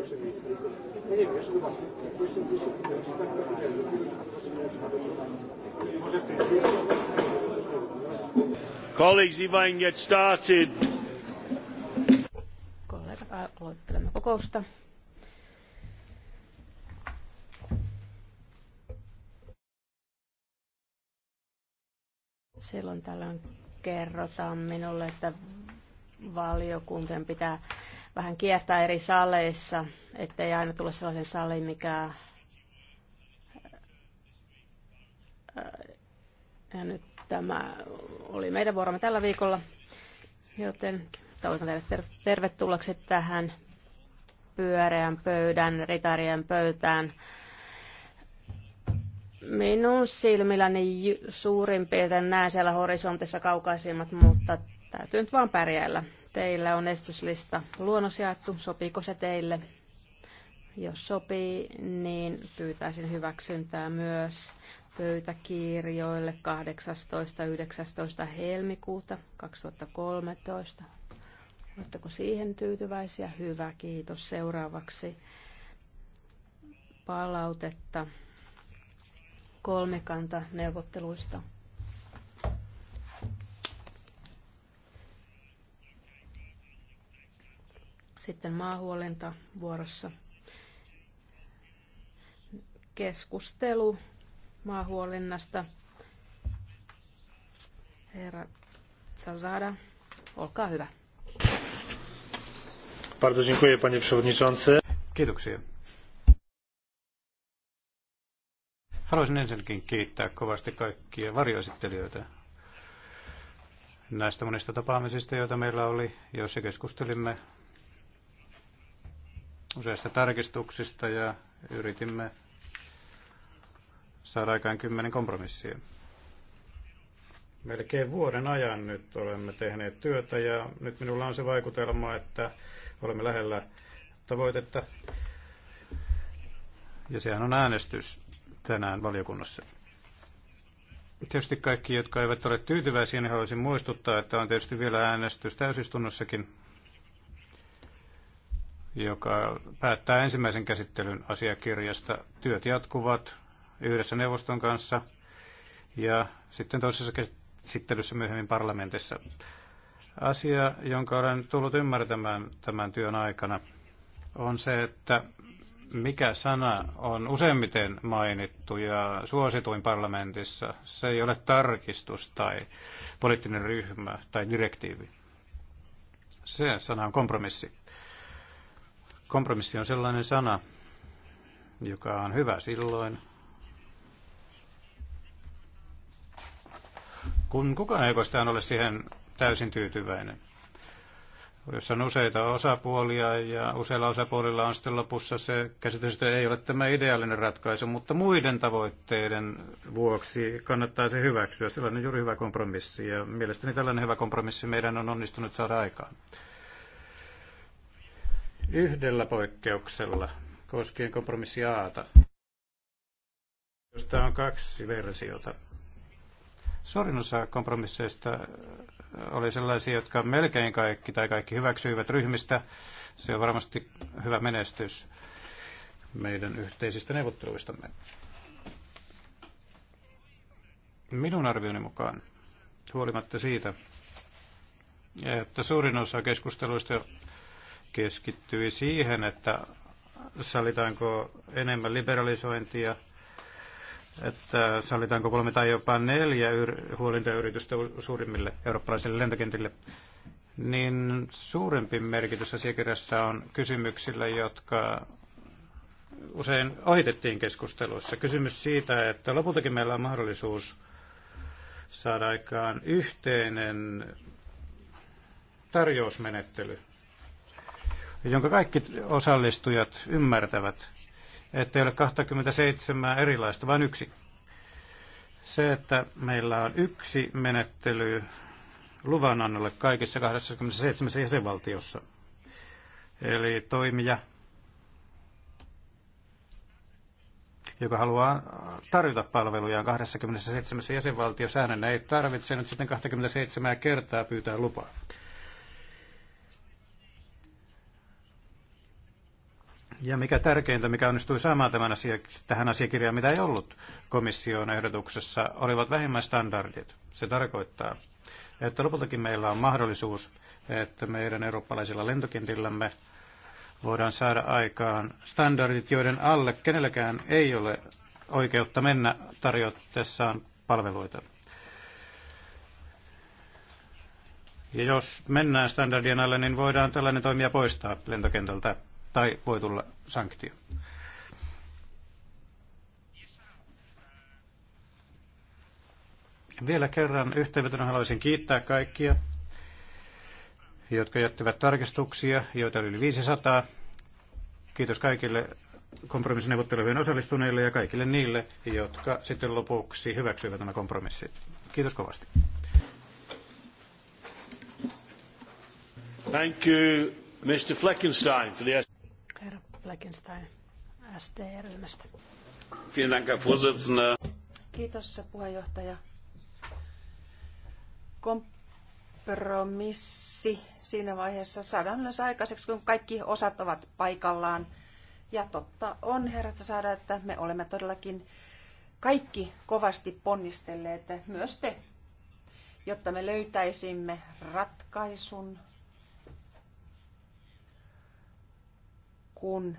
pierwsze Ja nie wiem, jeszcze zobaczmy. tak wiem, może w tej Colleagues, if I can get started. Kollegat, aloittelemme kokousta. Silloin tällöin kerrotaan minulle, että valiokunten pitää vähän kiertää eri saleissa, ettei aina tule sellaisen saliin, mikä ja nyt tämä oli meidän vuoromme tällä viikolla, joten toivotan teille tervetulleeksi tähän pyöreän pöydän, ritarien pöytään. Minun silmilläni suurin piirtein näen siellä horisontissa kaukaisimmat, mutta täytyy nyt vaan pärjäillä. Teillä on esityslista luonnos jaettu. Sopiiko se teille? Jos sopii, niin pyytäisin hyväksyntää myös pöytäkirjoille 18.19. helmikuuta 2013. Oletteko siihen tyytyväisiä? Hyvä, kiitos. Seuraavaksi palautetta kolmikanta neuvotteluista. Sitten maahuolenta vuorossa. Keskustelu maahuolennasta. Herra Zazada, olkaa hyvä. Bardzo dziękuję, panie przewodniczący. Kiitoksia. Haluaisin ensinnäkin kiittää kovasti kaikkia varjoesittelijöitä näistä monista tapaamisista, joita meillä oli, joissa keskustelimme useista tarkistuksista ja yritimme saada aikaan kymmenen kompromissia. Melkein vuoden ajan nyt olemme tehneet työtä ja nyt minulla on se vaikutelma, että olemme lähellä tavoitetta. Ja sehän on äänestys tänään valiokunnassa. Tietysti kaikki, jotka eivät ole tyytyväisiä, niin haluaisin muistuttaa, että on tietysti vielä äänestys täysistunnossakin joka päättää ensimmäisen käsittelyn asiakirjasta. Työt jatkuvat yhdessä neuvoston kanssa ja sitten toisessa käsittelyssä myöhemmin parlamentissa. Asia, jonka olen tullut ymmärtämään tämän työn aikana, on se, että mikä sana on useimmiten mainittu ja suosituin parlamentissa. Se ei ole tarkistus tai poliittinen ryhmä tai direktiivi. Se sana on kompromissi. Kompromissi on sellainen sana, joka on hyvä silloin, kun kukaan ei koskaan ole siihen täysin tyytyväinen. Jos on useita osapuolia ja useilla osapuolilla on sitten lopussa se käsitys, että ei ole tämä ideaalinen ratkaisu, mutta muiden tavoitteiden vuoksi kannattaa se hyväksyä. Sellainen juuri hyvä kompromissi ja mielestäni tällainen hyvä kompromissi meidän on onnistunut saada aikaan yhdellä poikkeuksella koskien kompromissi Aata, josta on kaksi versiota. Suurin osa kompromisseista oli sellaisia, jotka melkein kaikki tai kaikki hyväksyivät ryhmistä. Se on varmasti hyvä menestys meidän yhteisistä neuvotteluistamme. Minun arvioni mukaan, huolimatta siitä, että suurin osa keskusteluista keskittyi siihen, että sallitaanko enemmän liberalisointia, että sallitaanko kolme tai jopa neljä huolintayritystä suurimmille eurooppalaisille lentokentille, niin suurempi merkitys asiakirjassa on kysymyksillä, jotka usein ohitettiin keskusteluissa. Kysymys siitä, että lopultakin meillä on mahdollisuus saada aikaan yhteinen tarjousmenettely – jonka kaikki osallistujat ymmärtävät, että ei ole 27 erilaista, vaan yksi. Se, että meillä on yksi menettely luvanannolle kaikissa 27 jäsenvaltiossa. Eli toimija, joka haluaa tarjota palveluja 27 jäsenvaltiossa, hänen ei tarvitse nyt sitten 27 kertaa pyytää lupaa. Ja mikä tärkeintä, mikä onnistui saamaan tämän asia, tähän asiakirjaan, mitä ei ollut komission ehdotuksessa, olivat vähimmäistandardit. Se tarkoittaa, että lopultakin meillä on mahdollisuus, että meidän eurooppalaisilla lentokentillämme voidaan saada aikaan standardit, joiden alle kenelläkään ei ole oikeutta mennä tarjottessaan palveluita. Ja jos mennään standardien alle, niin voidaan tällainen toimija poistaa lentokentältä tai voi tulla sanktio. Vielä kerran yhteenvetona haluaisin kiittää kaikkia, jotka jättivät tarkistuksia, joita oli yli 500. Kiitos kaikille kompromissineuvottelujen osallistuneille ja kaikille niille, jotka sitten lopuksi hyväksyivät nämä kompromissit. Kiitos kovasti. Thank you, Mr. Fleckenstein, for the... Fleckenstein ST-ryhmästä. Kiitos puheenjohtaja. Kompromissi siinä vaiheessa saadaan myös aikaiseksi, kun kaikki osat ovat paikallaan. Ja totta on, herrat, saada, että me olemme todellakin kaikki kovasti ponnistelleet, myös te, jotta me löytäisimme ratkaisun kun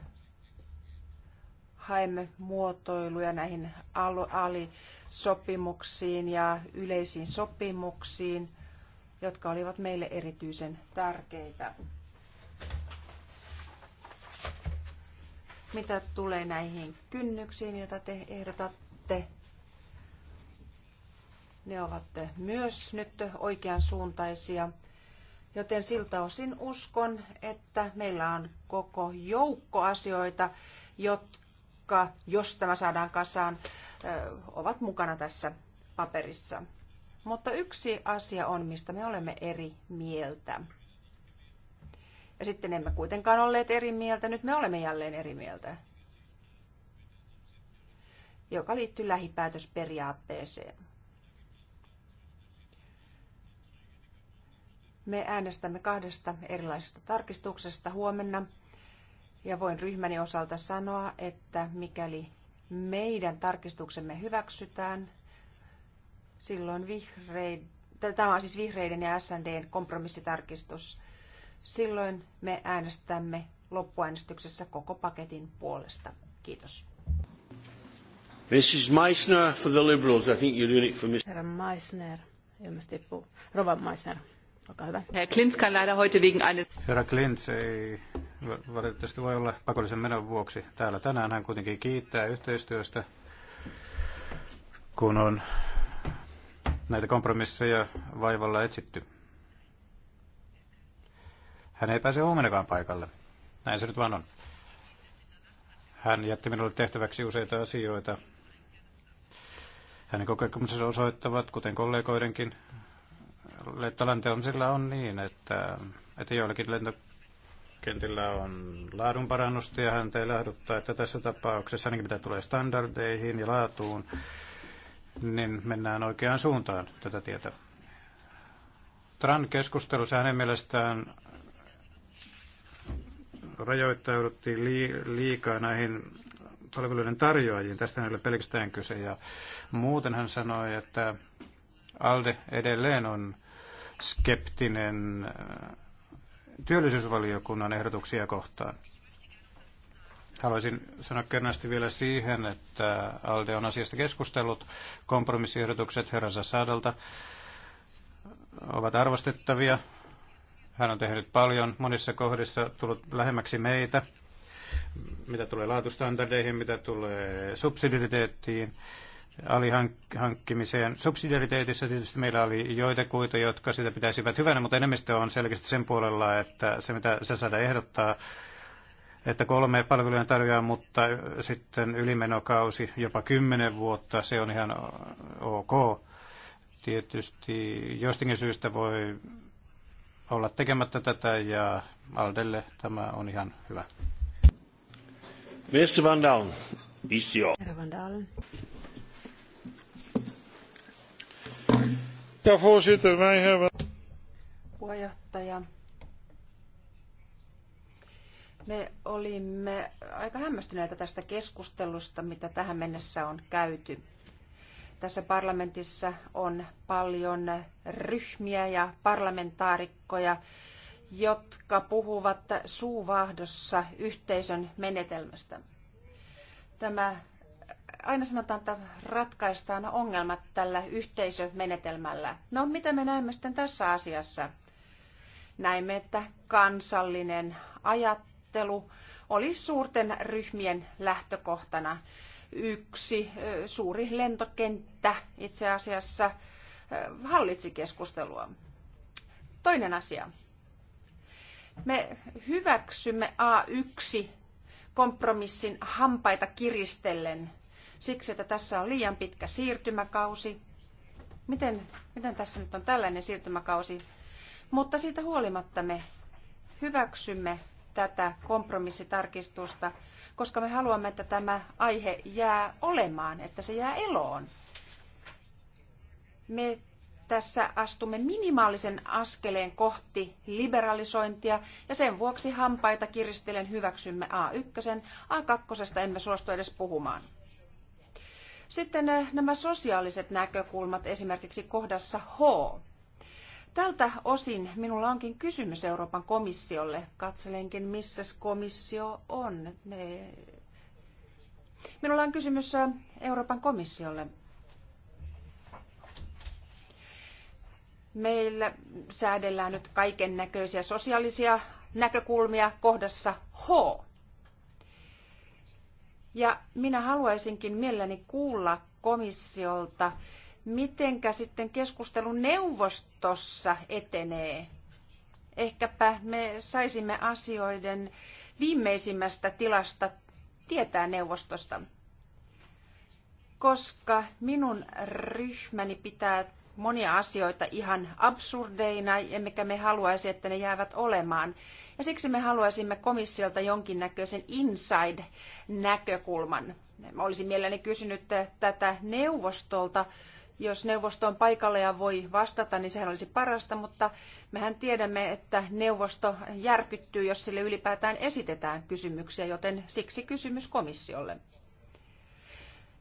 haemme muotoiluja näihin alisopimuksiin ja yleisiin sopimuksiin, jotka olivat meille erityisen tärkeitä. Mitä tulee näihin kynnyksiin, joita te ehdotatte, ne ovat myös nyt oikean suuntaisia Joten siltä osin uskon, että meillä on koko joukko asioita, jotka, jos tämä saadaan kasaan, ovat mukana tässä paperissa. Mutta yksi asia on, mistä me olemme eri mieltä. Ja sitten emme kuitenkaan olleet eri mieltä, nyt me olemme jälleen eri mieltä. Joka liittyy lähipäätösperiaatteeseen. Me äänestämme kahdesta erilaisesta tarkistuksesta huomenna. Ja voin ryhmäni osalta sanoa, että mikäli meidän tarkistuksemme hyväksytään, silloin vihreiden, tämä on siis vihreiden ja SNDn kompromissitarkistus, silloin me äänestämme loppuäänestyksessä koko paketin puolesta. Kiitos. Mrs. Meissner for the Liberals. I think you're doing it for Mr. Meissner, ilmeisesti Rova Meissner. Olkaa hyvä. Herr Klintz kann leider heute wegen Herra Klintz ei valitettavasti voi olla pakollisen menon vuoksi täällä tänään. Hän kuitenkin kiittää yhteistyöstä, kun on näitä kompromisseja vaivalla etsitty. Hän ei pääse huomenakaan paikalle. Näin se nyt vaan on. Hän jätti minulle tehtäväksi useita asioita. Hänen kokemuksensa osoittavat, kuten kollegoidenkin, lentolanteomisilla on niin, että, että joillakin lentokentillä on laadunparannusta ja häntä ei lähduttaa, että tässä tapauksessa ainakin mitä tulee standardeihin ja laatuun, niin mennään oikeaan suuntaan tätä tietä. Tran keskustelussa hänen mielestään rajoittauduttiin liikaa näihin palveluiden tarjoajiin. Tästä ei ole pelkästään kyse. Ja muuten hän sanoi, että ALDE edelleen on skeptinen äh, työllisyysvaliokunnan ehdotuksia kohtaan. Haluaisin sanoa kernaasti vielä siihen, että ALDE on asiasta keskustellut. Kompromissiehdotukset herransa sadalta ovat arvostettavia. Hän on tehnyt paljon monissa kohdissa, tullut lähemmäksi meitä, mitä tulee laatustandardeihin, mitä tulee subsidiariteettiin alihankkimiseen. Subsidiariteetissa tietysti meillä oli kuita, jotka sitä pitäisivät hyvänä, mutta enemmistö on selkeästi sen puolella, että se mitä se saada ehdottaa, että kolme palvelujen tarjoaa, mutta sitten ylimenokausi, jopa kymmenen vuotta, se on ihan ok. Tietysti jostakin syystä voi olla tekemättä tätä ja Aldelle tämä on ihan hyvä. Mr. Van Dalen, is your. Van Dalen. Ja, voorzitter, wij hebben... Puheenjohtaja. Me olimme aika hämmästyneitä tästä keskustelusta, mitä tähän mennessä on käyty. Tässä parlamentissa on paljon ryhmiä ja parlamentaarikkoja, jotka puhuvat suuvahdossa yhteisön menetelmästä. Tämä aina sanotaan, että ratkaistaan ongelmat tällä yhteisömenetelmällä. No, mitä me näemme sitten tässä asiassa? Näemme, että kansallinen ajattelu oli suurten ryhmien lähtökohtana. Yksi suuri lentokenttä itse asiassa hallitsi keskustelua. Toinen asia. Me hyväksymme A1 kompromissin hampaita kiristellen siksi, että tässä on liian pitkä siirtymäkausi. Miten, miten tässä nyt on tällainen siirtymäkausi? Mutta siitä huolimatta me hyväksymme tätä kompromissitarkistusta, koska me haluamme, että tämä aihe jää olemaan, että se jää eloon. Me tässä astumme minimaalisen askeleen kohti liberalisointia ja sen vuoksi hampaita kiristelen hyväksymme A1. A2 emme suostu edes puhumaan. Sitten eh, nämä sosiaaliset näkökulmat esimerkiksi kohdassa H. Tältä osin minulla onkin kysymys Euroopan komissiolle. Katselenkin, missä komissio on. Ne... Minulla on kysymys eh, Euroopan komissiolle. Meillä säädellään nyt kaiken näköisiä sosiaalisia näkökulmia kohdassa H. Ja minä haluaisinkin mielelläni kuulla komissiolta, mitenkä sitten keskustelu neuvostossa etenee. Ehkäpä me saisimme asioiden viimeisimmästä tilasta tietää neuvostosta koska minun ryhmäni pitää monia asioita ihan absurdeina, emmekä me haluaisi, että ne jäävät olemaan. Ja siksi me haluaisimme komissiolta jonkinnäköisen inside-näkökulman. Olisin mielelläni kysynyt tätä neuvostolta, jos neuvosto on paikalla ja voi vastata, niin sehän olisi parasta, mutta mehän tiedämme, että neuvosto järkyttyy, jos sille ylipäätään esitetään kysymyksiä, joten siksi kysymys komissiolle.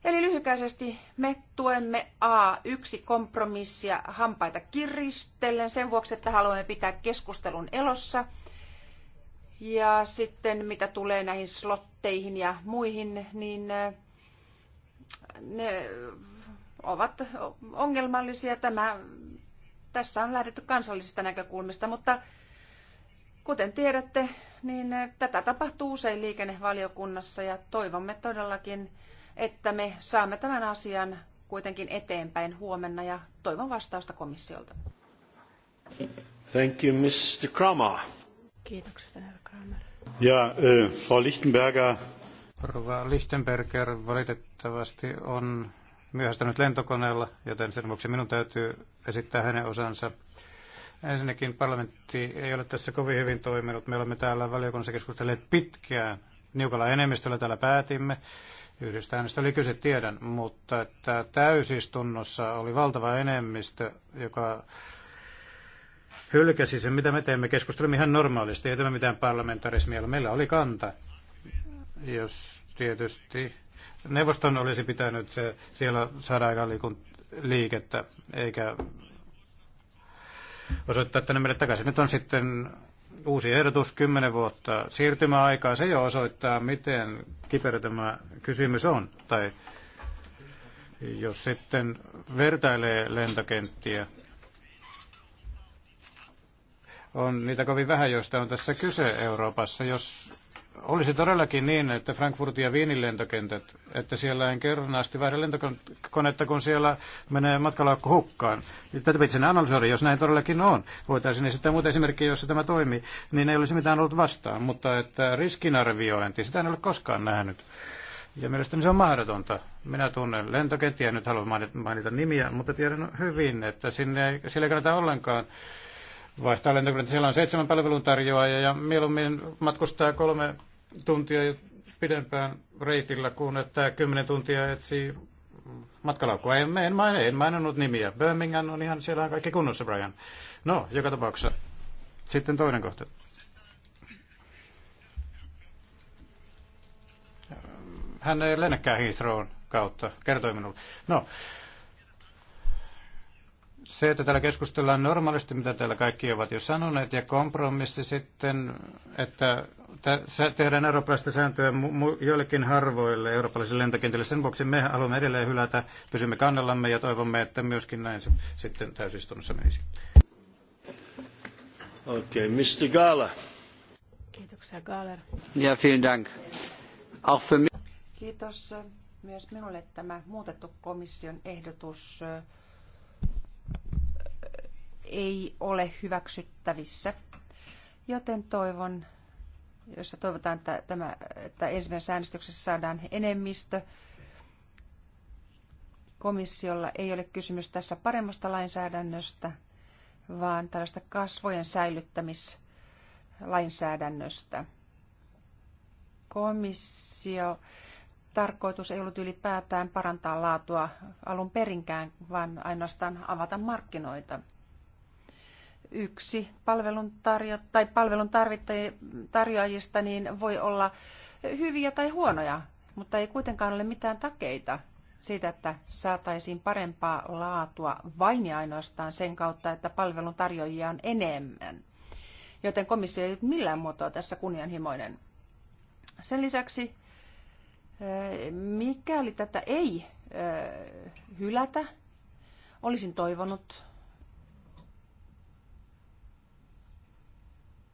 Eli lyhykäisesti me tuemme a yksi kompromissia hampaita kiristellen sen vuoksi, että haluamme pitää keskustelun elossa. Ja sitten mitä tulee näihin slotteihin ja muihin, niin äh, ne ovat ongelmallisia. Tämä, tässä on lähdetty kansallisista näkökulmista, mutta kuten tiedätte, niin äh, tätä tapahtuu usein liikennevaliokunnassa ja toivomme todellakin, että me saamme tämän asian kuitenkin eteenpäin huomenna ja toivon vastausta komissiolta. Thank you, Mr. Kramer. Kiitoksia, herra Kramer. Ja, äh, Frau Lichtenberger. Rova Lichtenberger valitettavasti on myöhästynyt lentokoneella, joten sen vuoksi minun täytyy esittää hänen osansa. Ensinnäkin parlamentti ei ole tässä kovin hyvin toiminut. Me olemme täällä valiokunnassa keskustelleet pitkään. Niukalla enemmistöllä täällä päätimme, Yhdestä äänestä oli kyse, tiedän, mutta että täysistunnossa oli valtava enemmistö, joka hylkäsi sen, mitä me teemme. Keskustelimme ihan normaalisti, ei tämä mitään parlamentarismia. Meillä oli kanta, jos tietysti neuvoston olisi pitänyt se, siellä saada aikaan liikettä, eikä osoittaa tänne meille takaisin. Nyt on sitten uusi ehdotus, kymmenen vuotta siirtymäaikaa, se jo osoittaa, miten kiperä tämä kysymys on. Tai jos sitten vertailee lentokenttiä, on niitä kovin vähän, joista on tässä kyse Euroopassa. Jos olisi todellakin niin, että Frankfurtin ja Viinin lentokentät, että siellä ei kernaasti vaihda lentokonetta, kun siellä menee matkalaukku hukkaan. Tätä pitäisi analysoida, jos näin todellakin on. Voitaisiin esittää muuta esimerkkiä, jossa tämä toimii, niin ei olisi mitään ollut vastaan. Mutta että riskinarviointi, sitä en ole koskaan nähnyt. Ja mielestäni se on mahdotonta. Minä tunnen lentokenttiä, nyt haluan mainita nimiä, mutta tiedän hyvin, että sinne, siellä ei kannata ollenkaan vaihtaa lentokenttä. Siellä on seitsemän palveluntarjoajaa ja mieluummin matkustaa kolme tuntia pidempään reitillä kuin että kymmenen tuntia etsii matkalaukua. En, en, en en maininnut nimiä. Birmingham on ihan siellä on kaikki kunnossa, Brian. No, joka tapauksessa. Sitten toinen kohta. Hän ei lennäkään Heathrown kautta, kertoi minulle. No, se, että täällä keskustellaan normaalisti, mitä täällä kaikki ovat jo sanoneet, ja kompromissi sitten, että tehdään eurooppalaista sääntöä joillekin harvoille eurooppalaisille lentokentille. Sen vuoksi me haluamme edelleen hylätä, pysymme kannallamme ja toivomme, että myöskin näin se sitten täysistunnossa menisi. Okei, okay, Mr. Gala. Kiitoksia, Gaaler. Ja, vielen dank. Auch für Kiitos myös minulle tämä muutettu komission ehdotus ei ole hyväksyttävissä. Joten toivon, jossa toivotaan, että, tämä, että ensimmäisessä äänestyksessä saadaan enemmistö. Komissiolla ei ole kysymys tässä paremmasta lainsäädännöstä, vaan tällaista kasvojen säilyttämislainsäädännöstä. Komissio tarkoitus ei ollut ylipäätään parantaa laatua alun perinkään, vaan ainoastaan avata markkinoita yksi palvelun, tarjo- tai palvelun tarjoajista niin voi olla hyviä tai huonoja, mutta ei kuitenkaan ole mitään takeita siitä, että saataisiin parempaa laatua vain ja ainoastaan sen kautta, että palvelun tarjoajia on enemmän. Joten komissio ei millään muotoa tässä kunnianhimoinen. Sen lisäksi, eh, mikäli tätä ei eh, hylätä, olisin toivonut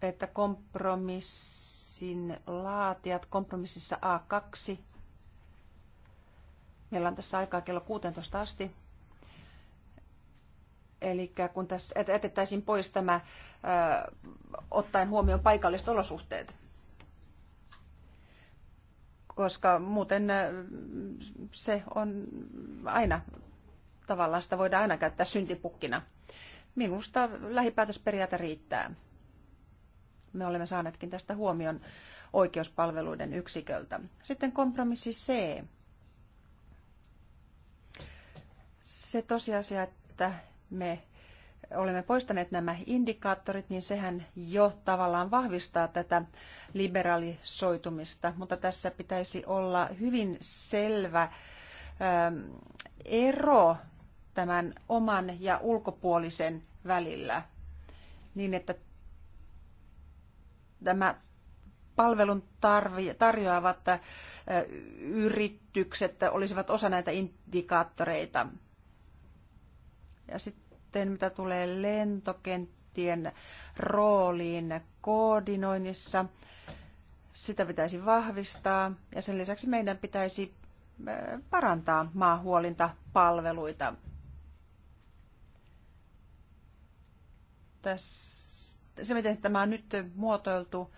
että kompromissin laatijat kompromississa A2, meillä on tässä aikaa kello 16 asti, Eli kun tässä etettäisiin pois tämä ö, ottaen huomioon paikalliset olosuhteet, koska muuten se on aina, tavallaan sitä voidaan aina käyttää syntipukkina. Minusta lähipäätösperiaate riittää. Me olemme saaneetkin tästä huomion oikeuspalveluiden yksiköltä. Sitten kompromissi C. Se tosiasia, että me olemme poistaneet nämä indikaattorit, niin sehän jo tavallaan vahvistaa tätä liberalisoitumista, mutta tässä pitäisi olla hyvin selvä ähm, ero tämän oman ja ulkopuolisen välillä, niin että tämä palvelun tarjoavat yritykset olisivat osa näitä indikaattoreita. Ja sitten mitä tulee lentokenttien rooliin koordinoinnissa, sitä pitäisi vahvistaa ja sen lisäksi meidän pitäisi parantaa maahuolintapalveluita. Tässä se miten tämä on nyt muotoiltu,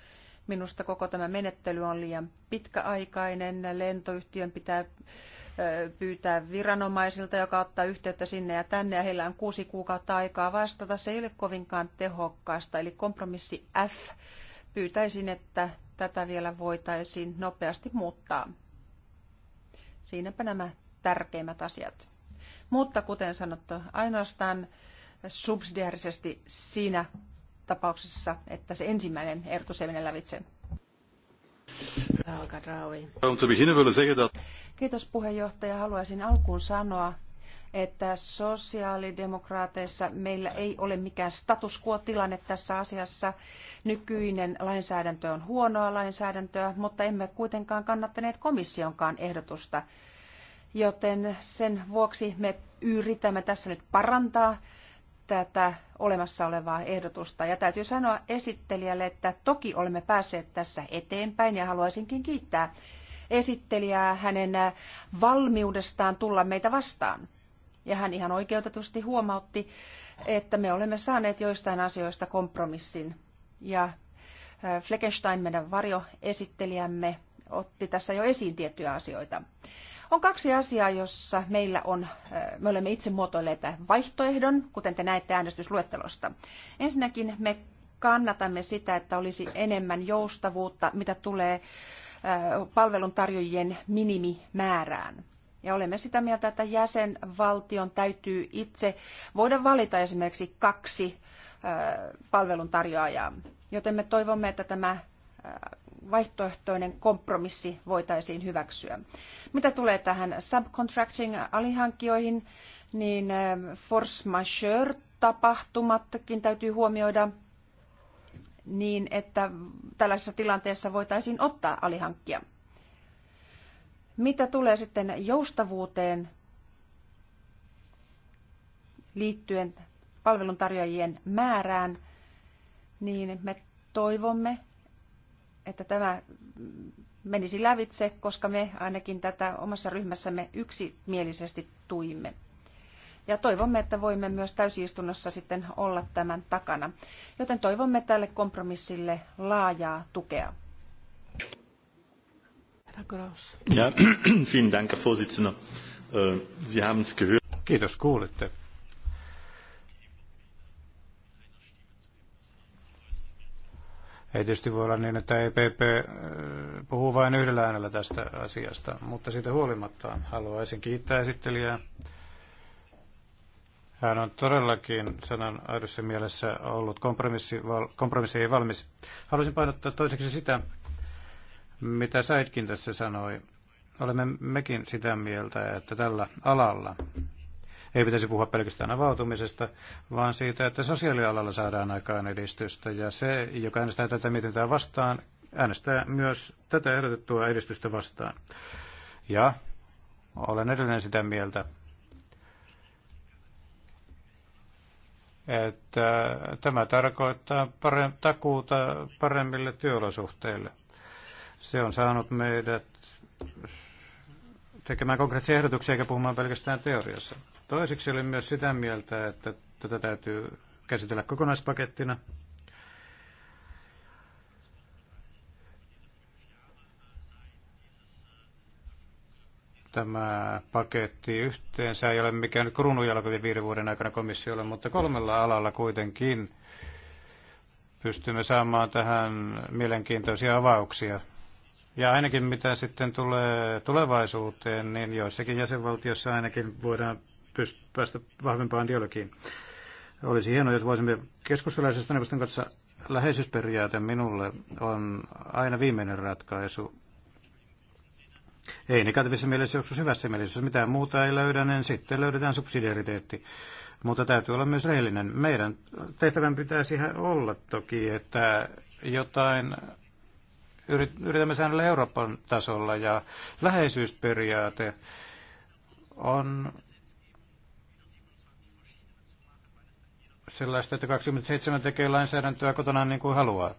minusta koko tämä menettely on liian pitkäaikainen. Lentoyhtiön pitää pyytää viranomaisilta, joka ottaa yhteyttä sinne ja tänne, ja heillä on kuusi kuukautta aikaa vastata. Se ei ole kovinkaan tehokkaasta, eli kompromissi F. Pyytäisin, että tätä vielä voitaisiin nopeasti muuttaa. Siinäpä nämä tärkeimmät asiat. Mutta kuten sanottu, ainoastaan subsidiaarisesti siinä tapauksessa, että se ensimmäinen ehdotus ei mene lävitse. Kiitos puheenjohtaja. Haluaisin alkuun sanoa, että sosiaalidemokraateissa meillä ei ole mikään status quo-tilanne tässä asiassa. Nykyinen lainsäädäntö on huonoa lainsäädäntöä, mutta emme kuitenkaan kannattaneet komissionkaan ehdotusta. Joten sen vuoksi me yritämme tässä nyt parantaa tätä olemassa olevaa ehdotusta. Ja täytyy sanoa esittelijälle, että toki olemme päässeet tässä eteenpäin ja haluaisinkin kiittää esittelijää hänen valmiudestaan tulla meitä vastaan. Ja hän ihan oikeutetusti huomautti, että me olemme saaneet joistain asioista kompromissin. Ja Fleckenstein, meidän varjoesittelijämme, otti tässä jo esiin tiettyjä asioita. On kaksi asiaa, jossa meillä on, äh, me olemme itse muotoilleet vaihtoehdon, kuten te näette äänestysluettelosta. Ensinnäkin me kannatamme sitä, että olisi enemmän joustavuutta, mitä tulee äh, palveluntarjoajien minimimäärään. Ja olemme sitä mieltä, että jäsenvaltion täytyy itse voida valita esimerkiksi kaksi äh, palveluntarjoajaa. Joten me toivomme, että tämä vaihtoehtoinen kompromissi voitaisiin hyväksyä. Mitä tulee tähän subcontracting-alihankkijoihin, niin eh, force majeure-tapahtumatkin täytyy huomioida niin, että tällaisessa tilanteessa voitaisiin ottaa alihankkia. Mitä tulee sitten joustavuuteen liittyen palveluntarjoajien määrään, niin me toivomme, että tämä menisi lävitse, koska me ainakin tätä omassa ryhmässämme yksimielisesti tuimme. Ja toivomme, että voimme myös täysistunnossa sitten olla tämän takana. Joten toivomme tälle kompromissille laajaa tukea. Ja, vielen Dank, Herr Vorsitzender. Äh, Sie haben es gehört. Kiitos, kuulitte. Ei tietysti voi olla niin, että EPP äh, puhuu vain yhdellä äänellä tästä asiasta, mutta siitä huolimatta haluaisin kiittää esittelijää. Hän on todellakin sanan aidossa mielessä ollut kompromissi, val, kompromissi ei valmis. Haluaisin painottaa toiseksi sitä, mitä saitkin tässä sanoi. Olemme mekin sitä mieltä, että tällä alalla ei pitäisi puhua pelkästään avautumisesta, vaan siitä, että sosiaalialalla saadaan aikaan edistystä. Ja se, joka äänestää tätä mietintää vastaan, äänestää myös tätä ehdotettua edistystä vastaan. Ja olen edelleen sitä mieltä, että tämä tarkoittaa parem- takuuta paremmille työolosuhteille. Se on saanut meidät tekemään konkreettisia ehdotuksia eikä puhumaan pelkästään teoriassa. Toiseksi olen myös sitä mieltä, että tätä täytyy käsitellä kokonaispakettina. Tämä paketti yhteensä ei ole mikään kruununjalkojen viiden vuoden aikana komissiolle, mutta kolmella alalla kuitenkin pystymme saamaan tähän mielenkiintoisia avauksia. Ja ainakin mitä sitten tulee tulevaisuuteen, niin joissakin jäsenvaltiossa ainakin voidaan päästä vahvempaan dialogiin. Olisi hienoa, jos voisimme keskustelaisesta neuvoston kanssa läheisyysperiaate minulle on aina viimeinen ratkaisu. Ei negatiivisessa mielessä, joskus hyvässä mielessä. Jos mitään muuta ei löydä, niin sitten löydetään subsidiariteetti. Mutta täytyy olla myös rehellinen. Meidän tehtävän pitäisi ihan olla toki, että jotain yritämme säännellä Euroopan tasolla ja läheisyysperiaate on sellaista, että 27 tekee lainsäädäntöä kotona niin kuin haluaa.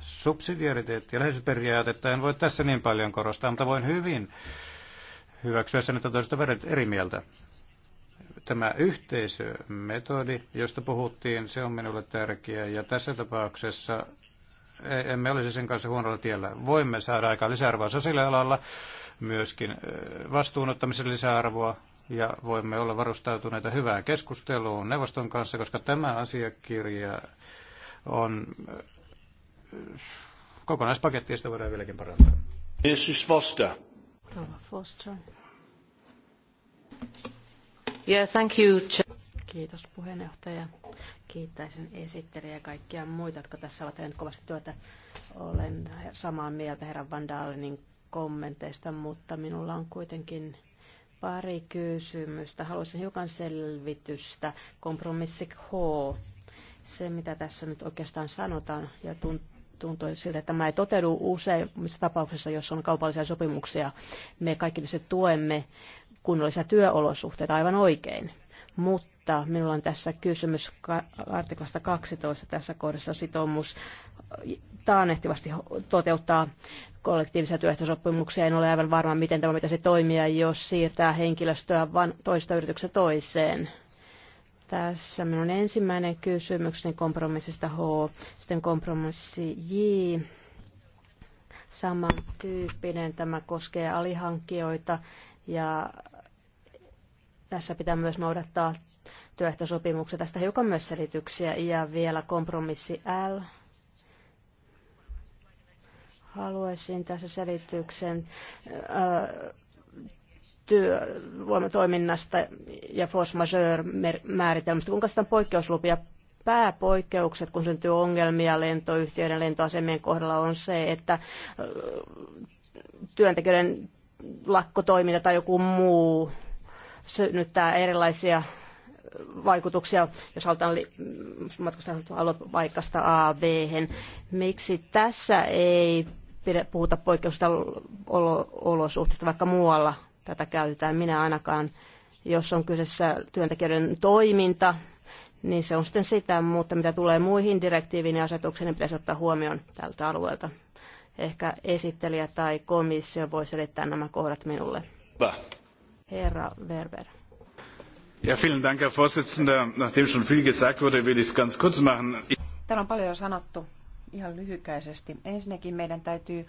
Subsidiariteetti ja läheisyysperiaatetta en voi tässä niin paljon korostaa, mutta voin hyvin hyväksyä sen, että toisesta eri mieltä. Tämä yhteisömetodi, josta puhuttiin, se on minulle tärkeä ja tässä tapauksessa emme olisi sen kanssa huonolla tiellä. Voimme saada aikaan lisäarvoa sosiaalialalla, myöskin vastuunottamisen lisäarvoa, ja voimme olla varustautuneita hyvään keskusteluun neuvoston kanssa, koska tämä asiakirja on äh, kokonaispaketti, josta voidaan vieläkin parantaa. Mrs. Foster. Foster. Yeah, thank you. Kiitos puheenjohtaja. Kiittäisin esittelijä ja kaikkia muita, jotka tässä ovat tehneet kovasti työtä. Olen samaa mieltä herran Van Dalenin kommenteista, mutta minulla on kuitenkin Pari kysymystä. Haluaisin hiukan selvitystä. Kompromissi H. Se, mitä tässä nyt oikeastaan sanotaan ja tuntuu siltä, että tämä ei toteudu useimmissa tapauksissa, jos on kaupallisia sopimuksia. Me kaikki tietysti tuemme kunnollisia työolosuhteita aivan oikein. Mutta minulla on tässä kysymys artiklasta 12 tässä kohdassa sitoumus taannehtivasti toteuttaa kollektiivisia työehtosopimuksia. En ole aivan varma, miten tämä pitäisi toimia, jos siirtää henkilöstöä vain toista yrityksestä toiseen. Tässä minun ensimmäinen kysymykseni kompromissista H, sitten kompromissi J. Samantyyppinen tämä koskee alihankkijoita ja tässä pitää myös noudattaa työehtosopimuksia. Tästä hiukan myös selityksiä ja vielä kompromissi L Haluaisin tässä selityksen äh, työvoimatoiminnasta ja force majeure-määritelmästä. Kuinka sitä on poikkeuslupia pääpoikkeukset, kun syntyy ongelmia lentoyhtiöiden lentoasemien kohdalla, on se, että äh, työntekijöiden lakkotoiminta tai joku muu synnyttää erilaisia vaikutuksia, jos halutaan matkustaa paikasta A B. -hän. Miksi tässä ei puhuta poikkeusolosuhteista, vaikka muualla tätä käytetään. Minä ainakaan, jos on kyseessä työntekijöiden toiminta, niin se on sitten sitä, mutta mitä tulee muihin direktiiviin ja asetuksiin, niin pitäisi ottaa huomioon tältä alueelta. Ehkä esittelijä tai komissio voi selittää nämä kohdat minulle. Herra Werber. Ja, vielen Dank, Herr Vorsitzender. Nachdem schon viel gesagt wurde, will ich es ganz kurz machen. Täällä on paljon jo sanottu ihan lyhykäisesti. Ensinnäkin meidän täytyy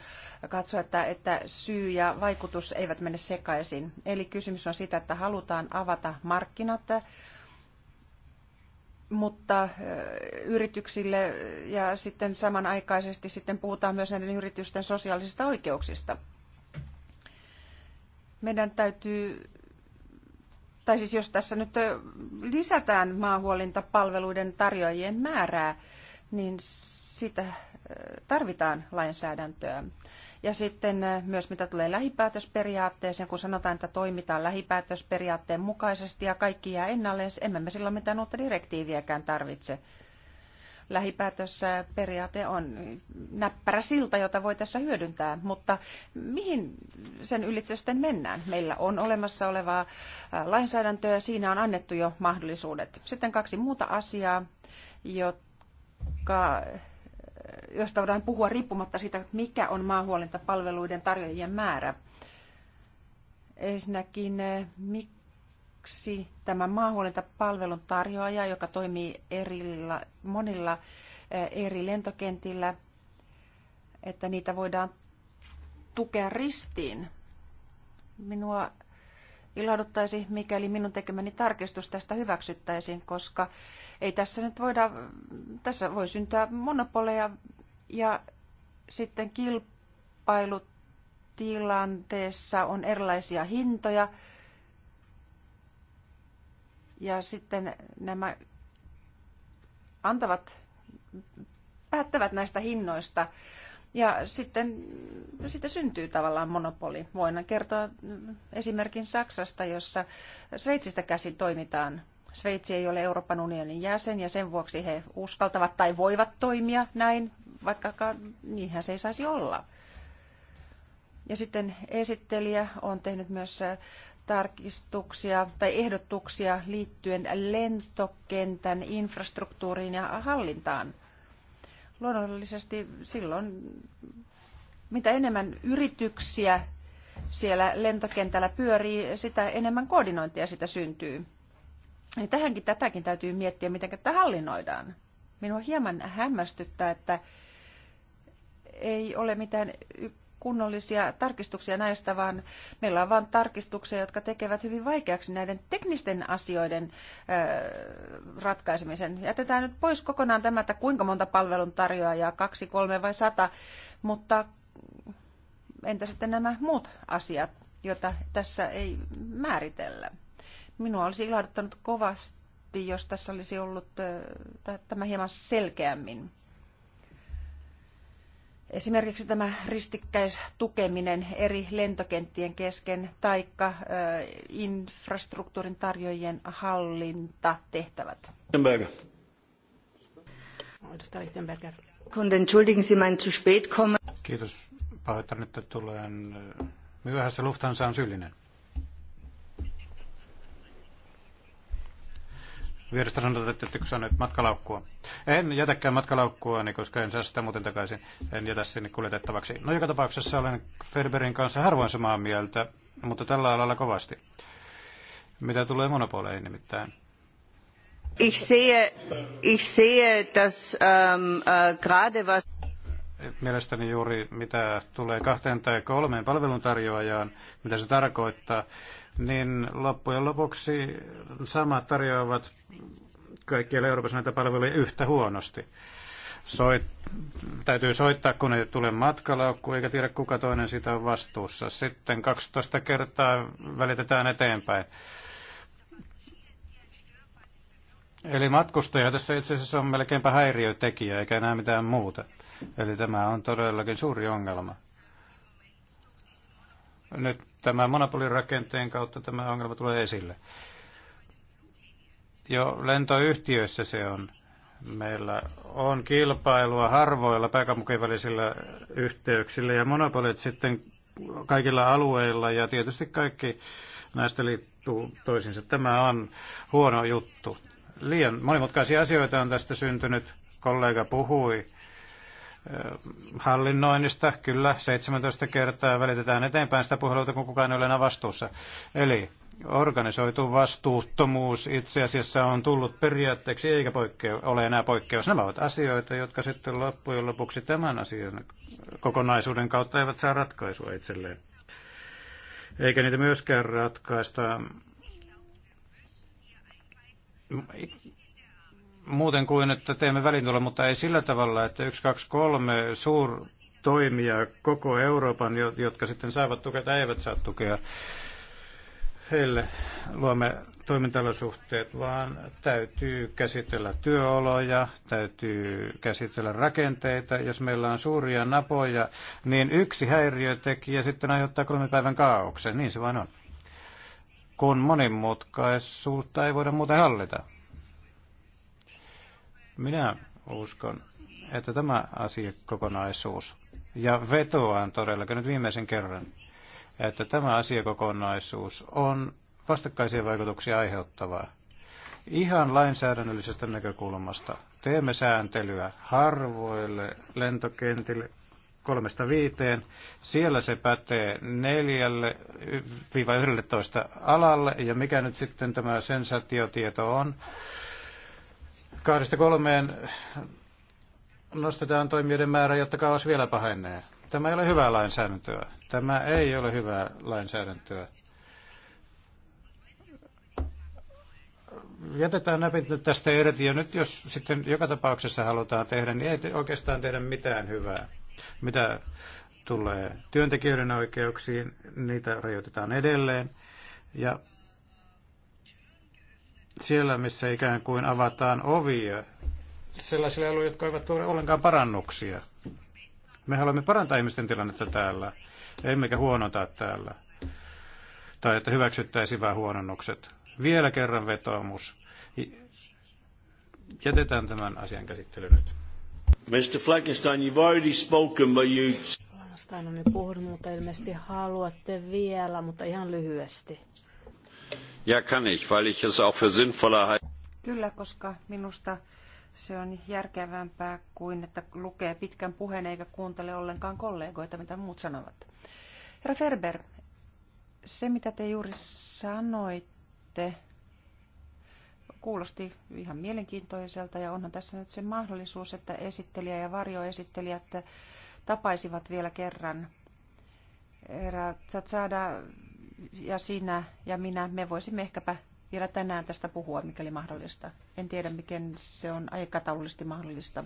katsoa, että, että syy ja vaikutus eivät mene sekaisin. Eli kysymys on sitä, että halutaan avata markkinat, mutta yrityksille ja sitten samanaikaisesti sitten puhutaan myös näiden yritysten sosiaalisista oikeuksista. Meidän täytyy tai siis jos tässä nyt lisätään maahuolintapalveluiden tarjoajien määrää, niin siitä tarvitaan lainsäädäntöä. Ja sitten myös mitä tulee lähipäätösperiaatteeseen, kun sanotaan, että toimitaan lähipäätösperiaatteen mukaisesti ja kaikki jää ennalleen, emme me silloin mitään uutta direktiiviäkään tarvitse. Lähipäätösperiaate on näppärä silta, jota voi tässä hyödyntää, mutta mihin sen ylitse sitten mennään? Meillä on olemassa olevaa lainsäädäntöä ja siinä on annettu jo mahdollisuudet. Sitten kaksi muuta asiaa, jotka josta voidaan puhua riippumatta siitä, mikä on maahuolintapalveluiden tarjoajien määrä. Ensinnäkin, eh, miksi tämä maahuolintapalvelun tarjoaja, joka toimii erillä, monilla eh, eri lentokentillä, että niitä voidaan tukea ristiin. Minua ilahduttaisi, mikäli minun tekemäni tarkistus tästä hyväksyttäisiin, koska ei tässä nyt voida, tässä voi syntyä monopoleja ja sitten kilpailutilanteessa on erilaisia hintoja ja sitten nämä antavat, päättävät näistä hinnoista ja sitten siitä syntyy tavallaan monopoli. Voin kertoa esimerkin Saksasta, jossa Sveitsistä käsin toimitaan. Sveitsi ei ole Euroopan unionin jäsen ja sen vuoksi he uskaltavat tai voivat toimia näin, vaikka niinhän se ei saisi olla. Ja sitten esittelijä on tehnyt myös äh, tarkistuksia tai ehdotuksia liittyen lentokentän infrastruktuuriin ja hallintaan – luonnollisesti silloin, mitä enemmän yrityksiä siellä lentokentällä pyörii, sitä enemmän koordinointia sitä syntyy. Ja tähänkin tätäkin täytyy miettiä, miten tätä hallinnoidaan. Minua hieman hämmästyttää, että ei ole mitään kunnollisia tarkistuksia näistä, vaan meillä on vain tarkistuksia, jotka tekevät hyvin vaikeaksi näiden teknisten asioiden ratkaisemisen. Jätetään nyt pois kokonaan tämä, että kuinka monta palvelun tarjoajaa kaksi, kolme vai sata, mutta entä sitten nämä muut asiat, joita tässä ei määritellä? Minua olisi ilahduttanut kovasti, jos tässä olisi ollut tämä hieman selkeämmin. Esimerkiksi tämä ristikkäistukeminen eri lentokenttien kesken taikka infrastruktuurin tarjoajien hallintatehtävät. Kiitos. että tulen myöhässä. Lufthansa on syyllinen. Vierestä sanotaan, että ettekö sä nyt matkalaukkua. En jätäkään matkalaukkua, niin koska en saa sitä muuten takaisin. En jätä sinne kuljetettavaksi. No joka tapauksessa olen Ferberin kanssa harvoin samaa mieltä, mutta tällä alalla kovasti. Mitä tulee monopoleihin nimittäin? Ich sehe, ich sehe dass ähm, äh, gerade was mielestäni juuri mitä tulee kahteen tai kolmeen palveluntarjoajaan, mitä se tarkoittaa, niin loppujen lopuksi samat tarjoavat kaikkialla Euroopassa näitä palveluja yhtä huonosti. Soit, täytyy soittaa, kun ei tule matkalaukku, eikä tiedä kuka toinen sitä on vastuussa. Sitten 12 kertaa välitetään eteenpäin. Eli matkustaja tässä itse asiassa on melkeinpä häiriötekijä, eikä enää mitään muuta. Eli tämä on todellakin suuri ongelma. Nyt tämä monopolirakenteen kautta tämä ongelma tulee esille. Jo lentoyhtiöissä se on. Meillä on kilpailua harvoilla pääkaupunkien välisillä yhteyksillä ja monopolit sitten kaikilla alueilla ja tietysti kaikki näistä liittyy toisiinsa. Tämä on huono juttu. Liian monimutkaisia asioita on tästä syntynyt. Kollega puhui hallinnoinnista. Kyllä, 17 kertaa välitetään eteenpäin sitä puheluita, kun kukaan ei ole enää vastuussa. Eli organisoitu vastuuttomuus itse asiassa on tullut periaatteeksi eikä poikkeu, ole enää poikkeus. Nämä ovat asioita, jotka sitten loppujen lopuksi tämän asian kokonaisuuden kautta eivät saa ratkaisua itselleen. Eikä niitä myöskään ratkaista muuten kuin, että teemme välintulon, mutta ei sillä tavalla, että yksi, kaksi, kolme suurtoimia koko Euroopan, jotka sitten saavat tukea tai eivät saa tukea, heille luomme toimintalosuhteet, vaan täytyy käsitellä työoloja, täytyy käsitellä rakenteita. Jos meillä on suuria napoja, niin yksi häiriötekijä sitten aiheuttaa kolmen päivän kaauksen. Niin se vain on. Kun monimutkaisuutta ei voida muuten hallita. Minä uskon, että tämä asiakokonaisuus, ja vetoan todellakin nyt viimeisen kerran, että tämä asiakokonaisuus on vastakkaisia vaikutuksia aiheuttavaa. Ihan lainsäädännöllisestä näkökulmasta teemme sääntelyä harvoille lentokentille kolmesta viiteen. Siellä se pätee neljälle viiva alalle ja mikä nyt sitten tämä sensatiotieto on, Kahdesta kolmeen nostetaan toimijoiden määrä, jotta kaos vielä pahenee. Tämä ei ole hyvää lainsäädäntöä. Tämä ei ole hyvää lainsäädäntöä. Jätetään näpit tästä irti ja nyt jos sitten joka tapauksessa halutaan tehdä, niin ei oikeastaan tehdä mitään hyvää. Mitä tulee työntekijöiden oikeuksiin, niitä rajoitetaan edelleen. Ja siellä, missä ikään kuin avataan ovia sellaisille alueille, jotka eivät tuoda ollenkaan parannuksia. Me haluamme parantaa ihmisten tilannetta täällä, emmekä huonontaa täällä. Tai että hyväksyttäisiin vain huononnukset. Vielä kerran vetoomus. Jätetään tämän asian käsittely nyt. Mr. Fleckenstein, you've already spoken, but you... Fleckenstein on puhunut, mutta ilmeisesti haluatte vielä, mutta ihan lyhyesti. Ja kann ich, weil ich es auch für sinnvoller halte. Kyllä, koska minusta se on järkevämpää kuin, että lukee pitkän puheen eikä kuuntele ollenkaan kollegoita, mitä muut sanovat. Herra Ferber, se mitä te juuri sanoitte, kuulosti ihan mielenkiintoiselta ja onhan tässä nyt se mahdollisuus, että esittelijä ja varjoesittelijät tapaisivat vielä kerran. Herra Tsatsada ja sinä ja minä, me voisimme ehkäpä vielä tänään tästä puhua, mikäli mahdollista. En tiedä, miten se on aikataulullisesti mahdollista.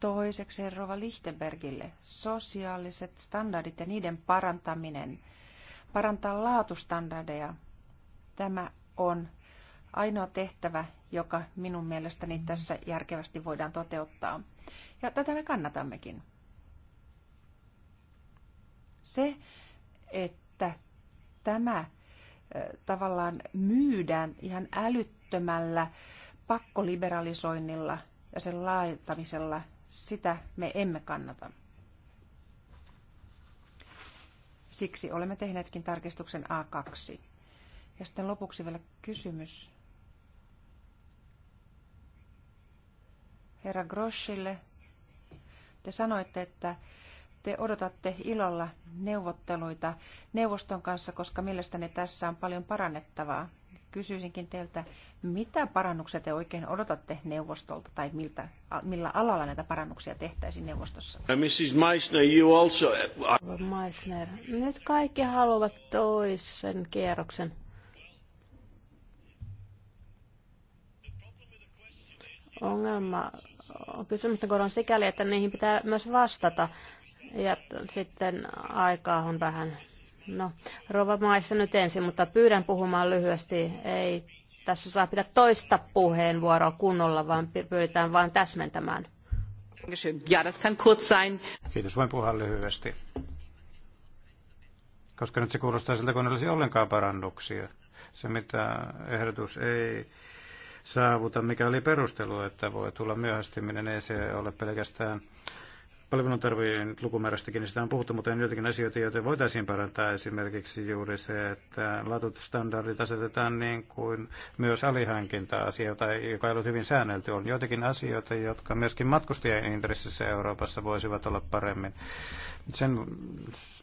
Toiseksi Rova Lichtenbergille sosiaaliset standardit ja niiden parantaminen. Parantaa laatustandardeja. Tämä on ainoa tehtävä, joka minun mielestäni tässä järkevästi voidaan toteuttaa. Ja tätä me kannatammekin. Se, että tämä tavallaan myydään ihan älyttömällä pakkoliberalisoinnilla ja sen laajentamisella, sitä me emme kannata. Siksi olemme tehneetkin tarkistuksen A2. Ja sitten lopuksi vielä kysymys herra Groschille. Te sanoitte, että te odotatte ilolla neuvotteluita neuvoston kanssa, koska mielestäni tässä on paljon parannettavaa. Kysyisinkin teiltä, mitä parannuksia te oikein odotatte neuvostolta tai miltä, millä alalla näitä parannuksia tehtäisiin neuvostossa? Uh, Mrs. Meissner, you also... Uh, Meissner, nyt kaikki haluavat toisen kierroksen. Ongelma on kysymystä koron sikäli, että niihin pitää myös vastata. Ja sitten aikaa on vähän. No, Rova Maissa nyt ensin, mutta pyydän puhumaan lyhyesti. Ei tässä saa pitää toista puheenvuoroa kunnolla, vaan pyritään vain täsmentämään. Kiitos, voin puhua lyhyesti. Koska nyt se kuulostaa siltä, kun olisi ollenkaan parannuksia. Se, mitä ehdotus ei saavuta, mikä oli perustelu, että voi tulla myöhästyminen, ei se ole pelkästään palvelun palveluntarvojien lukumäärästäkin, niin sitä on puhuttu, mutta on joitakin asioita, joita voitaisiin parantaa. Esimerkiksi juuri se, että laatustandardit asetetaan niin kuin myös alihankinta asioita joka ei ollut hyvin säännelty. On joitakin asioita, jotka myöskin matkustajien intressissä Euroopassa voisivat olla paremmin. Sen,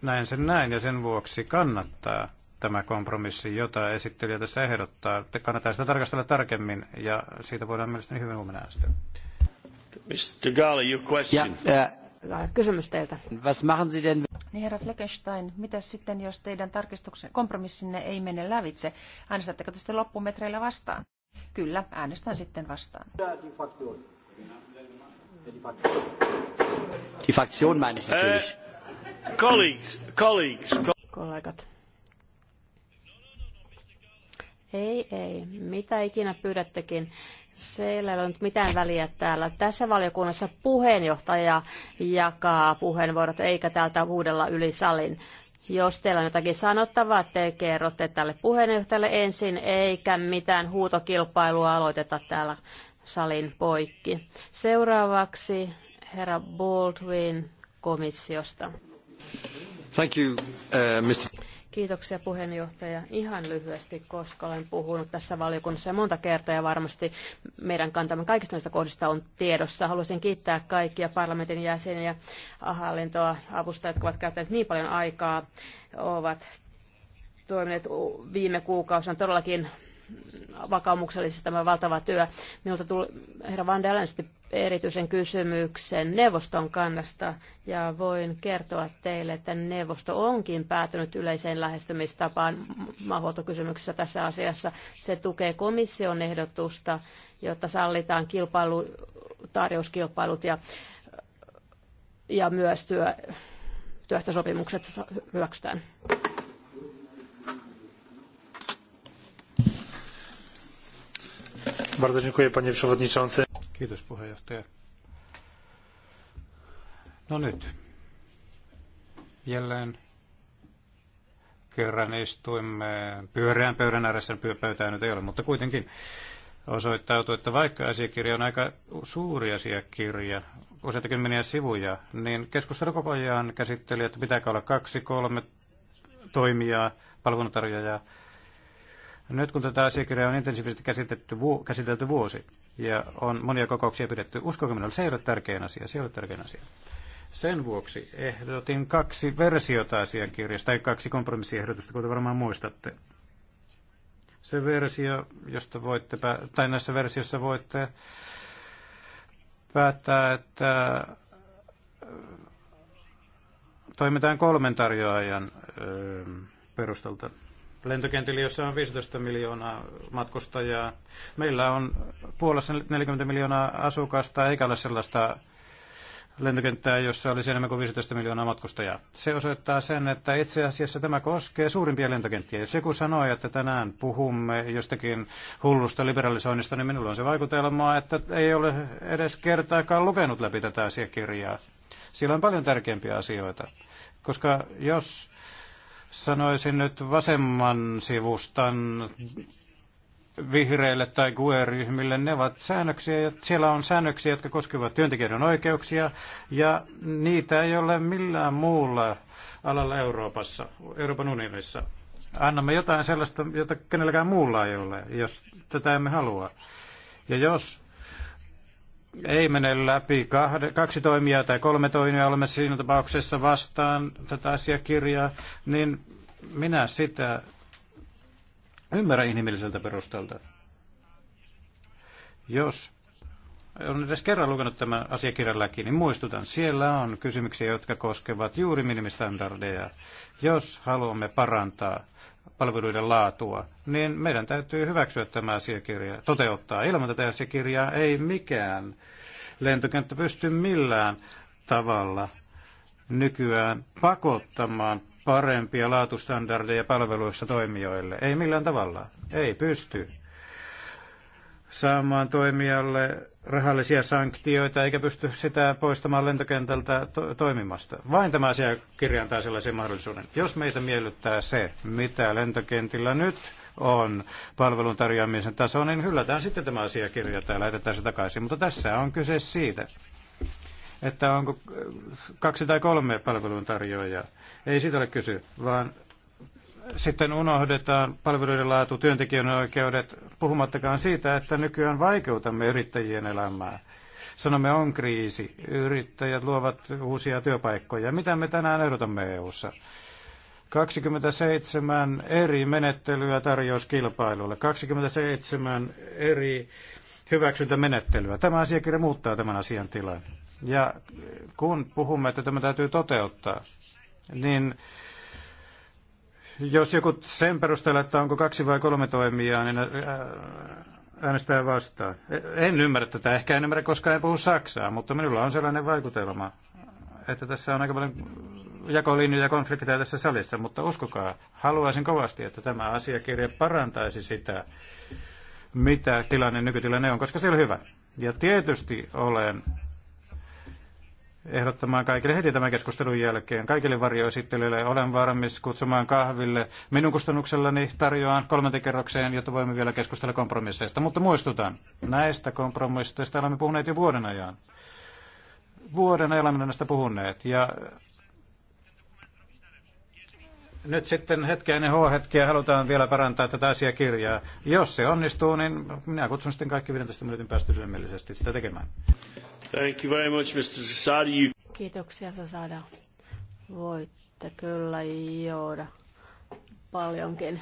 näin sen näin ja sen vuoksi kannattaa tämä kompromissi, jota esittelijä tässä ehdottaa. Kannattaa sitä tarkastella tarkemmin ja siitä voidaan mielestäni hyvin huomenna äänestää. Mr. Gala, your question. Ja, äh, kysymys teiltä. Was machen Sie denn? Niin herra Fleckenstein, mitä sitten, jos teidän tarkistuksen kompromissinne ei mene lävitse? Äänestättekö te sitten loppumetreillä vastaan? Kyllä, äänestän sitten vastaan. Die Fraktion meine ich äh, natürlich. Äh, colleagues, colleagues, colleagues. Kollegat ei, ei. Mitä ikinä pyydättekin. Siellä ei ole nyt mitään väliä täällä. Tässä valiokunnassa puheenjohtaja jakaa puheenvuorot, eikä täältä huudella yli salin. Jos teillä on jotakin sanottavaa, te kerrotte tälle puheenjohtajalle ensin, eikä mitään huutokilpailua aloiteta täällä salin poikki. Seuraavaksi herra Baldwin komissiosta. Thank you, uh, Mr. Kiitoksia puheenjohtaja. Ihan lyhyesti, koska olen puhunut tässä valiokunnassa monta kertaa ja varmasti meidän kantamme kaikista näistä kohdista on tiedossa. Haluaisin kiittää kaikkia parlamentin jäseniä, hallintoa, avustajat, jotka ovat käyttäneet niin paljon aikaa, ovat toimineet viime kuukausina todellakin vakaumuksellisesti tämä valtava työ. Minulta tuli, herra Van Dalen erityisen kysymyksen neuvoston kannasta ja voin kertoa teille, että neuvosto onkin päätynyt yleiseen lähestymistapaan kysymyksissä tässä asiassa. Se tukee komission ehdotusta, jotta sallitaan kilpailu, tarjouskilpailut ja, ja myös työ, työehtosopimukset hyväksytään. Bardzo dziękuję panie przewodniczący. Kiitos puheenjohtaja. No nyt. Jälleen kerran istuimme pyöreän pöydän ääressä. Pöytää nyt ei ole, mutta kuitenkin osoittautui, että vaikka asiakirja on aika suuri asiakirja, useita kymmeniä sivuja, niin keskustelu koko ajan käsitteli, että pitääkö olla kaksi, kolme toimijaa, palveluntarjoajaa. Nyt kun tätä asiakirjaa on intensiivisesti vu- käsitelty vuosi, ja on monia kokouksia pidetty. Uskokaa minulle, se ei ole tärkein asia, se ei ole tärkein asia. Sen vuoksi ehdotin kaksi versiota asiakirjasta, tai kaksi kompromissiehdotusta, kuten varmaan muistatte. Se versio, josta voitte, tai näissä versiossa voitte päättää, että äh, toimitaan kolmen tarjoajan ähm, perustalta lentokentillä, jossa on 15 miljoonaa matkustajaa. Meillä on Puolassa 40 miljoonaa asukasta, eikä ole sellaista lentokenttää, jossa olisi enemmän kuin 15 miljoonaa matkustajaa. Se osoittaa sen, että itse asiassa tämä koskee suurimpia lentokenttiä. Jos joku sanoo, että tänään puhumme jostakin hullusta liberalisoinnista, niin minulla on se vaikutelma, että ei ole edes kertaakaan lukenut läpi tätä asiakirjaa. Siellä on paljon tärkeimpiä asioita. Koska jos sanoisin nyt vasemman sivustan vihreille tai GUE-ryhmille, ne ovat säännöksiä, ja siellä on säännöksiä, jotka koskevat työntekijöiden oikeuksia, ja niitä ei ole millään muulla alalla Euroopassa, Euroopan unionissa. Annamme jotain sellaista, jota kenelläkään muulla ei ole, jos tätä emme halua. Ja jos ei mene läpi kahde, kaksi toimijaa tai kolme toimijaa, olemme siinä tapauksessa vastaan tätä asiakirjaa, niin minä sitä ymmärrän inhimilliseltä perustalta. Jos olen edes kerran lukenut tämän asiakirjan läpi, niin muistutan, siellä on kysymyksiä, jotka koskevat juuri minimistandardeja. Jos haluamme parantaa palveluiden laatua, niin meidän täytyy hyväksyä tämä asiakirja, toteuttaa. Ilman tätä asiakirjaa ei mikään lentokenttä pysty millään tavalla nykyään pakottamaan parempia laatustandardeja palveluissa toimijoille. Ei millään tavalla. Ei pysty saamaan toimijalle rahallisia sanktioita eikä pysty sitä poistamaan lentokentältä to- toimimasta. Vain tämä asia kirjantaa sellaisen mahdollisuuden. Jos meitä miellyttää se, mitä lentokentillä nyt on palvelun tarjoamisen taso, niin hyllätään sitten tämä asiakirja ja lähetetään se takaisin. Mutta tässä on kyse siitä, että onko kaksi tai kolme palveluntarjoajaa. Ei siitä ole kysy, vaan sitten unohdetaan palveluiden laatu, työntekijän oikeudet, puhumattakaan siitä, että nykyään vaikeutamme yrittäjien elämää. Sanomme, on kriisi. Yrittäjät luovat uusia työpaikkoja. Mitä me tänään ehdotamme EU-ssa? 27 eri menettelyä tarjouskilpailulle, 27 eri hyväksyntämenettelyä. Tämä asiakirja muuttaa tämän asian tilan. Ja kun puhumme, että tämä täytyy toteuttaa, niin jos joku sen perusteella, että onko kaksi vai kolme toimijaa, niin äh, äänestää vastaan. E- en ymmärrä tätä. Ehkä en ymmärrä, koska en puhu saksaa, mutta minulla on sellainen vaikutelma, että tässä on aika paljon jakolinjoja ja konflikteja tässä salissa, mutta uskokaa, haluaisin kovasti, että tämä asiakirja parantaisi sitä, mitä tilanne nykytilanne on, koska se on hyvä. Ja tietysti olen ehdottamaan kaikille heti tämän keskustelun jälkeen, kaikille varjoesittelyille Olen varmis kutsumaan kahville. Minun kustannuksellani tarjoan kolmanteen kerrokseen, jotta voimme vielä keskustella kompromisseista. Mutta muistutan, näistä kompromisseista olemme puhuneet jo vuoden ajan. Vuoden ajan olemme näistä puhuneet. Ja nyt sitten hetkeä ennen H-hetkeä halutaan vielä parantaa tätä asiakirjaa. Jos se onnistuu, niin minä kutsun sitten kaikki 15 minuutin päästä syömillisesti sitä tekemään. Thank you very much, Mr. Sasadi. Kiitoksia, Sasada. Voitte kyllä jooda paljonkin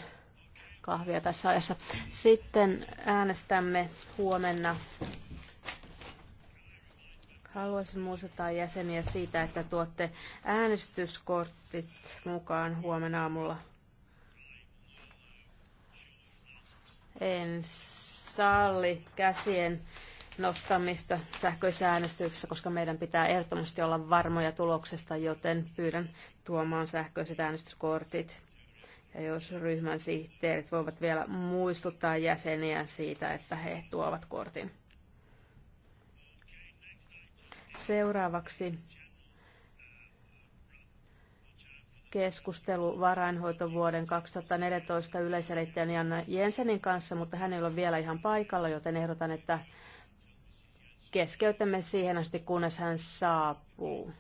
kahvia tässä ajassa. Sitten äänestämme huomenna Haluaisin muistuttaa jäseniä siitä, että tuotte äänestyskortit mukaan huomenna aamulla. En salli käsien nostamista sähköisessä äänestyksessä, koska meidän pitää ehdottomasti olla varmoja tuloksesta, joten pyydän tuomaan sähköiset äänestyskortit. Ja jos ryhmän sihteerit voivat vielä muistuttaa jäseniä siitä, että he tuovat kortin. Seuraavaksi keskustelu varainhoitovuoden 2014 yleiselittäjän Janna Jensenin kanssa, mutta hän ei ole vielä ihan paikalla, joten ehdotan, että keskeytämme siihen asti, kunnes hän saapuu.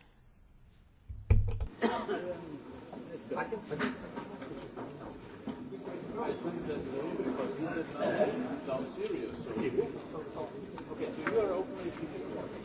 Okay, so you are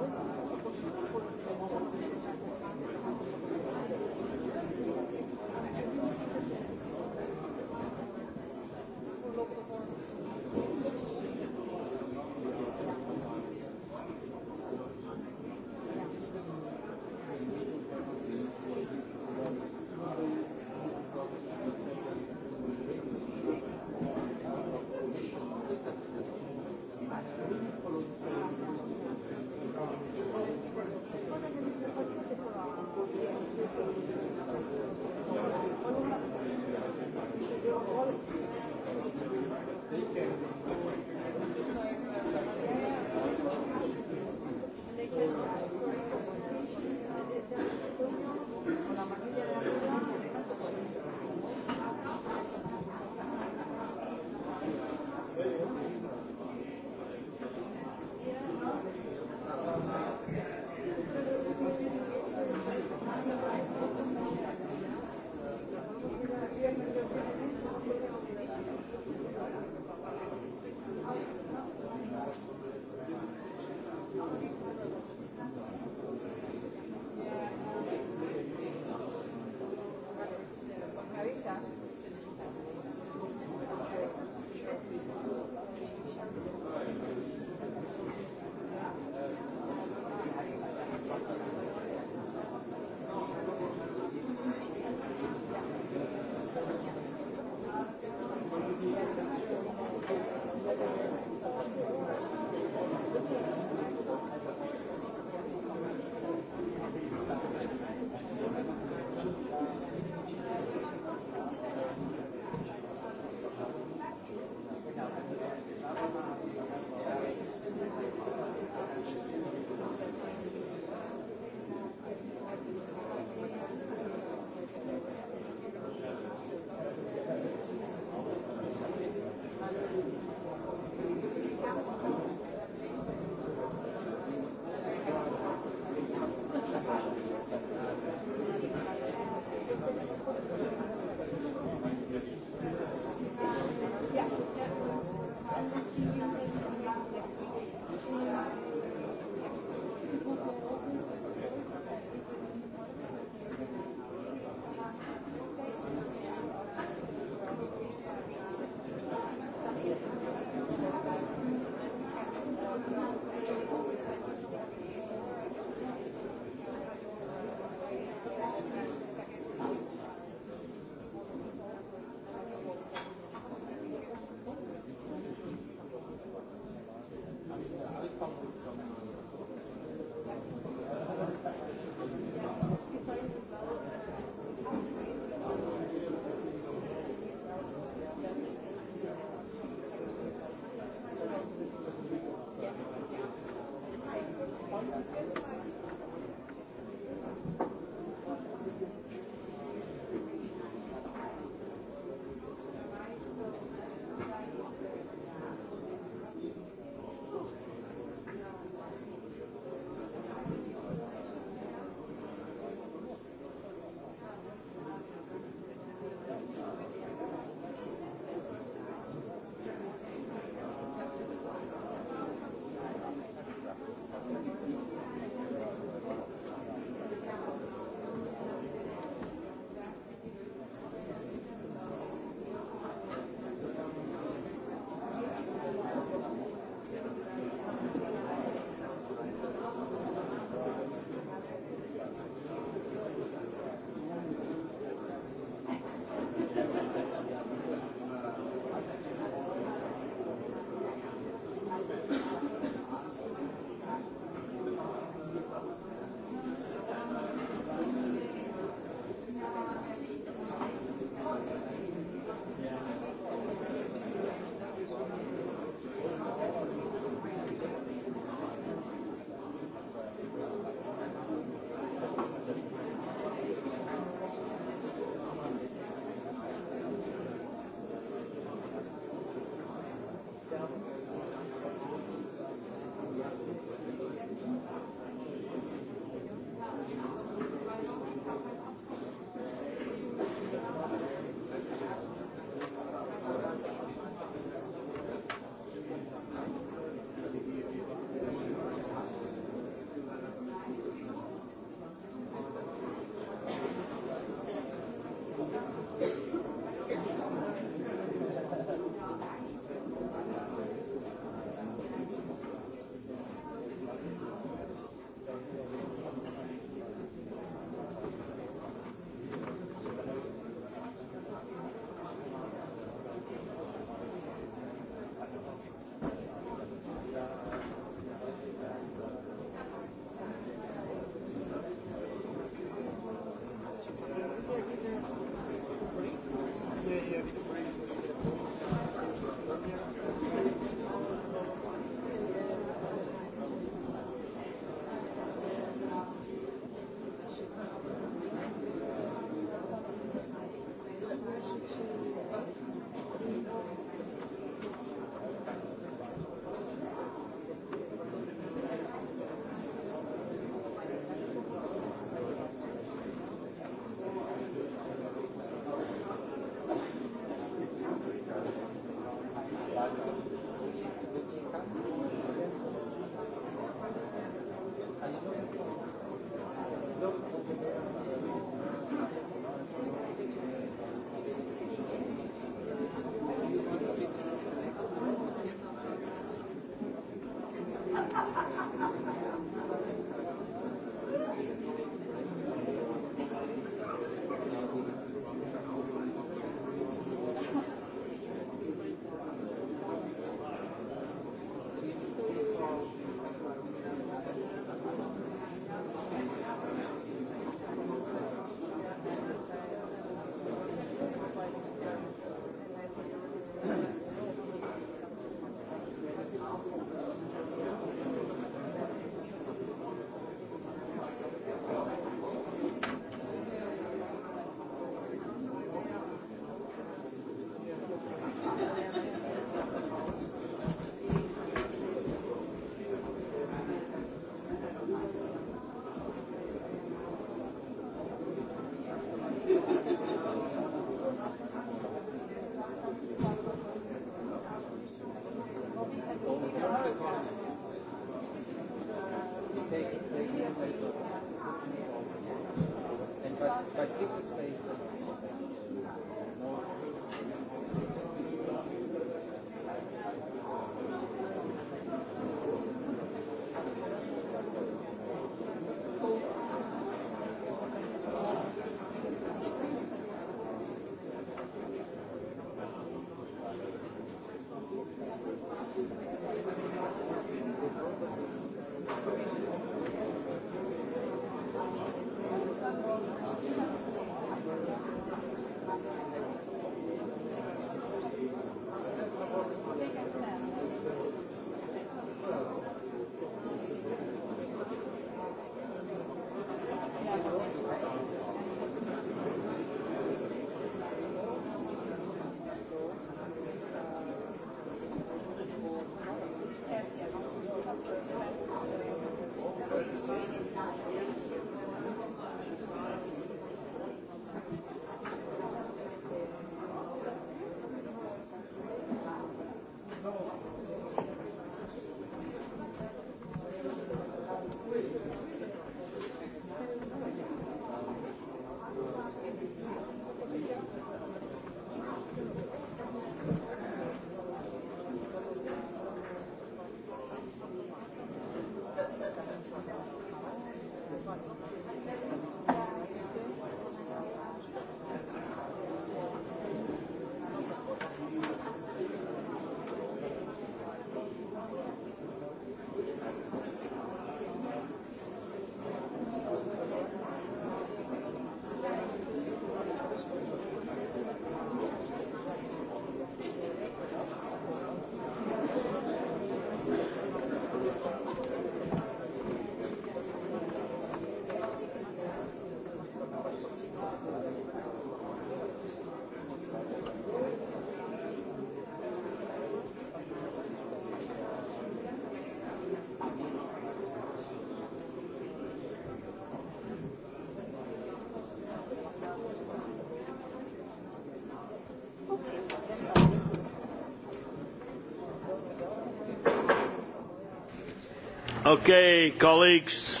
Okay, colleagues.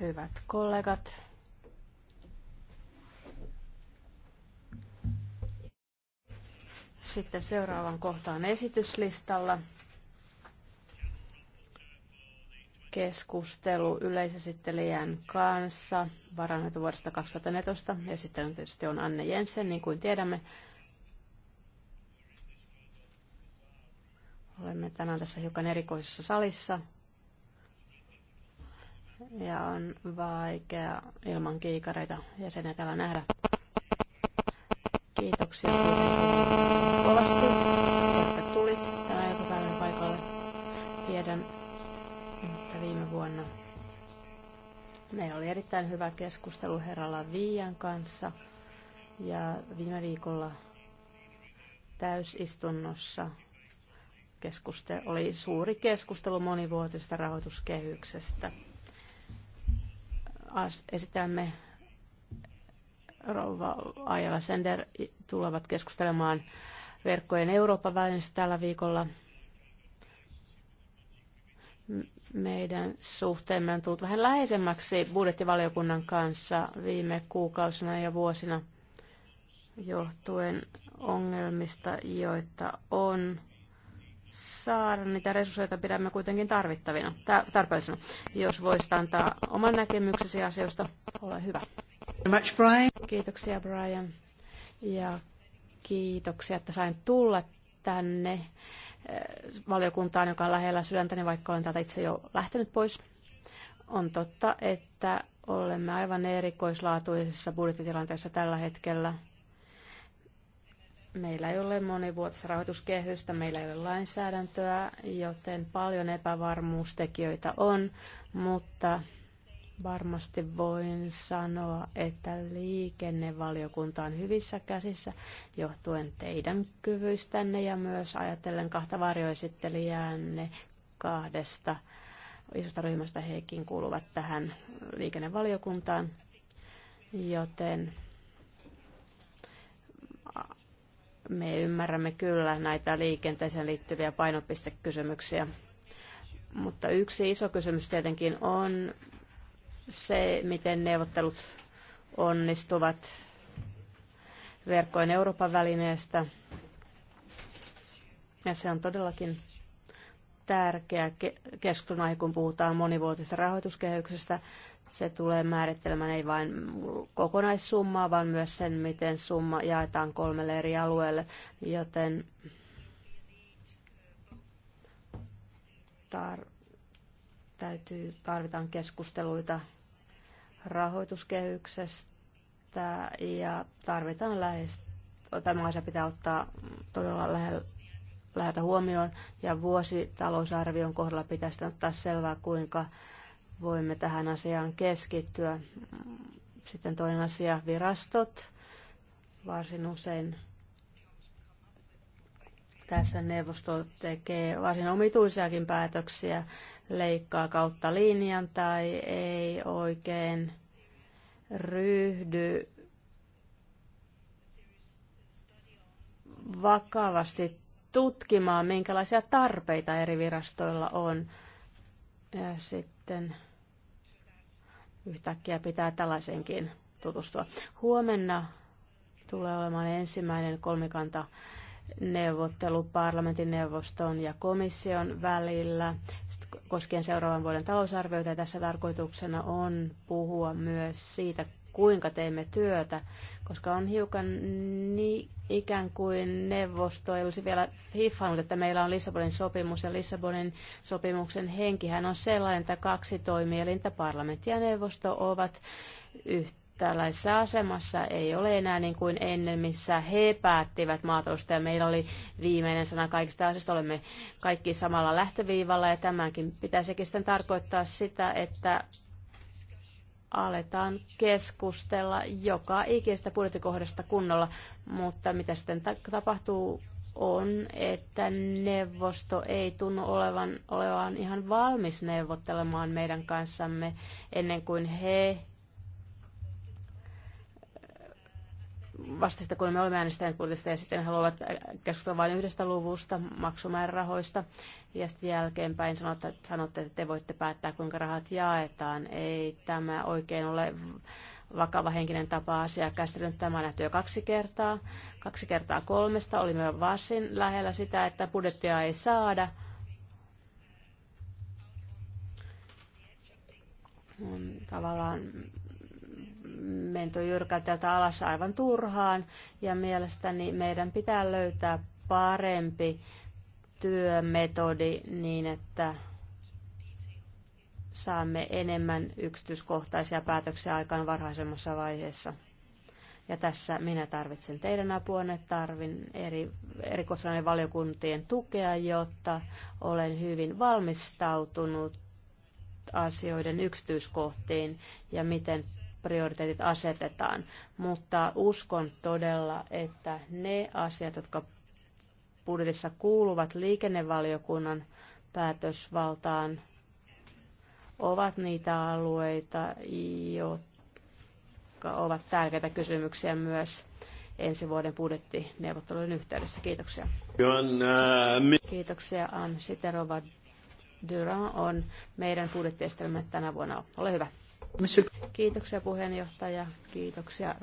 Hyvät kollegat. Sitten seuraavan kohtaan esityslistalla. Keskustelu yleisesittelijän kanssa varannettu vuodesta 2014. Esittelijä tietysti on Anne Jensen, niin kuin tiedämme. Olemme tänään tässä hiukan erikoisessa salissa ja on vaikea ilman kiikareita jäseniä täällä nähdä. Kiitoksia kovasti, että tulit tänä iltapäivän paikalle. Tiedän, että viime vuonna meillä oli erittäin hyvä keskustelu herralla Viian kanssa ja viime viikolla täysistunnossa keskuste- oli suuri keskustelu monivuotisesta rahoituskehyksestä. Esitämme Rouva Ajala Sender tulevat keskustelemaan verkkojen Euroopan välinsä tällä viikolla. Meidän suhteemme on tullut vähän läheisemmäksi budjettivaliokunnan kanssa viime kuukausina ja vuosina johtuen ongelmista, joita on saada niitä resursseja, joita pidämme kuitenkin tarvittavina, Tarpeellisina, Jos voisit antaa oman näkemyksesi asioista, ole hyvä. Brian. Kiitoksia Brian ja kiitoksia, että sain tulla tänne eh, valiokuntaan, joka on lähellä sydäntäni, vaikka olen täältä itse jo lähtenyt pois. On totta, että olemme aivan erikoislaatuisessa budjettitilanteessa tällä hetkellä – Meillä ei ole monivuotista rahoituskehystä, meillä ei ole lainsäädäntöä, joten paljon epävarmuustekijöitä on, mutta varmasti voin sanoa, että liikennevaliokunta on hyvissä käsissä johtuen teidän kyvyistänne ja myös ajatellen kahta varjoesittelijäänne kahdesta isosta ryhmästä hekin kuuluvat tähän liikennevaliokuntaan, joten Me ymmärrämme kyllä näitä liikenteeseen liittyviä painopistekysymyksiä. Mutta yksi iso kysymys tietenkin on se, miten neuvottelut onnistuvat verkkojen Euroopan välineestä. Ja se on todellakin tärkeä keskustelun aihe, kun puhutaan monivuotisesta rahoituskehyksestä. Se tulee määrittelemään ei vain kokonaissummaa, vaan myös sen, miten summa jaetaan kolmelle eri alueelle, joten tar- täytyy, tarvitaan keskusteluita rahoituskehyksestä ja tarvitaan lähes, tämä asia pitää ottaa todella lähellä huomioon ja vuositalousarvion kohdalla pitäisi ottaa selvää, kuinka voimme tähän asiaan keskittyä. Sitten toinen asia, virastot. Varsin usein tässä neuvosto tekee varsin omituisiakin päätöksiä, leikkaa kautta linjan tai ei oikein ryhdy vakavasti tutkimaan, minkälaisia tarpeita eri virastoilla on. Ja sitten yhtäkkiä pitää tällaisenkin tutustua. Huomenna tulee olemaan ensimmäinen kolmikanta neuvottelu parlamentin neuvoston ja komission välillä koskien seuraavan vuoden talousarvioita. Ja tässä tarkoituksena on puhua myös siitä, kuinka teemme työtä, koska on hiukan niin ikään kuin neuvosto ei olisi vielä hiffannut, että meillä on Lissabonin sopimus ja Lissabonin sopimuksen henkihän on sellainen, että kaksi toimielintä, parlamentti ja neuvosto ovat tällaisessa asemassa, ei ole enää niin kuin ennen, missä he päättivät maataloudesta ja meillä oli viimeinen sana kaikista asioista, olemme kaikki samalla lähtöviivalla ja tämänkin pitäisikin sitten tarkoittaa sitä, että aletaan keskustella joka ikistä budjettikohdasta kunnolla, mutta mitä sitten tapahtuu on, että neuvosto ei tunnu olevan, olevan ihan valmis neuvottelemaan meidän kanssamme ennen kuin he sitä, kun me olemme äänestäneet budjetista ja sitten haluavat keskustella vain yhdestä luvusta, maksumäärärahoista. Ja sitten jälkeenpäin sanotte, sanotte, että te voitte päättää, kuinka rahat jaetaan. Ei tämä oikein ole vakava henkinen tapa asiaa käsitellyt. Tämä nähty jo kaksi kertaa, kaksi kertaa kolmesta. Olimme varsin lähellä sitä, että budjettia ei saada. Tavallaan menty jyrkältä alas aivan turhaan ja mielestäni meidän pitää löytää parempi työmetodi niin, että saamme enemmän yksityiskohtaisia päätöksiä aikaan varhaisemmassa vaiheessa. Ja tässä minä tarvitsen teidän apuanne, tarvin eri, erikoisalainen valiokuntien tukea, jotta olen hyvin valmistautunut asioiden yksityiskohtiin ja miten prioriteetit asetetaan, mutta uskon todella, että ne asiat, jotka budjetissa kuuluvat liikennevaliokunnan päätösvaltaan, ovat niitä alueita, jotka ovat tärkeitä kysymyksiä myös ensi vuoden budjettineuvottelujen yhteydessä. Kiitoksia. Kiitoksia Ann Siterova Duran on meidän budjettiestelmämme tänä vuonna. Ole hyvä. Kiitoksia puheenjohtaja, kiitoksia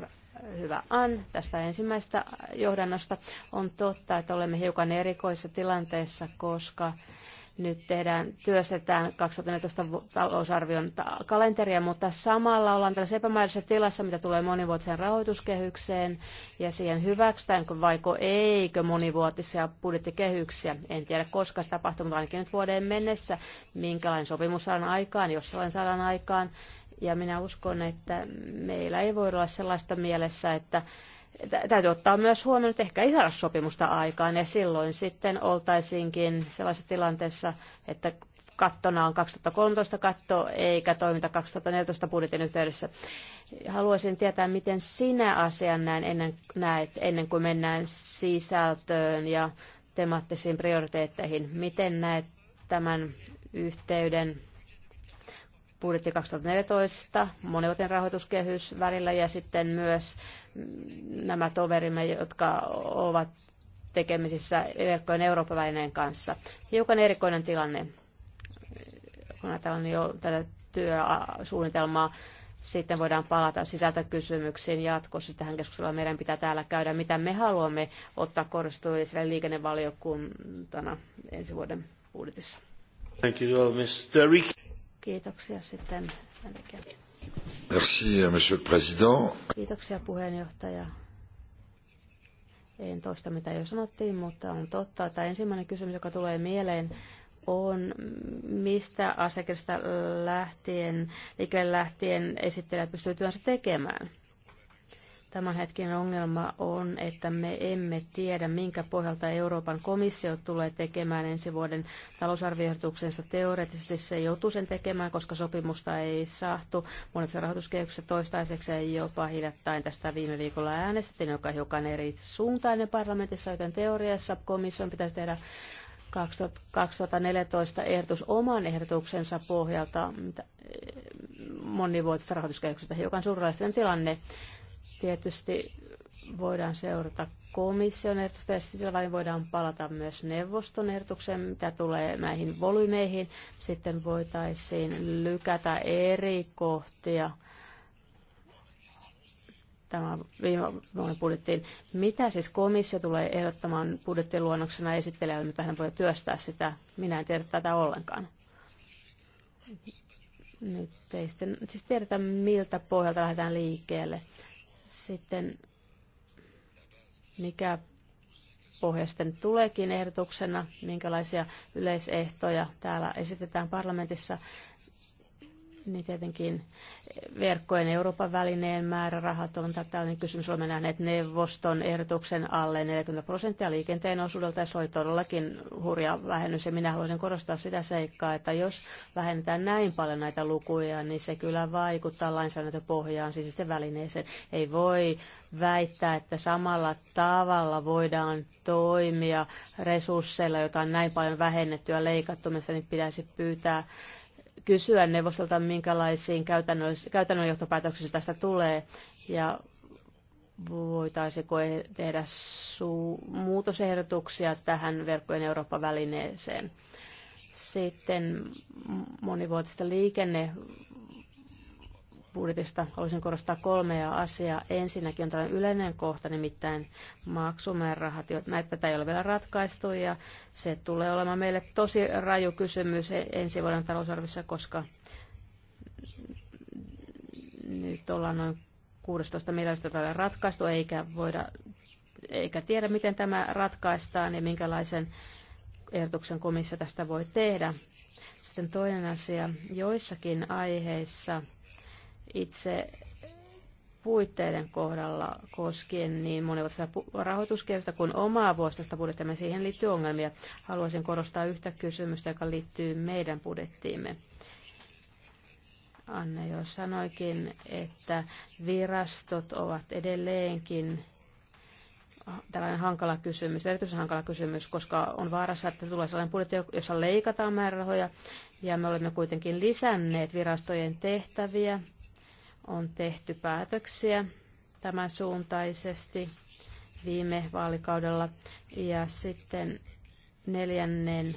hyvä Anne, tästä ensimmäisestä johdannosta. On totta, että olemme hiukan erikoisessa tilanteessa, koska nyt tehdään, työstetään 2014 talousarvion kalenteria, mutta samalla ollaan tällaisessa epämääräisessä tilassa, mitä tulee monivuotiseen rahoituskehykseen ja siihen hyväksytäänkö vaiko eikö monivuotisia budjettikehyksiä. En tiedä koska se tapahtuu, mutta ainakin nyt vuoden mennessä, minkälainen sopimus saadaan aikaan, jos sellainen saadaan aikaan ja minä uskon, että meillä ei voi olla sellaista mielessä, että täytyy ottaa myös huomioon, että ehkä ei saada sopimusta aikaan. Ja silloin sitten oltaisinkin sellaisessa tilanteessa, että kattona on 2013 katto eikä toiminta 2014 budjetin yhteydessä. Haluaisin tietää, miten sinä asian näen ennen, näet ennen kuin mennään sisältöön ja temaattisiin prioriteetteihin. Miten näet tämän yhteyden budjetti 2014, monivuotinen rahoituskehys välillä ja sitten myös nämä toverimme, jotka ovat tekemisissä verkkojen Euroopan kanssa. Hiukan erikoinen tilanne, kun ajatellaan jo tätä työsuunnitelmaa. Sitten voidaan palata sisältökysymyksiin jatkossa. Tähän keskusteluun meidän pitää täällä käydä, mitä me haluamme ottaa korostuiselle liikennevaliokuntana ensi vuoden budjetissa. Thank you, Mr. Rick. Kiitoksia sitten. Merci, euh, monsieur le président. Kiitoksia puheenjohtaja. En toista mitä jo sanottiin, mutta on totta, että ensimmäinen kysymys, joka tulee mieleen, on, mistä asiakirjasta lähtien, liikkeelle lähtien esittelijä pystyy työnsä tekemään. Tämän hetken ongelma on, että me emme tiedä, minkä pohjalta Euroopan komissio tulee tekemään ensi vuoden talousarvioehdotuksensa. Teoreettisesti se joutuu sen tekemään, koska sopimusta ei saatu. Monet rahoituskehyksessä toistaiseksi jopa hiljattain tästä viime viikolla äänestettiin, joka on hiukan eri suuntainen parlamentissa, joten teoriassa komission pitäisi tehdä 2014 ehdotus oman ehdotuksensa pohjalta eh, monivuotisesta rahoituskehyksestä hiukan surrealistinen tilanne. Tietysti voidaan seurata komission ehdotusta ja sillä voidaan palata myös neuvoston ehdotukseen, mitä tulee näihin volyymeihin. Sitten voitaisiin lykätä eri kohtia tämä viime vuoden budjettiin. Mitä siis komissio tulee ehdottamaan budjettiluonnoksena esittelijälle, mitä hän voi työstää sitä? Minä en tiedä tätä ollenkaan. Nyt ei sitten, siis tiedetä, miltä pohjalta lähdetään liikkeelle. Sitten mikä pohja sitten tuleekin ehdotuksena, minkälaisia yleisehtoja täällä esitetään parlamentissa, niin tietenkin verkkojen Euroopan välineen määrärahat on tällainen kysymys. Olemme nähneet neuvoston ehdotuksen alle 40 prosenttia liikenteen osuudelta ja se oli todellakin hurja vähennys. Ja minä haluaisin korostaa sitä seikkaa, että jos vähennetään näin paljon näitä lukuja, niin se kyllä vaikuttaa lainsäädäntöpohjaan, siis sitten välineeseen. Ei voi väittää, että samalla tavalla voidaan toimia resursseilla, joita on näin paljon vähennetty ja leikattu, niin pitäisi pyytää kysyä neuvostolta, minkälaisiin käytännön johtopäätöksiin tästä tulee ja voitaisiinko e- tehdä su- muutosehdotuksia tähän verkkojen Eurooppa-välineeseen. Sitten monivuotista liikenne budjetista haluaisin korostaa kolmea asiaa. Ensinnäkin on tällainen yleinen kohta, nimittäin maksumäärärahat. Näitä ei ole vielä ratkaistu ja se tulee olemaan meille tosi raju kysymys e- ensi vuoden talousarviossa, koska nyt ollaan noin 16 miljardista tällä ratkaistu, eikä voida eikä tiedä, miten tämä ratkaistaan ja minkälaisen ehdotuksen komissio tästä voi tehdä. Sitten toinen asia, joissakin aiheissa – itse puitteiden kohdalla koskien niin monivuotista rahoituskehystä kuin omaa vuostaista budjettia, Siihen liittyy ongelmia. Haluaisin korostaa yhtä kysymystä, joka liittyy meidän budjettiimme. Anne jo sanoikin, että virastot ovat edelleenkin tällainen hankala kysymys, erityisen hankala kysymys, koska on vaarassa, että tulee sellainen budjetti, jossa leikataan määrärahoja, ja me olemme kuitenkin lisänneet virastojen tehtäviä on tehty päätöksiä tämän suuntaisesti viime vaalikaudella. Ja sitten neljännen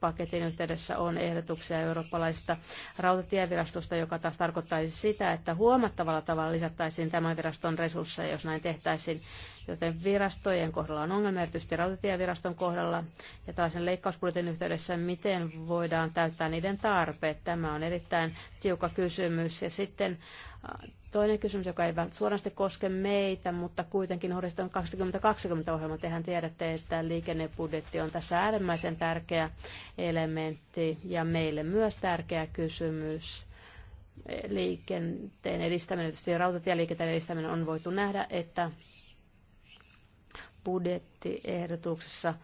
paketin yhteydessä on ehdotuksia eurooppalaisesta rautatievirastosta, joka taas tarkoittaisi sitä, että huomattavalla tavalla lisättäisiin tämän viraston resursseja, jos näin tehtäisiin joten virastojen kohdalla on ongelmia, erityisesti rautatieviraston kohdalla ja tällaisen leikkausbudjetin yhteydessä, miten voidaan täyttää niiden tarpeet. Tämä on erittäin tiukka kysymys. Ja sitten äh, toinen kysymys, joka ei suorasti koske meitä, mutta kuitenkin Horiston 2020 ohjelma, tehän tiedätte, että liikennebudjetti on tässä äärimmäisen tärkeä elementti ja meille myös tärkeä kysymys liikenteen edistäminen, tietysti rautatieliikenteen edistäminen on voitu nähdä, että budjettiehdotuksessa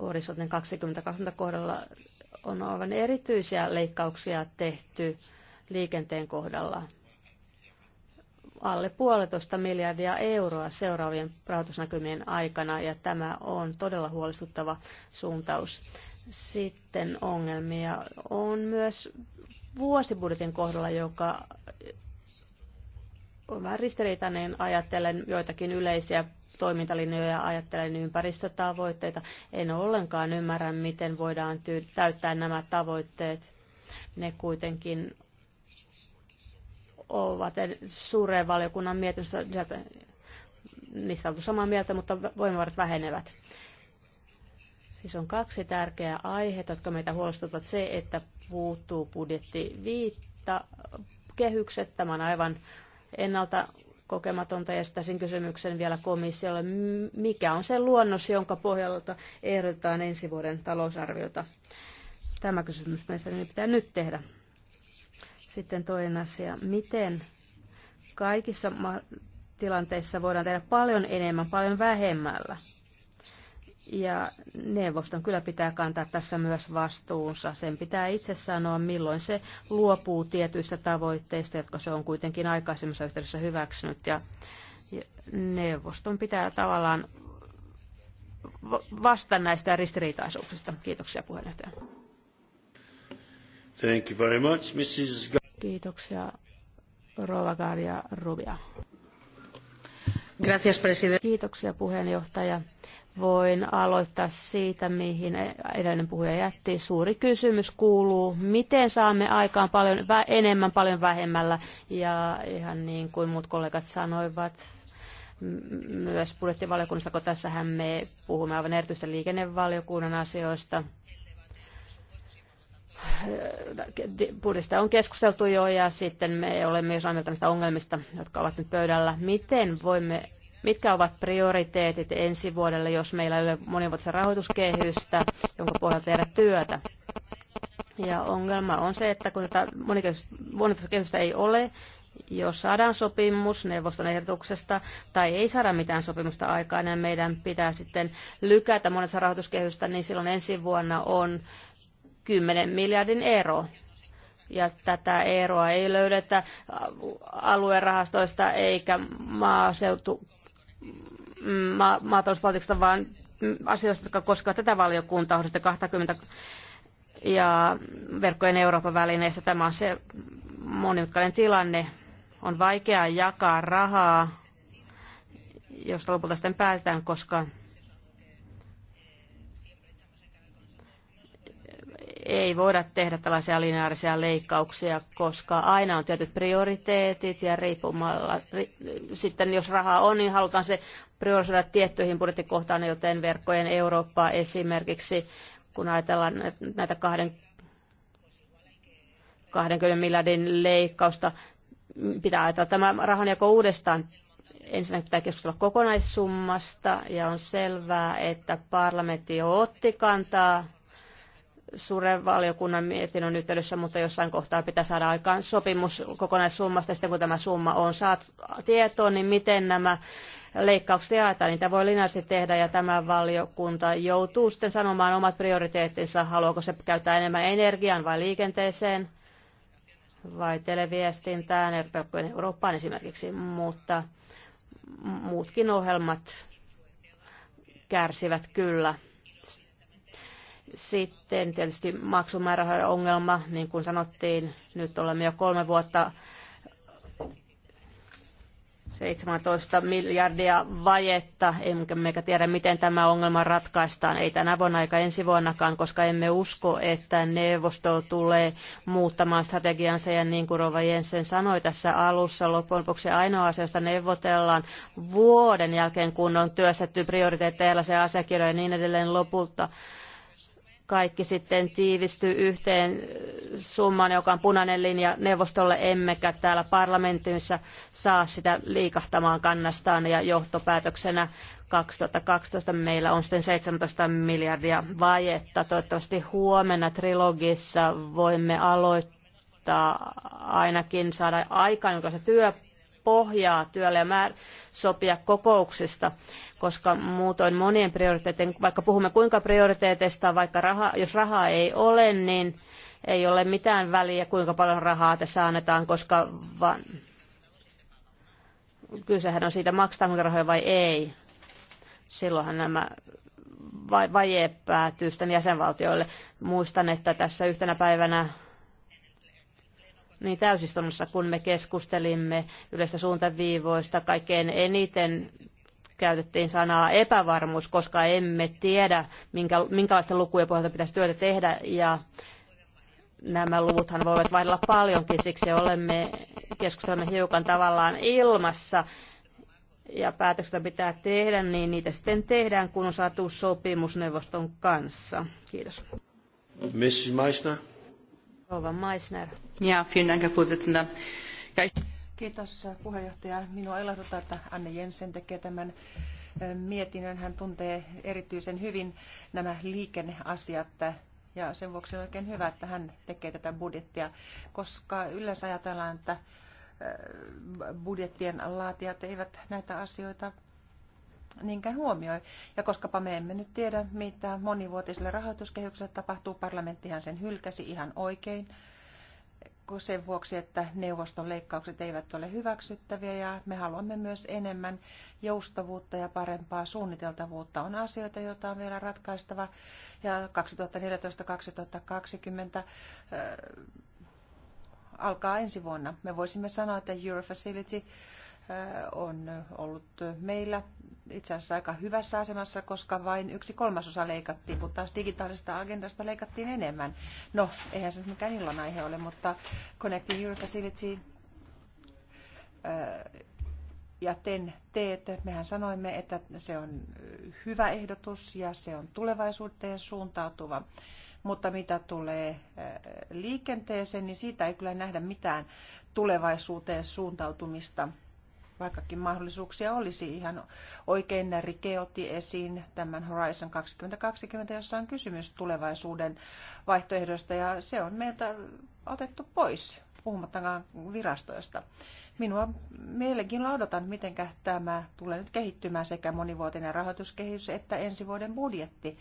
Horisontin 2020 kohdalla on aivan erityisiä leikkauksia tehty liikenteen kohdalla alle puolitoista miljardia euroa seuraavien rahoitusnäkymien aikana, ja tämä on todella huolestuttava suuntaus. Sitten ongelmia on myös vuosibudjetin kohdalla, joka on vähän ristiriitainen ajatellen joitakin yleisiä toimintalinjoja ajattelen ympäristötavoitteita. En ollenkaan ymmärrä, miten voidaan täyttää nämä tavoitteet. Ne kuitenkin ovat suureen valiokunnan mietinnöstä, niistä on samaa mieltä, mutta voimavarat vähenevät. Siis on kaksi tärkeää aihetta, jotka meitä huolestuttavat. Se, että puuttuu budjetti viitta, kehykset, tämä on aivan ennalta kokematonta. Ja sitten kysymyksen vielä komissiolle, mikä on se luonnos, jonka pohjalta ehdotetaan ensi vuoden talousarviota. Tämä kysymys meistä pitää nyt tehdä. Sitten toinen asia, miten kaikissa tilanteissa voidaan tehdä paljon enemmän, paljon vähemmällä. Ja neuvoston kyllä pitää kantaa tässä myös vastuunsa. Sen pitää itse sanoa, milloin se luopuu tietyistä tavoitteista, jotka se on kuitenkin aikaisemmassa yhteydessä hyväksynyt. Ja neuvoston pitää tavallaan vasta näistä ristiriitaisuuksista. Kiitoksia puheenjohtaja. Thank you very much, Mrs. Kiitoksia, Rova Garia Rubia. Gracias, Presidente. Kiitoksia puheenjohtaja. Voin aloittaa siitä, mihin edellinen puhuja jätti. Suuri kysymys kuuluu, miten saamme aikaan paljon enemmän, paljon vähemmällä. Ja ihan niin kuin muut kollegat sanoivat, myös budjettivaliokunnassa, kun tässähän me puhumme aivan erityisesti liikennevaliokunnan asioista, budjetista on keskusteltu jo ja sitten me olemme jo saanut ongelmista, jotka ovat nyt pöydällä. Miten voimme Mitkä ovat prioriteetit ensi vuodelle, jos meillä ei ole monivuotista rahoituskehystä, jonka pohjalta tehdä työtä? Ja ongelma on se, että kun tätä monivuotista kehystä ei ole, jos saadaan sopimus neuvoston ehdotuksesta tai ei saada mitään sopimusta aikaan ja meidän pitää sitten lykätä monessa rahoituskehystä, niin silloin ensi vuonna on 10 miljardin ero. Ja tätä eroa ei löydetä aluerahastoista eikä maaseutu ma- maatalouspolitiikasta, vaan asioista, jotka koskevat tätä valiokuntaa, 20 ja verkkojen Euroopan välineistä. Tämä on se monimutkainen tilanne. On vaikeaa jakaa rahaa, josta lopulta sitten päätetään, koska ei voida tehdä tällaisia lineaarisia leikkauksia, koska aina on tietyt prioriteetit ja riippumalla, ri, sitten jos rahaa on, niin halutaan se priorisoida tiettyihin budjettikohtaan, joten verkkojen Eurooppaa esimerkiksi, kun ajatellaan näitä kahden, 20 miljardin leikkausta, pitää ajatella tämä rahanjako uudestaan ensinnäkin pitää keskustella kokonaissummasta ja on selvää, että parlamentti jo otti kantaa suuren valiokunnan mietinnön yhteydessä, mutta jossain kohtaa pitää saada aikaan sopimus kokonaissummasta. Sitten kun tämä summa on saatu tietoon, niin miten nämä leikkaukset jaetaan, niitä voi linjaisesti tehdä ja tämä valiokunta joutuu sitten sanomaan omat prioriteettinsa, haluaako se käyttää enemmän energiaan vai liikenteeseen vai televiestintään, Eurooppaan esimerkiksi, mutta muutkin ohjelmat kärsivät kyllä sitten tietysti maksumäärärahojen ongelma, niin kuin sanottiin, nyt olemme jo kolme vuotta 17 miljardia vajetta, emmekä meikä tiedä, miten tämä ongelma ratkaistaan. Ei tänä vuonna eikä ensi vuonnakaan, koska emme usko, että neuvosto tulee muuttamaan strategiansa. Ja niin kuin Rova Jensen sanoi tässä alussa, loppujen lopuksi ainoa asia, josta neuvotellaan vuoden jälkeen, kun on työstetty prioriteetteilla se asiakirja ja niin edelleen lopulta kaikki sitten tiivistyy yhteen summaan, joka on punainen linja neuvostolle, emmekä täällä parlamentissa saa sitä liikahtamaan kannastaan ja johtopäätöksenä 2012 meillä on sitten 17 miljardia vajetta. Toivottavasti huomenna trilogissa voimme aloittaa ainakin saada aikaan se työ pohjaa työlle ja määr- sopia kokouksista, koska muutoin monien prioriteettien, vaikka puhumme kuinka prioriteeteista, vaikka raha, jos rahaa ei ole, niin ei ole mitään väliä, kuinka paljon rahaa tässä annetaan, koska vaan kysehän on siitä, maksetaanko rahoja vai ei. Silloinhan nämä vaje päätyy sitten jäsenvaltioille. Muistan, että tässä yhtenä päivänä niin täysistunnossa, kun me keskustelimme yleistä suuntaviivoista, kaikkein eniten käytettiin sanaa epävarmuus, koska emme tiedä, minkä, minkälaisten lukujen pohjalta pitäisi työtä tehdä. Ja nämä luvuthan voivat vaihdella paljonkin, siksi olemme, keskustelemme hiukan tavallaan ilmassa ja päätökset pitää tehdä, niin niitä sitten tehdään, kun on saatu sopimusneuvoston kanssa. Kiitos. Mrs. Meissner. Rouva Meissner. Ja, vielen Dank, Herr Kiitos äh, puheenjohtaja. Minua ilahduttaa, että Anne Jensen tekee tämän äh, mietinnön. Hän tuntee erityisen hyvin nämä liikenneasiat äh, ja sen vuoksi on oikein hyvä, että hän tekee tätä budjettia, koska yleensä ajatellaan, että budjettien laatijat eivät näitä asioita niinkään huomioi. Ja koskapa me emme nyt tiedä, mitä monivuotiselle rahoituskehykselle tapahtuu, parlamenttihan sen hylkäsi ihan oikein sen vuoksi, että neuvoston leikkaukset eivät ole hyväksyttäviä ja me haluamme myös enemmän joustavuutta ja parempaa suunniteltavuutta. On asioita, joita on vielä ratkaistava ja 2014-2020 alkaa ensi vuonna. Me voisimme sanoa, että Eurofacility on ollut meillä itse asiassa aika hyvässä asemassa, koska vain yksi kolmasosa leikattiin, kun taas digitaalisesta agendasta leikattiin enemmän. No, eihän se mikään illanaihe ole, mutta Connecting Europe Facility ja TEN teet, mehän sanoimme, että se on hyvä ehdotus ja se on tulevaisuuteen suuntautuva. Mutta mitä tulee liikenteeseen, niin siitä ei kyllä nähdä mitään tulevaisuuteen suuntautumista vaikkakin mahdollisuuksia olisi ihan oikein Rike otti esiin tämän Horizon 2020, jossa on kysymys tulevaisuuden vaihtoehdosta ja se on meiltä otettu pois puhumattakaan virastoista. Minua mielenkiinnolla odotan, miten tämä tulee nyt kehittymään sekä monivuotinen rahoituskehitys että ensi vuoden budjetti.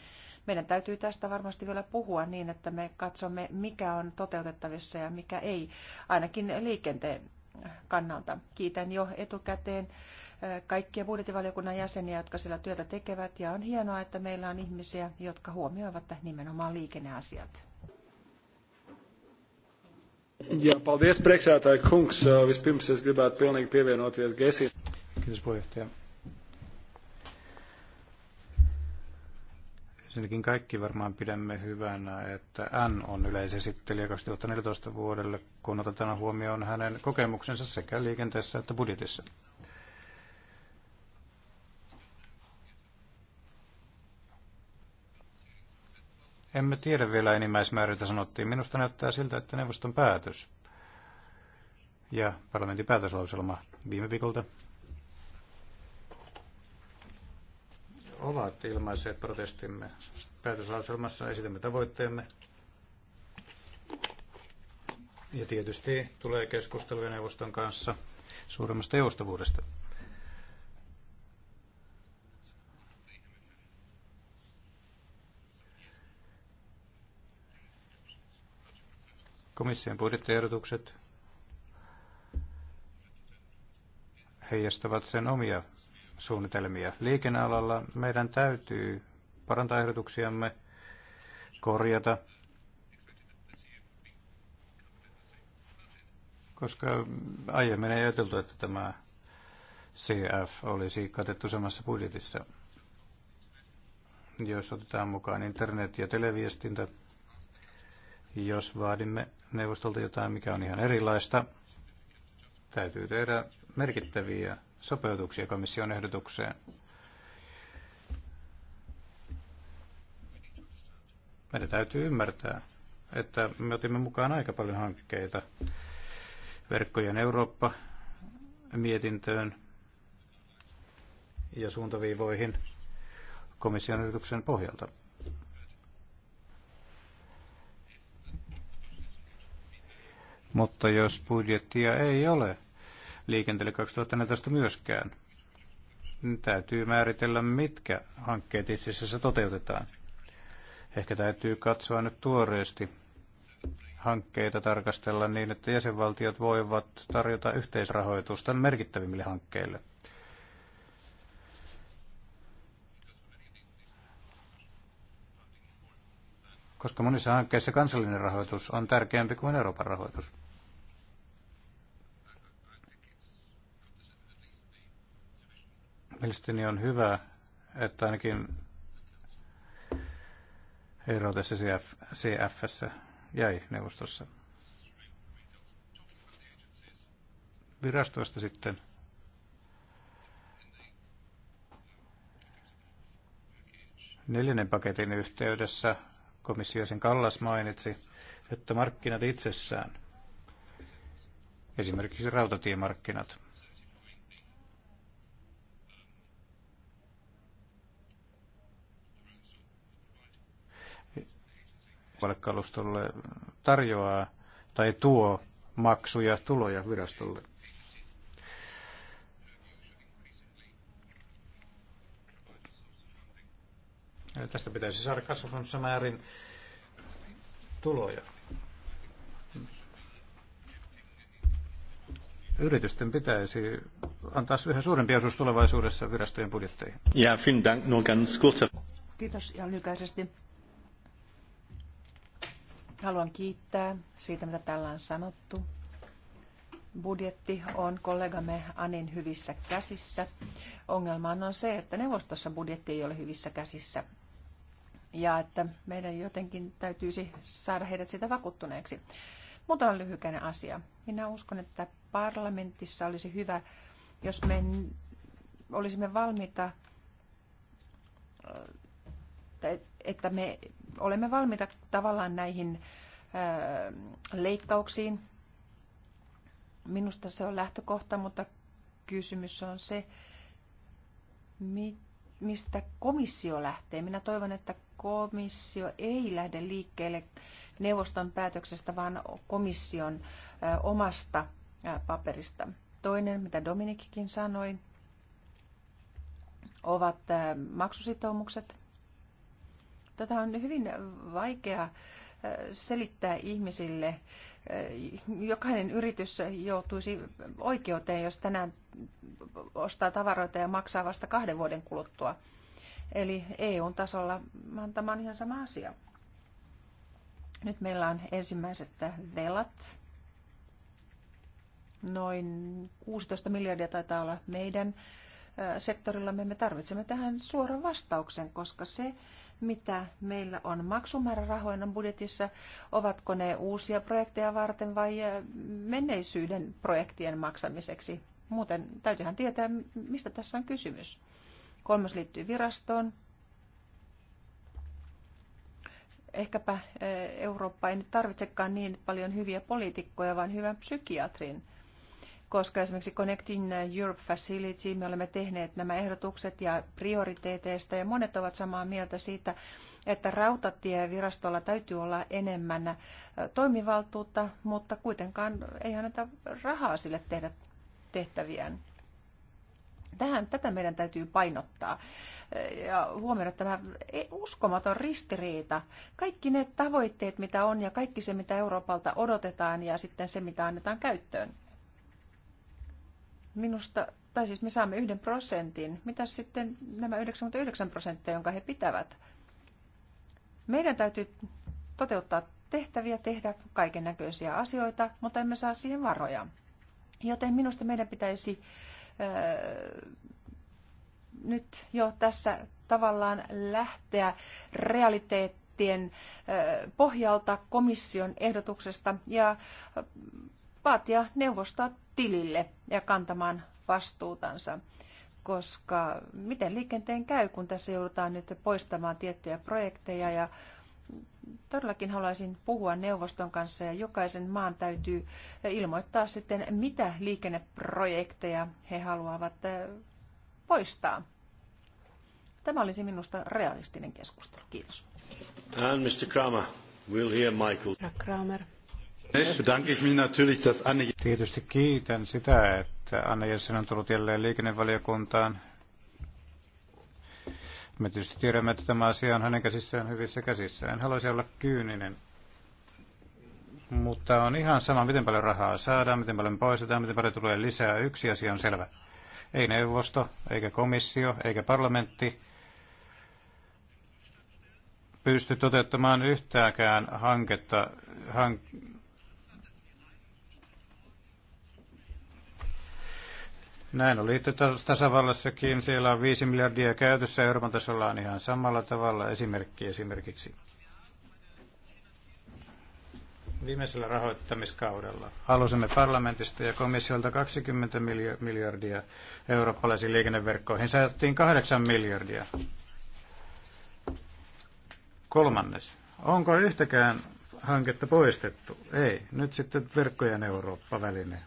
Meidän täytyy tästä varmasti vielä puhua niin, että me katsomme, mikä on toteutettavissa ja mikä ei, ainakin liikenteen kannalta. Kiitän jo etukäteen kaikkia budjettivaliokunnan jäseniä, jotka siellä työtä tekevät, ja on hienoa, että meillä on ihmisiä, jotka huomioivat nimenomaan liikenneasiat. Ja paldies, priekšētāji kungs. Vispirms es gribētu pilnīgi pievienoties Gesim. Kiitos puheenjohtaja. Ensinnäkin kaikki varmaan pidämme hyvänä, että N on yleisesittelijä 2014 vuodelle, kun otetaan huomioon hänen kokemuksensa sekä liikenteessä että budjetissa. Emme tiedä vielä enimmäismääriltä, sanottiin. Minusta näyttää siltä, että neuvoston päätös ja parlamentin päätöslauselma viime viikolta ovat ilmaisseet protestimme. Päätöslauselmassa esitämme tavoitteemme. Ja tietysti tulee keskusteluja neuvoston kanssa suuremmasta joustavuudesta. Komission budjettiehdotukset heijastavat sen omia suunnitelmia. Liikennealalla meidän täytyy parantaa ehdotuksiamme, korjata, koska aiemmin ei ajateltu, että tämä CF olisi katettu samassa budjetissa. Jos otetaan mukaan internet ja televiestintä, jos vaadimme neuvostolta jotain, mikä on ihan erilaista, täytyy tehdä merkittäviä sopeutuksia komission ehdotukseen. Meidän täytyy ymmärtää, että me otimme mukaan aika paljon hankkeita verkkojen Eurooppa-mietintöön ja suuntaviivoihin komission ehdotuksen pohjalta. Mutta jos budjettia ei ole, liikenteelle 2014 myöskään. Täytyy määritellä, mitkä hankkeet itse asiassa toteutetaan. Ehkä täytyy katsoa nyt tuoreesti hankkeita tarkastella niin, että jäsenvaltiot voivat tarjota yhteisrahoitusta merkittävimmille hankkeille. Koska monissa hankkeissa kansallinen rahoitus on tärkeämpi kuin Euroopan rahoitus. Mielestäni on hyvä, että ainakin ero tässä CF, CFS jäi neuvostossa. Virastoista sitten. Neljännen paketin yhteydessä komissio sen Kallas mainitsi, että markkinat itsessään, esimerkiksi rautatiemarkkinat, kalustolle tarjoaa tai tuo maksuja tuloja virastolle. Ja tästä pitäisi saada kasvavassa määrin tuloja. Yritysten pitäisi antaa yhä suurempi osuus tulevaisuudessa virastojen budjetteihin. Ja, vielen Dank, ganz kurz. Kiitos ihan lykäisesti. Haluan kiittää siitä, mitä tällä on sanottu. Budjetti on kollegamme Anin hyvissä käsissä. Ongelma on se, että neuvostossa budjetti ei ole hyvissä käsissä. Ja että meidän jotenkin täytyisi saada heidät sitä vakuuttuneeksi. on lyhykäinen asia. Minä uskon, että parlamentissa olisi hyvä, jos me olisimme valmiita, että me olemme valmiita tavallaan näihin leikkauksiin. Minusta se on lähtökohta, mutta kysymys on se, mistä komissio lähtee. Minä toivon, että komissio ei lähde liikkeelle neuvoston päätöksestä, vaan komission omasta paperista. Toinen, mitä Dominikkin sanoi, ovat maksusitoumukset. Tätä on hyvin vaikea äh, selittää ihmisille. Äh, jokainen yritys joutuisi oikeuteen, jos tänään ostaa tavaroita ja maksaa vasta kahden vuoden kuluttua. Eli EU-tasolla tämä on ihan sama asia. Nyt meillä on ensimmäiset velat. Noin 16 miljardia taitaa olla meidän äh, sektorillamme. Me tarvitsemme tähän suoran vastauksen, koska se, mitä meillä on maksumäärärahoina budjetissa, ovatko ne uusia projekteja varten vai eh, menneisyyden projektien maksamiseksi. Muuten täytyyhän tietää, mistä tässä on kysymys. Kolmas liittyy virastoon. Ehkäpä eh, Eurooppa ei nyt tarvitsekaan niin paljon hyviä poliitikkoja, vaan hyvän psykiatrin – koska esimerkiksi Connecting Europe Facility, me olemme tehneet nämä ehdotukset ja prioriteeteista, ja monet ovat samaa mieltä siitä, että rautatievirastolla täytyy olla enemmän toimivaltuutta, mutta kuitenkaan ei anneta rahaa sille tehdä tehtäviään. Tähän, tätä meidän täytyy painottaa ja huomioida tämä e- uskomaton ristiriita. Kaikki ne tavoitteet, mitä on ja kaikki se, mitä Euroopalta odotetaan ja sitten se, mitä annetaan käyttöön. Minusta, tai siis me saamme yhden prosentin. Mitä sitten nämä 99 prosenttia, jonka he pitävät? Meidän täytyy toteuttaa tehtäviä, tehdä kaiken näköisiä asioita, mutta emme saa siihen varoja. Joten minusta meidän pitäisi öö, nyt jo tässä tavallaan lähteä realiteettien pohjalta komission ehdotuksesta ja vaatia neuvostoa tilille ja kantamaan vastuutansa. Koska miten liikenteen käy, kun tässä joudutaan nyt poistamaan tiettyjä projekteja ja todellakin haluaisin puhua neuvoston kanssa ja jokaisen maan täytyy ilmoittaa sitten, mitä liikenneprojekteja he haluavat eh, poistaa. Tämä olisi minusta realistinen keskustelu. Kiitos. And Mr. Kramer, we'll hear Michael. Kramer. Tietysti kiitän sitä, että Anne Jensen on tullut jälleen liikennevaliokuntaan. Me tietysti tiedämme, että tämä asia on hänen käsissään hyvissä käsissään. haluaisi olla kyyninen. Mutta on ihan sama, miten paljon rahaa saadaan, miten paljon poistetaan, miten paljon tulee lisää. Yksi asia on selvä. Ei neuvosto, eikä komissio, eikä parlamentti pysty toteuttamaan yhtäkään hanketta, hank- Näin oli tasavallassakin. Siellä on 5 miljardia käytössä. Euroopan tasolla on ihan samalla tavalla esimerkki esimerkiksi. Viimeisellä rahoittamiskaudella halusimme parlamentista ja komissiolta 20 miljardia eurooppalaisiin liikenneverkkoihin. Säätettiin 8 miljardia. Kolmannes. Onko yhtäkään hanketta poistettu? Ei. Nyt sitten verkkojen Eurooppa-väline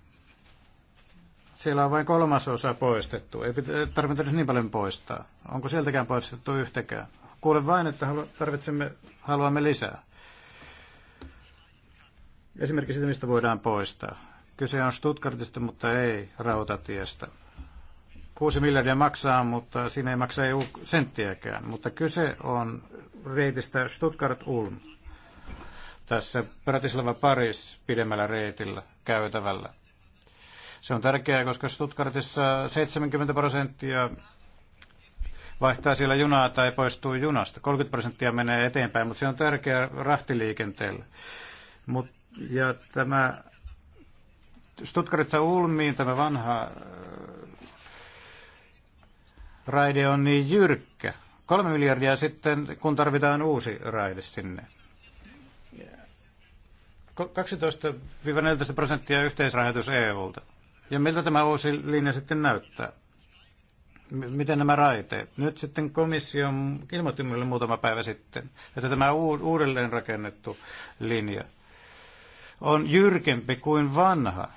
siellä on vain kolmasosa poistettu. Ei tarvitse niin paljon poistaa. Onko sieltäkään poistettu yhtäkään? Kuulen vain, että tarvitsemme, haluamme lisää. Esimerkiksi sitä, mistä voidaan poistaa. Kyse on Stuttgartista, mutta ei rautatiestä. 6 miljardia maksaa, mutta siinä ei maksa EU senttiäkään. Mutta kyse on reitistä Stuttgart-Ulm tässä Bratislava-Paris pidemmällä reitillä käytävällä. Se on tärkeää, koska Stuttgartissa 70 prosenttia vaihtaa siellä junaa tai poistuu junasta. 30 prosenttia menee eteenpäin, mutta se on tärkeää rahtiliikenteelle. Mut, ja tämä Stuttgartissa Ulmiin tämä vanha äh, raide on niin jyrkkä. Kolme miljardia sitten, kun tarvitaan uusi raide sinne. 12-14 prosenttia yhteisrahoitus EUlta. Ja miltä tämä uusi linja sitten näyttää? Miten nämä raiteet? Nyt sitten komissio ilmoitti minulle muutama päivä sitten, että tämä uudelleen rakennettu linja on jyrkempi kuin vanha.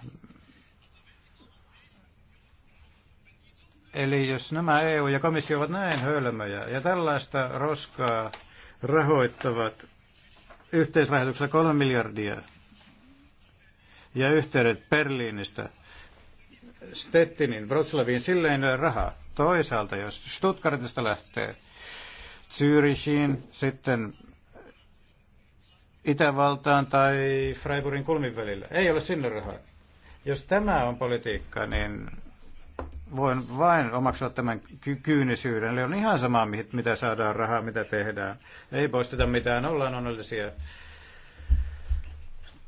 Eli jos nämä EU ja komissio ovat näin hölmöjä ja tällaista roskaa rahoittavat yhteisrahoituksella kolme miljardia ja yhteydet Berliinistä Stettinin, Wroclawiin, silleen ei ole rahaa. Toisaalta, jos Stuttgartista lähtee Zürichiin, sitten Itävaltaan tai Freiburgin kulmin välillä, ei ole sinne rahaa. Jos tämä on politiikka, niin voin vain omaksua tämän ky- kyynisyyden. Eli on ihan sama, mitä saadaan rahaa, mitä tehdään. Ei poisteta mitään, ollaan onnellisia.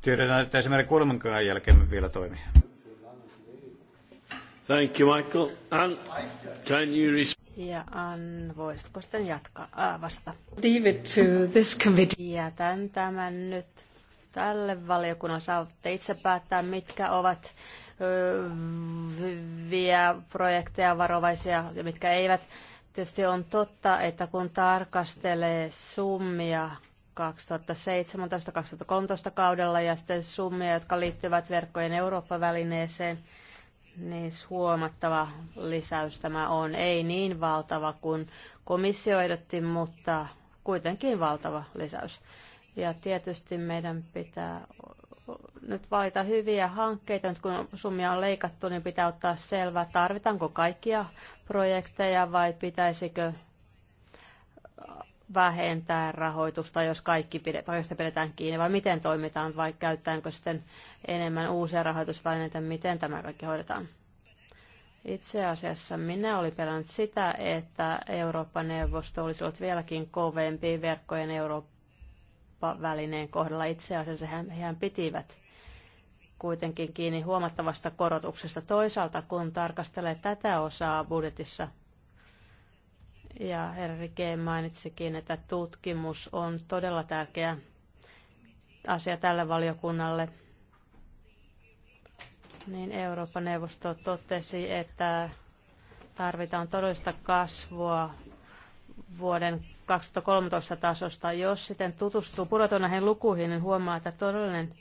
Tiedetään, että esimerkiksi kuolemankaan jälkeen vielä toimii. Thank you, Michael. can you ja Ann, voisitko sitten jatkaa äh, vasta? Leave it to this committee. Jätän tämän nyt tälle valiokunnalle. Saatte itse päättää, mitkä ovat hyviä projekteja, varovaisia ja mitkä eivät. Tietysti on totta, että kun tarkastelee summia 2017-2013 kaudella ja sitten summia, jotka liittyvät verkkojen Eurooppa-välineeseen – niin huomattava lisäys tämä on. Ei niin valtava kuin komissio ehdotti, mutta kuitenkin valtava lisäys. Ja tietysti meidän pitää nyt valita hyviä hankkeita. Nyt kun summia on leikattu, niin pitää ottaa selvää, tarvitaanko kaikkia projekteja vai pitäisikö vähentää rahoitusta, jos kaikki pidetään, pidetään kiinni, vai miten toimitaan, vai käytetäänkö sitten enemmän uusia rahoitusvälineitä, miten tämä kaikki hoidetaan? Itse asiassa minä olin pelännyt sitä, että Euroopan neuvosto olisi ollut vieläkin kovempi verkkojen Eurooppa-välineen kohdalla. Itse asiassa he, hän pitivät kuitenkin kiinni huomattavasta korotuksesta. Toisaalta kun tarkastelee tätä osaa budjetissa, ja Henri mainitsikin, että tutkimus on todella tärkeä asia tälle valiokunnalle. Niin Euroopan neuvosto totesi, että tarvitaan todellista kasvua vuoden 2013 tasosta. Jos sitten tutustuu pudotuun näihin lukuihin, niin huomaa, että todellinen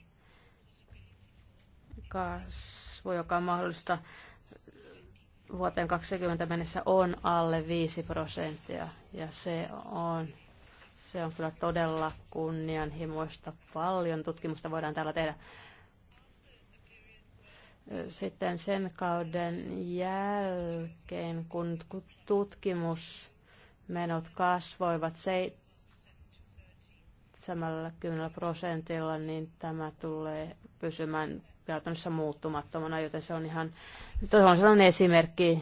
kasvu, joka on mahdollista vuoteen 2020 mennessä on alle 5 prosenttia ja se on, se on kyllä todella kunnianhimoista. Paljon tutkimusta voidaan täällä tehdä. Sitten sen kauden jälkeen, kun tutkimusmenot kasvoivat 70 prosentilla, niin tämä tulee pysymään käytännössä muuttumattomana, joten se on ihan se on sellainen esimerkki,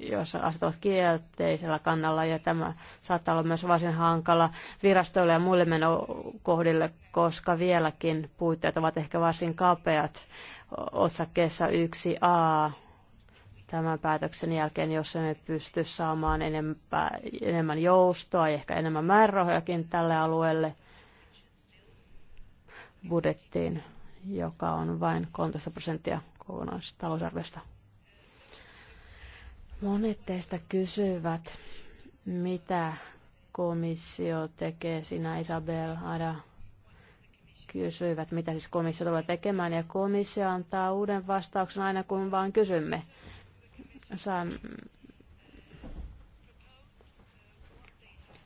jossa ovat kielteisellä kannalla ja tämä saattaa olla myös varsin hankala virastoille ja muille menokohdille, koska vieläkin puitteet ovat ehkä varsin kapeat otsakkeessa 1a tämän päätöksen jälkeen, jos emme pysty saamaan enempää, enemmän joustoa ja ehkä enemmän määrärahojakin tälle alueelle budjettiin joka on vain 13 prosenttia kokonaistalousarviosta. Monet teistä kysyvät, mitä komissio tekee, sinä Isabel, Ada, kysyivät, mitä siis komissio tulee tekemään, ja komissio antaa uuden vastauksen aina kun vaan kysymme. Saan...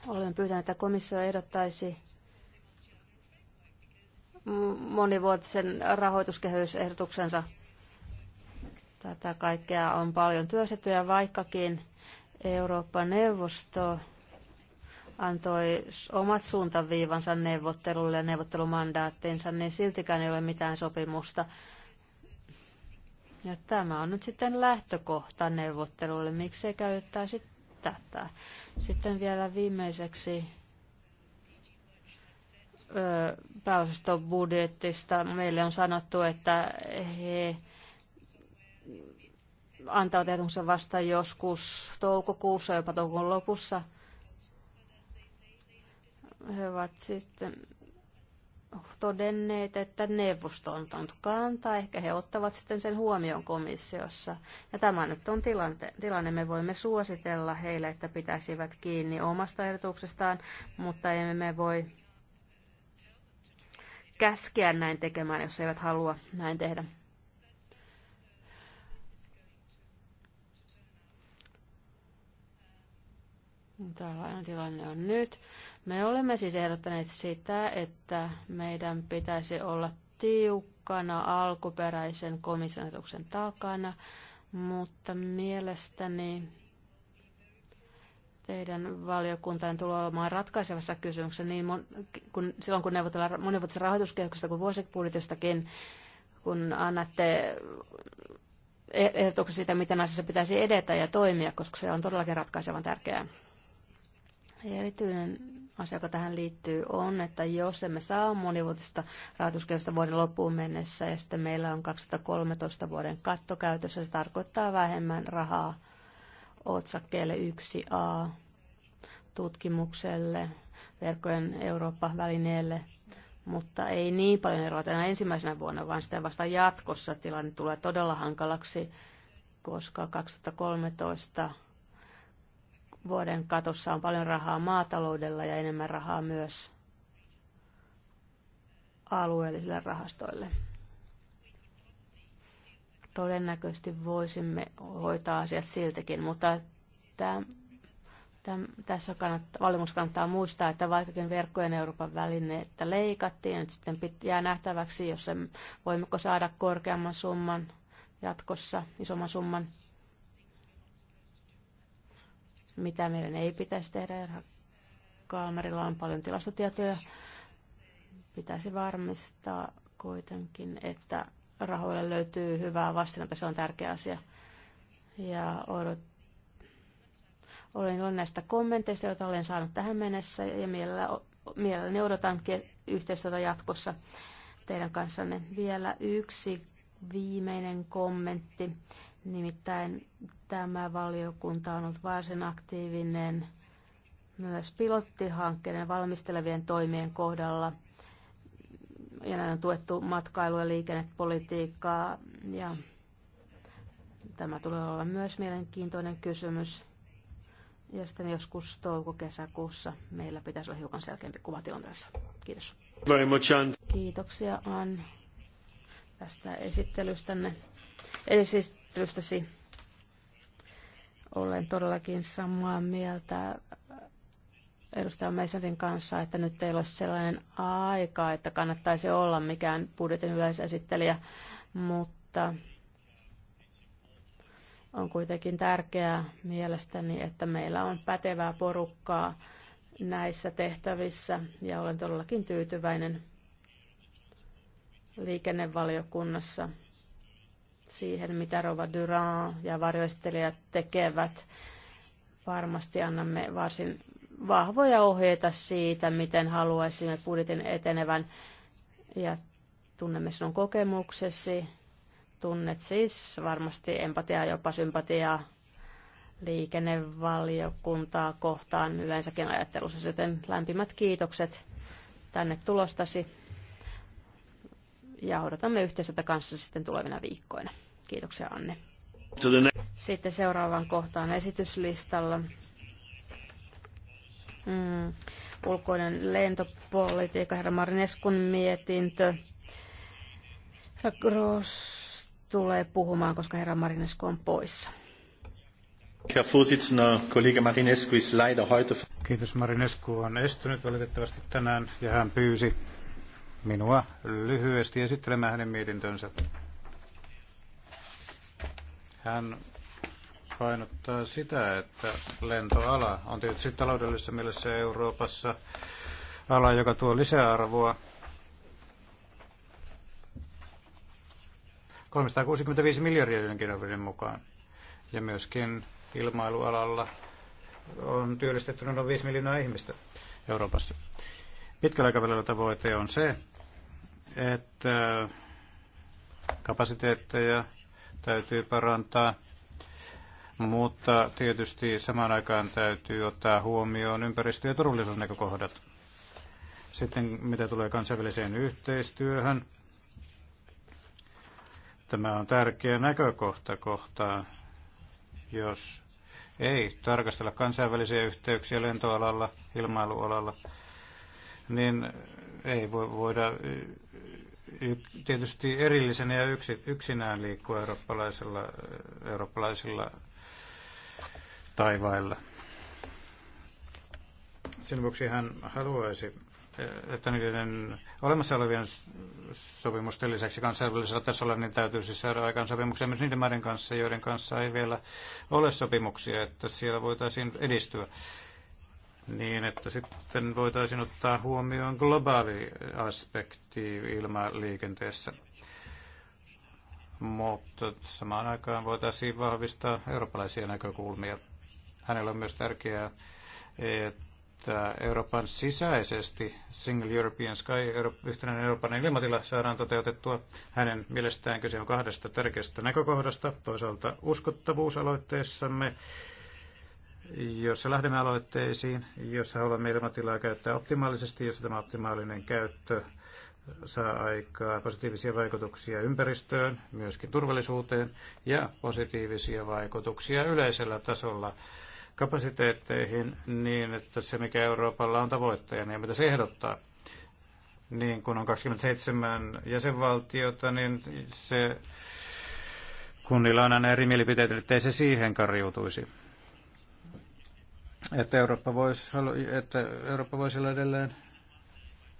Olen pyytänyt, että komissio ehdottaisi monivuotisen rahoituskehysehdotuksensa. Tätä kaikkea on paljon työstetty ja vaikkakin Euroopan neuvosto antoi omat suuntaviivansa neuvottelulle ja neuvottelumandaattinsa, niin siltikään ei ole mitään sopimusta. Ja tämä on nyt sitten lähtökohta neuvottelulle. Miksei käyttäisi tätä? Sitten vielä viimeiseksi pääosaston budjettista meille on sanottu, että he antavat ehdotuksen vasta joskus toukokuussa, jopa toukokuun lopussa. He ovat sitten siis todenneet, että neuvosto on antanut kantaa, ehkä he ottavat sitten sen huomioon komissiossa. Ja tämä nyt on tilante, tilanne, me voimme suositella heille, että pitäisivät kiinni omasta ehdotuksestaan, mutta emme me voi käskeä näin tekemään, jos eivät halua näin tehdä. Tällainen tilanne on nyt. Me olemme siis ehdottaneet sitä, että meidän pitäisi olla tiukkana alkuperäisen komission takana, mutta mielestäni teidän valiokuntaan tulee olemaan ratkaisevassa kysymyksessä niin mon- kun, silloin, kun neuvotellaan monivuotisesta rahoituskehyksestä kuin vuosibudjetistakin, kun annatte e- ehdotuksen siitä, miten asiassa pitäisi edetä ja toimia, koska se on todellakin ratkaisevan tärkeää. erityinen asia, joka tähän liittyy, on, että jos emme saa monivuotista rahoituskehystä vuoden loppuun mennessä ja sitten meillä on 2013 vuoden katto käytössä, se tarkoittaa vähemmän rahaa otsakkeelle 1a tutkimukselle, verkkojen Eurooppa-välineelle, mutta ei niin paljon eroa tänä ensimmäisenä vuonna, vaan sitä vasta jatkossa tilanne tulee todella hankalaksi, koska 2013 vuoden katossa on paljon rahaa maataloudella ja enemmän rahaa myös alueellisille rahastoille todennäköisesti voisimme hoitaa asiat siltikin, mutta tämä, tämä, tässä kannattaa, valmius kannattaa muistaa, että vaikkakin verkkojen Euroopan välineettä leikattiin, nyt sitten pit, jää nähtäväksi, jos se, voimmeko saada korkeamman summan jatkossa, isomman summan, mitä meidän ei pitäisi tehdä. Kalmarilla on paljon tilastotietoja. Pitäisi varmistaa kuitenkin, että rahoille löytyy hyvää vastinetta, se on tärkeä asia. Ja odot... olen iloinen näistä kommenteista, joita olen saanut tähän mennessä ja mielelläni odotan yhteistyötä jatkossa teidän kanssanne. Vielä yksi viimeinen kommentti. Nimittäin tämä valiokunta on ollut varsin aktiivinen myös pilottihankkeiden valmistelevien toimien kohdalla – ja näin on tuettu matkailu- ja liikennepolitiikkaa ja tämä tulee olla myös mielenkiintoinen kysymys. Ja sitten joskus touko-kesäkuussa meillä pitäisi olla hiukan selkeämpi kuva tilanteessa. Kiitos. Very much, Ann. Kiitoksia, Ann, tästä esittelystänne. Esittelystäsi olen todellakin samaa mieltä edustaja Meisarin kanssa, että nyt ei ole sellainen aika, että kannattaisi olla mikään budjetin yleisesittelijä, mutta on kuitenkin tärkeää mielestäni, että meillä on pätevää porukkaa näissä tehtävissä ja olen todellakin tyytyväinen liikennevaliokunnassa siihen, mitä Rova Durand ja varjoistelijat tekevät. Varmasti annamme varsin vahvoja ohjeita siitä, miten haluaisimme budjetin etenevän. Ja tunnemme sinun kokemuksesi, tunnet siis varmasti empatiaa, jopa sympatiaa liikennevaliokuntaa kohtaan yleensäkin ajattelussa, joten lämpimät kiitokset tänne tulostasi ja odotamme yhteistyötä kanssa sitten tulevina viikkoina. Kiitoksia Anne. Sitten seuraavaan kohtaan esityslistalla. Mm, ulkoinen lentopolitiikka, herra Marineskun mietintö. Herra Gross tulee puhumaan, koska herra Marinesku on poissa. Herr Vorsitzender, Kollege Marinescu ist leider heute... Kiitos. Marinescu on estynyt valitettavasti tänään ja hän pyysi minua lyhyesti esittelemään hänen mietintönsä. Hän painottaa sitä, että lentoala on tietysti taloudellisessa mielessä Euroopassa ala, joka tuo lisäarvoa. 365 miljardia yhdenkin mukaan. Ja myöskin ilmailualalla on työllistetty noin 5 miljoonaa ihmistä Euroopassa. Pitkällä aikavälillä tavoite on se, että kapasiteetteja täytyy parantaa – mutta tietysti samaan aikaan täytyy ottaa huomioon ympäristö- ja turvallisuusnäkökohdat. Sitten mitä tulee kansainväliseen yhteistyöhön, tämä on tärkeä näkökohta kohtaa, jos ei tarkastella kansainvälisiä yhteyksiä lentoalalla, ilmailualalla, niin ei voi, voida tietysti erillisenä ja yksi, yksinään liikkua eurooppalaisilla, eurooppalaisilla taivailla. Sen vuoksi hän haluaisi, että niiden olemassa olevien sopimusten lisäksi kansainvälisellä tasolla niin täytyisi siis saada aikaan sopimuksia myös niiden maiden kanssa, joiden kanssa ei vielä ole sopimuksia, että siellä voitaisiin edistyä niin, että sitten voitaisiin ottaa huomioon globaali aspekti ilmaliikenteessä. Mutta samaan aikaan voitaisiin vahvistaa eurooppalaisia näkökulmia. Hänellä on myös tärkeää, että Euroopan sisäisesti Single European Sky, yhtenäinen Euroopan ilmatila, saadaan toteutettua. Hänen mielestään kyse on kahdesta tärkeästä näkökohdasta. Toisaalta uskottavuusaloitteessamme jossa lähdemme aloitteisiin, jossa haluamme ilmatilaa käyttää optimaalisesti, jossa tämä optimaalinen käyttö saa aikaa positiivisia vaikutuksia ympäristöön, myöskin turvallisuuteen ja positiivisia vaikutuksia yleisellä tasolla kapasiteetteihin niin, että se mikä Euroopalla on tavoitteena ja mitä se ehdottaa, niin kun on 27 jäsenvaltiota, niin se, kunnilla on aina eri mielipiteitä, ettei se siihen karjuutuisi. Että Eurooppa voisi, että Eurooppa voisi olla edelleen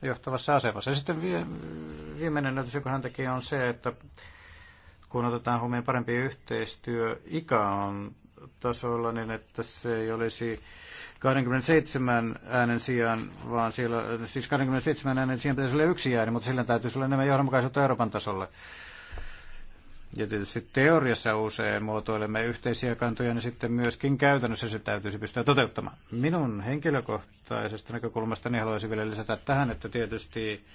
johtavassa asemassa. Ja sitten viimeinen näytös, joka hän teki, on se, että kun otetaan huomioon parempi yhteistyö, ikä on tasolla, niin että se ei olisi 27 äänen sijaan, vaan siellä, siis 27 äänen sijaan pitäisi olla yksi ääni, mutta sillä täytyisi olla enemmän johdonmukaisuutta Euroopan tasolla. Ja tietysti teoriassa usein muotoilemme yhteisiä kantoja, niin sitten myöskin käytännössä se täytyisi pystyä toteuttamaan. Minun henkilökohtaisesta näkökulmasta niin haluaisin vielä lisätä tähän, että tietysti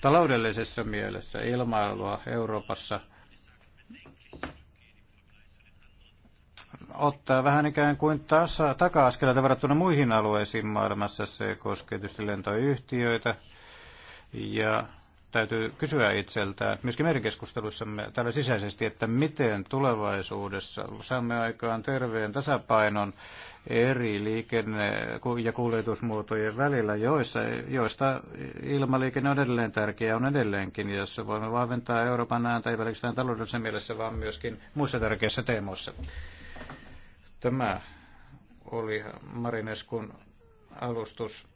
taloudellisessa mielessä ilmailua Euroopassa – ottaa vähän ikään kuin tasa, taka-askeleita verrattuna muihin alueisiin maailmassa. Se koskee tietysti lentoyhtiöitä ja täytyy kysyä itseltään, myöskin meidän keskusteluissamme täällä sisäisesti, että miten tulevaisuudessa saamme aikaan terveen tasapainon eri liikenne- ja kuljetusmuotojen välillä, joissa, joista ilmaliikenne on edelleen tärkeä on edelleenkin, jossa voimme vahventaa Euroopan ääntä ei pelkästään taloudellisessa mielessä, vaan myöskin muissa tärkeissä teemoissa. Tämä oli Marineskun alustus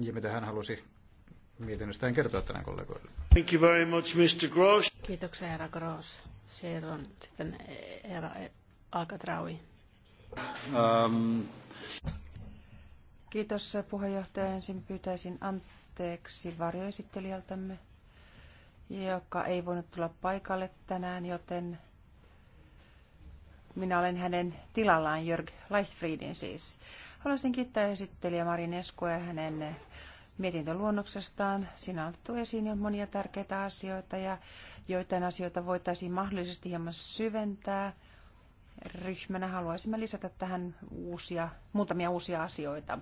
ja mitä hän halusi mietinnöstään kertoa tänään kollegoille. Thank you very much, Mr. Gross. Kiitoksia, herra Gross. Siellä on sitten eh, herra eh, Alcatraui. Um. Kiitos puheenjohtaja. Ensin pyytäisin anteeksi varjoesittelijältämme, joka ei voinut tulla paikalle tänään, joten minä olen hänen tilallaan, Jörg Leichtfriedin siis. Haluaisin kiittää esittelijä Marin Esko ja hänen mietintöluonnoksestaan. Siinä on otettu esiin jo monia tärkeitä asioita ja joitain asioita voitaisiin mahdollisesti hieman syventää. Ryhmänä haluaisimme lisätä tähän uusia, muutamia uusia asioita.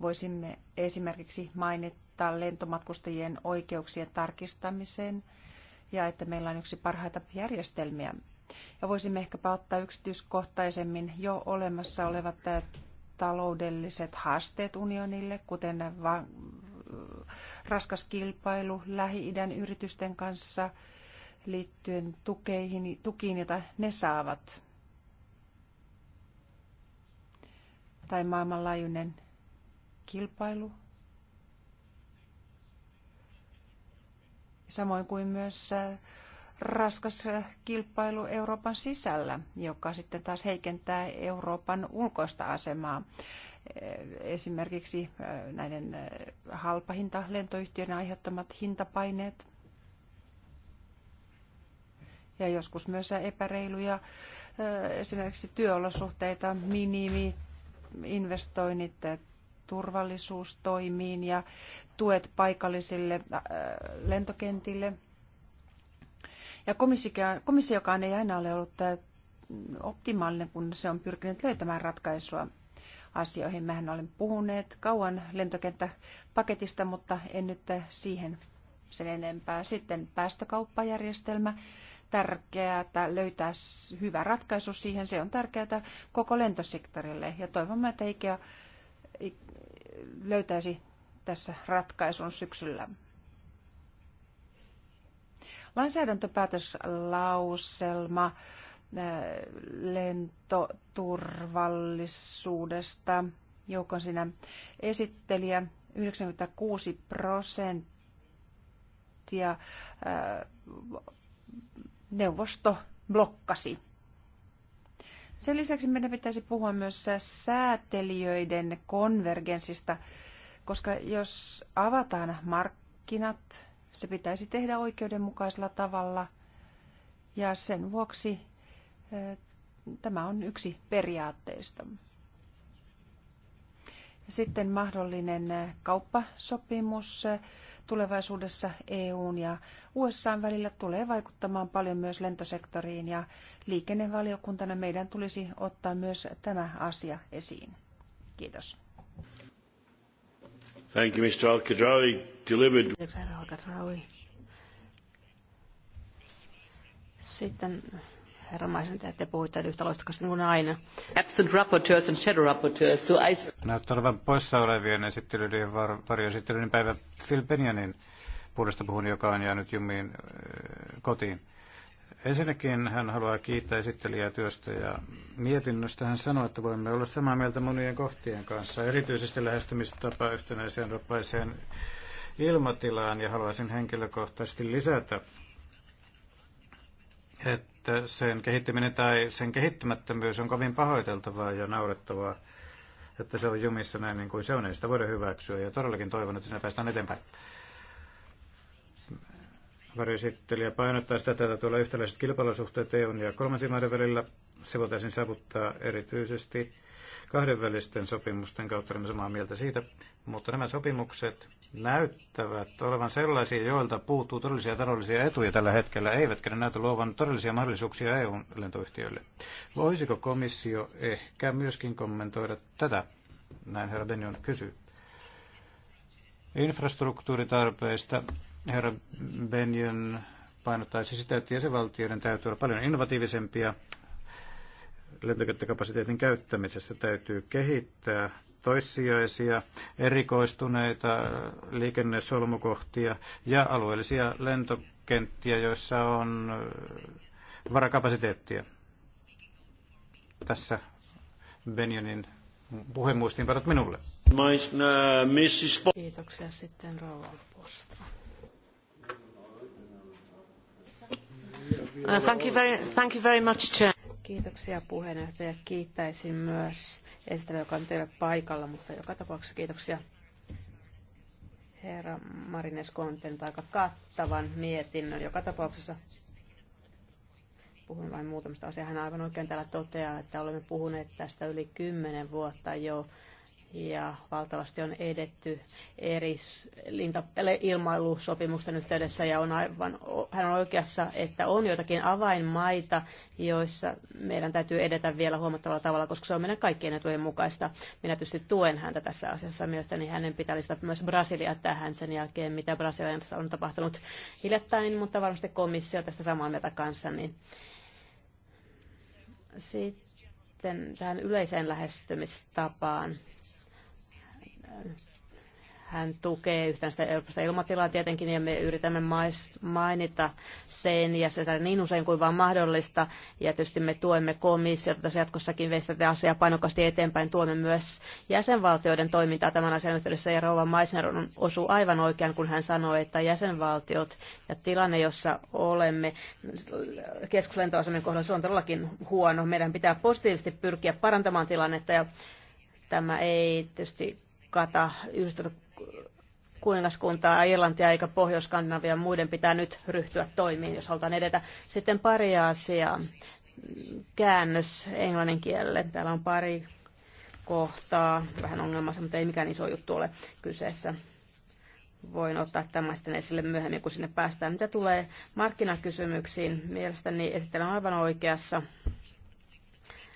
Voisimme esimerkiksi mainita lentomatkustajien oikeuksien tarkistamisen ja että meillä on yksi parhaita järjestelmiä ja voisimme ehkäpä ottaa yksityiskohtaisemmin jo olemassa olevat eh, taloudelliset haasteet unionille, kuten raskas kilpailu Lähi-idän yritysten kanssa liittyen tukeihin, tukiin, joita ne saavat. Tai maailmanlaajuinen kilpailu. Samoin kuin myös eh, raskas kilpailu Euroopan sisällä, joka sitten taas heikentää Euroopan ulkoista asemaa. Esimerkiksi äh, näiden äh, halpahintalentoyhtiöiden aiheuttamat hintapaineet ja joskus myös epäreiluja äh, esimerkiksi työolosuhteita, minimi, investoinnit turvallisuustoimiin ja tuet paikallisille lentokentille – ja komissiokaan ei aina ole ollut äh, optimaalinen, kun se on pyrkinyt löytämään ratkaisua asioihin. Mehän olen puhuneet kauan lentokenttäpaketista, mutta en nyt äh, siihen sen enempää. Sitten päästökauppajärjestelmä. Tärkeää että löytää hyvä ratkaisu siihen. Se on tärkeää koko lentosektorille ja toivomme, että IKEA löytäisi tässä ratkaisun syksyllä. Lainsäädäntöpäätöslauselma äh, lentoturvallisuudesta, joukon sinä esittelijä, 96 prosenttia äh, neuvosto blokkasi. Sen lisäksi meidän pitäisi puhua myös säätelijöiden konvergenssista, koska jos avataan markkinat se pitäisi tehdä oikeudenmukaisella tavalla ja sen vuoksi tämä on yksi periaatteista. Sitten mahdollinen kauppasopimus tulevaisuudessa EUn ja USAn välillä tulee vaikuttamaan paljon myös lentosektoriin ja liikennevaliokuntana meidän tulisi ottaa myös tämä asia esiin. Kiitos. Thank you, Mr. Al-Kadrawi. Delivered. Sitten herra Maisen, te ette puhutte niin kuin aina. Absent rapporteurs and shadow rapporteurs. So I... Näyttää olevan poissa olevien esittelyiden var- varjoesittelyiden päivä Phil Benjamin puolesta puhun, joka on jäänyt jumiin äh, kotiin. Ensinnäkin hän haluaa kiittää esittelijää työstä ja mietinnöstä. Hän sanoi, että voimme olla samaa mieltä monien kohtien kanssa, erityisesti lähestymistapa yhtenäiseen eurooppaiseen ilmatilaan ja haluaisin henkilökohtaisesti lisätä, että sen kehittyminen tai sen kehittymättömyys on kovin pahoiteltavaa ja naurettavaa, että se on jumissa näin niin kuin se on, ei sitä voida hyväksyä ja todellakin toivon, että sinä päästään eteenpäin varjoesittelijä painottaa sitä, että tuolla yhtäläiset kilpailusuhteet EUn ja kolmansien maiden välillä. Se voitaisiin saavuttaa erityisesti kahdenvälisten sopimusten kautta, olemme samaa mieltä siitä. Mutta nämä sopimukset näyttävät olevan sellaisia, joilta puuttuu todellisia taloudellisia etuja tällä hetkellä, eivätkä ne näytä luovan todellisia mahdollisuuksia eu lentoyhtiöille. Voisiko komissio ehkä myöskin kommentoida tätä? Näin herra Benjon kysyy. Infrastruktuuritarpeista Herra Benjön painottaisi sitä, että jäsenvaltioiden täytyy olla paljon innovatiivisempia lentokenttäkapasiteetin käyttämisessä. Täytyy kehittää toissijaisia, erikoistuneita liikennesolmukohtia ja alueellisia lentokenttiä, joissa on varakapasiteettia. Tässä Benjonin puhemuistinvarat minulle. Äh, Kiitoksia sitten Rauha Postra. Uh, kiitoksia puheenjohtaja. Kiittäisin myös esittelyä, joka on teille paikalla, mutta joka tapauksessa kiitoksia herra Marines Konten aika kattavan mietinnön. Joka tapauksessa puhun vain muutamista asiaa. Hän aivan oikein täällä toteaa, että olemme puhuneet tästä yli kymmenen vuotta jo ja valtavasti on edetty eri ilmailusopimusten yhteydessä ja on aivan, hän on oikeassa, että on joitakin avainmaita, joissa meidän täytyy edetä vielä huomattavalla tavalla, koska se on meidän kaikkien etujen mukaista. Minä tietysti tuen häntä tässä asiassa niin hänen pitää lisätä myös Brasilia tähän sen jälkeen, mitä Brasiliassa on tapahtunut hiljattain, mutta varmasti komissio tästä samaa mieltä kanssa. Niin. Sitten tähän yleiseen lähestymistapaan hän tukee sitä Euroopasta ilmatilaa tietenkin, ja me yritämme mainita sen ja se niin usein kuin vain mahdollista. Ja tietysti me tuemme komissiota tässä jatkossakin veistätä asiaa painokkaasti eteenpäin. Tuemme myös jäsenvaltioiden toimintaa tämän asian yhteydessä, ja Rouva Meissner osuu aivan oikean, kun hän sanoi, että jäsenvaltiot ja tilanne, jossa olemme keskuslentoasemien kohdalla, se on todellakin huono. Meidän pitää positiivisesti pyrkiä parantamaan tilannetta, ja tämä ei tietysti kata yhdistetty kuningaskuntaa, Irlantia eikä pohjois ja Muiden pitää nyt ryhtyä toimiin, jos halutaan edetä. Sitten pari asiaa. Käännös englannin kielelle. Täällä on pari kohtaa. Vähän ongelmassa, mutta ei mikään iso juttu ole kyseessä. Voin ottaa tämän sitten esille myöhemmin, kun sinne päästään. Mitä tulee markkinakysymyksiin, mielestäni esittelen aivan oikeassa.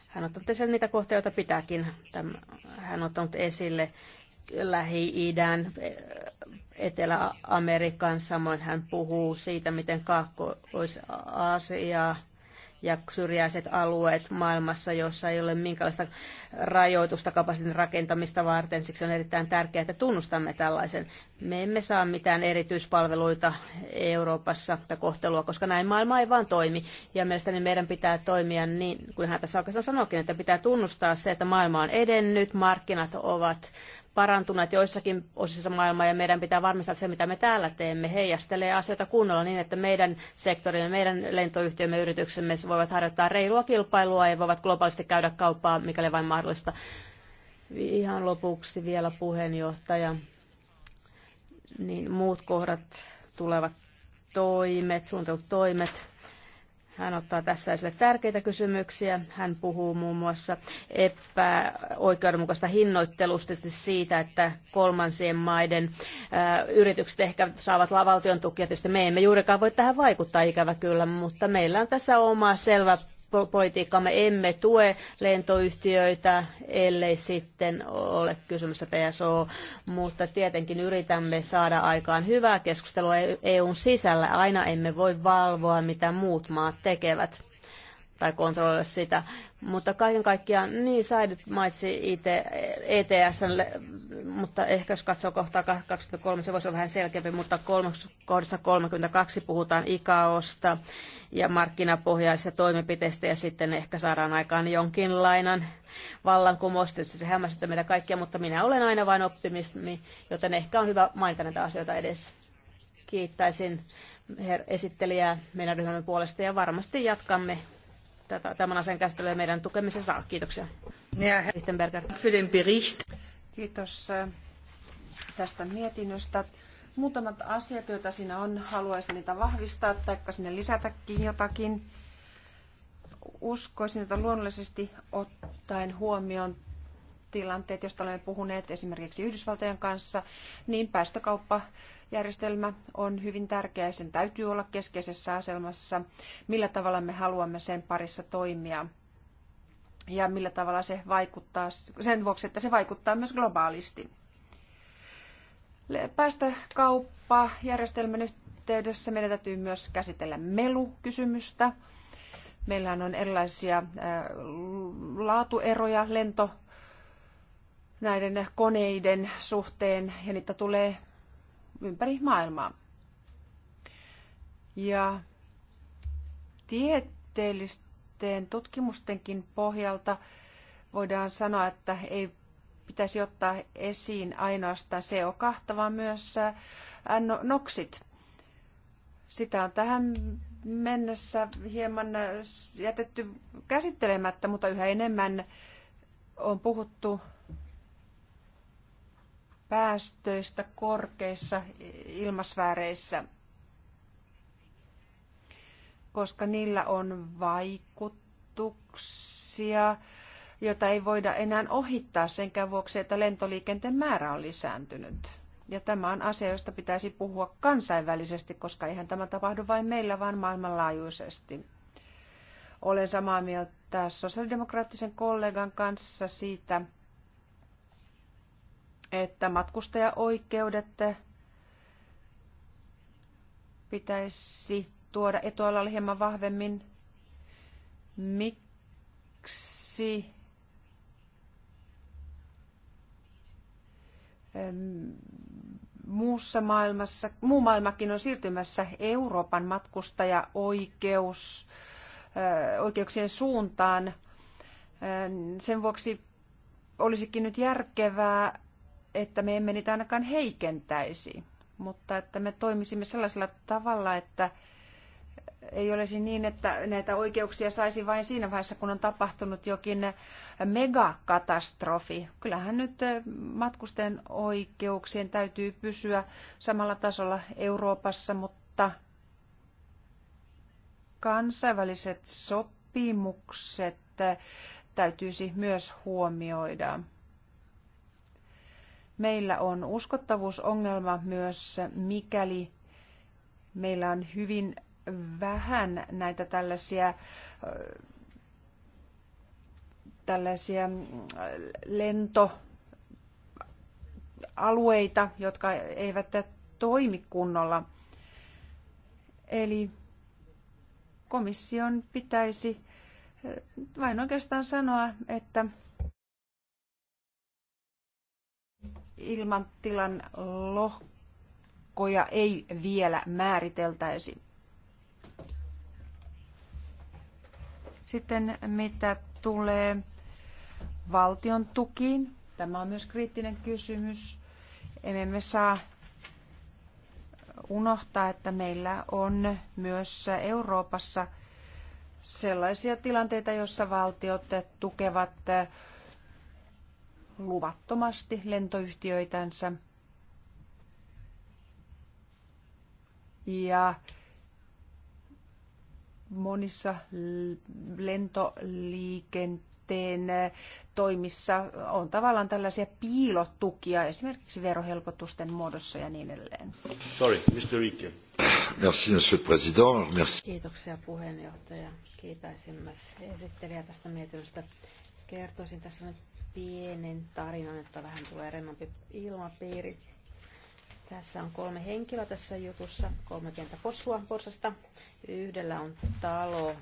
Hän on ottanut esille niitä kohtia, joita pitääkin. Hän on ottanut esille Lähi-idän, Etelä-Amerikan, samoin hän puhuu siitä, miten olisi aasiaa ja syrjäiset alueet maailmassa, jossa ei ole minkälaista rajoitusta kapasitin rakentamista varten. Siksi on erittäin tärkeää, että tunnustamme tällaisen. Me emme saa mitään erityispalveluita Euroopassa tai kohtelua, koska näin maailma ei vaan toimi. Ja mielestäni meidän pitää toimia niin, kuin hän tässä oikeastaan sanoikin, että pitää tunnustaa se, että maailma on edennyt, markkinat ovat parantuneet joissakin osissa maailmaa ja meidän pitää varmistaa, että se mitä me täällä teemme heijastelee asioita kunnolla niin, että meidän sektorimme, meidän lentoyhtiömme, yrityksemme voivat harjoittaa reilua kilpailua ja voivat globaalisti käydä kauppaa, mikäli vain mahdollista. Ihan lopuksi vielä puheenjohtaja. Niin muut kohdat tulevat toimet, suunnitellut toimet hän ottaa tässä esille tärkeitä kysymyksiä. Hän puhuu muun muassa epäoikeudenmukaista hinnoittelusta siitä, että kolmansien maiden äh, yritykset ehkä saavat valtion tukia. Tietysti me emme juurikaan voi tähän vaikuttaa ikävä kyllä, mutta meillä on tässä oma selvä politiikkaa. Me emme tue lentoyhtiöitä, ellei sitten ole kysymystä PSO, mutta tietenkin yritämme saada aikaan hyvää keskustelua EUn sisällä. Aina emme voi valvoa, mitä muut maat tekevät tai kontrolloida sitä. Mutta kaiken kaikkiaan, niin Said mainitsi itse ETSn mutta ehkä jos katsoo kohtaa 23, se voisi olla vähän selkeämpi, mutta kohdassa 32 puhutaan ikaosta ja markkinapohjaisista toimenpiteistä ja sitten ehkä saadaan aikaan jonkinlainen vallankumous. Tietysti se hämmästyttää meitä kaikkia, mutta minä olen aina vain optimismi, joten ehkä on hyvä mainita näitä asioita edes. Kiittäisin esittelijää meidän ryhmämme puolesta ja varmasti jatkamme tämän asian käsittelyä meidän tukemisensa. Kiitoksia. Ja, Herr Lichtenberger. Für den Bericht. Kiitos äh, tästä mietinnöstä. Muutamat asiat, joita siinä on, haluaisin niitä vahvistaa tai sinne lisätäkin jotakin. Uskoisin, että luonnollisesti ottaen huomioon tilanteet, joista olemme puhuneet esimerkiksi Yhdysvaltojen kanssa, niin päästökauppajärjestelmä on hyvin tärkeä ja sen täytyy olla keskeisessä asemassa, millä tavalla me haluamme sen parissa toimia – ja millä tavalla se vaikuttaa, sen vuoksi, että se vaikuttaa myös globaalisti. Päästökauppa järjestelmän yhteydessä meidän täytyy myös käsitellä melukysymystä. Meillähän on erilaisia laatueroja lento näiden koneiden suhteen ja niitä tulee ympäri maailmaa. Ja tieteellistä näiden tutkimustenkin pohjalta voidaan sanoa, että ei pitäisi ottaa esiin ainoastaan CO2, vaan myös äh, no, noksit. Sitä on tähän mennessä hieman äh, jätetty käsittelemättä, mutta yhä enemmän on puhuttu päästöistä korkeissa ilmasfääreissä – koska niillä on vaikutuksia, joita ei voida enää ohittaa senkään vuoksi, että lentoliikenteen määrä on lisääntynyt. Ja tämä on asia, josta pitäisi puhua kansainvälisesti, koska eihän tämä tapahdu vain meillä, vaan maailmanlaajuisesti. Olen samaa mieltä sosiaalidemokraattisen kollegan kanssa siitä, että matkustajaoikeudet pitäisi tuoda etualalle hieman vahvemmin? Miksi muussa maailmassa, muu maailmakin on siirtymässä Euroopan matkustajaoikeus eh, oikeuksien suuntaan. Eh, sen vuoksi olisikin nyt järkevää, että me emme niitä ainakaan heikentäisi, mutta että me toimisimme sellaisella tavalla, että ei olisi niin, että näitä oikeuksia saisi vain siinä vaiheessa, kun on tapahtunut jokin megakatastrofi. Kyllähän nyt eh, matkusten oikeuksien täytyy pysyä samalla tasolla Euroopassa, mutta kansainväliset sopimukset eh, täytyisi myös huomioida. Meillä on uskottavuusongelma myös, mikäli meillä on hyvin vähän näitä tällaisia tällaisia mm, lentoalueita, jotka eivät toimi kunnolla. Eli komission pitäisi vain oikeastaan sanoa, että ilmantilan lohkoja ei vielä määriteltäisi. Sitten mitä tulee valtion tukiin, tämä on myös kriittinen kysymys. Emme me saa unohtaa, että meillä on myös Euroopassa sellaisia tilanteita, joissa valtiot tukevat luvattomasti lentoyhtiöitänsä. Ja monissa lentoliikenteen äh, toimissa on tavallaan tällaisia piilotukia, esimerkiksi verohelpotusten muodossa ja niin edelleen. Sorry, Mr. Rieke. Merci, Monsieur le Président. Merci. Kiitoksia puheenjohtaja. Kiitäisin myös esittelijä tästä mietinnöstä. Kertoisin tässä nyt pienen tarinan, että vähän tulee rennompi ilmapiiri tässä on kolme henkilöä tässä jutussa, kolme pientä possua porsasta. Yhdellä on talo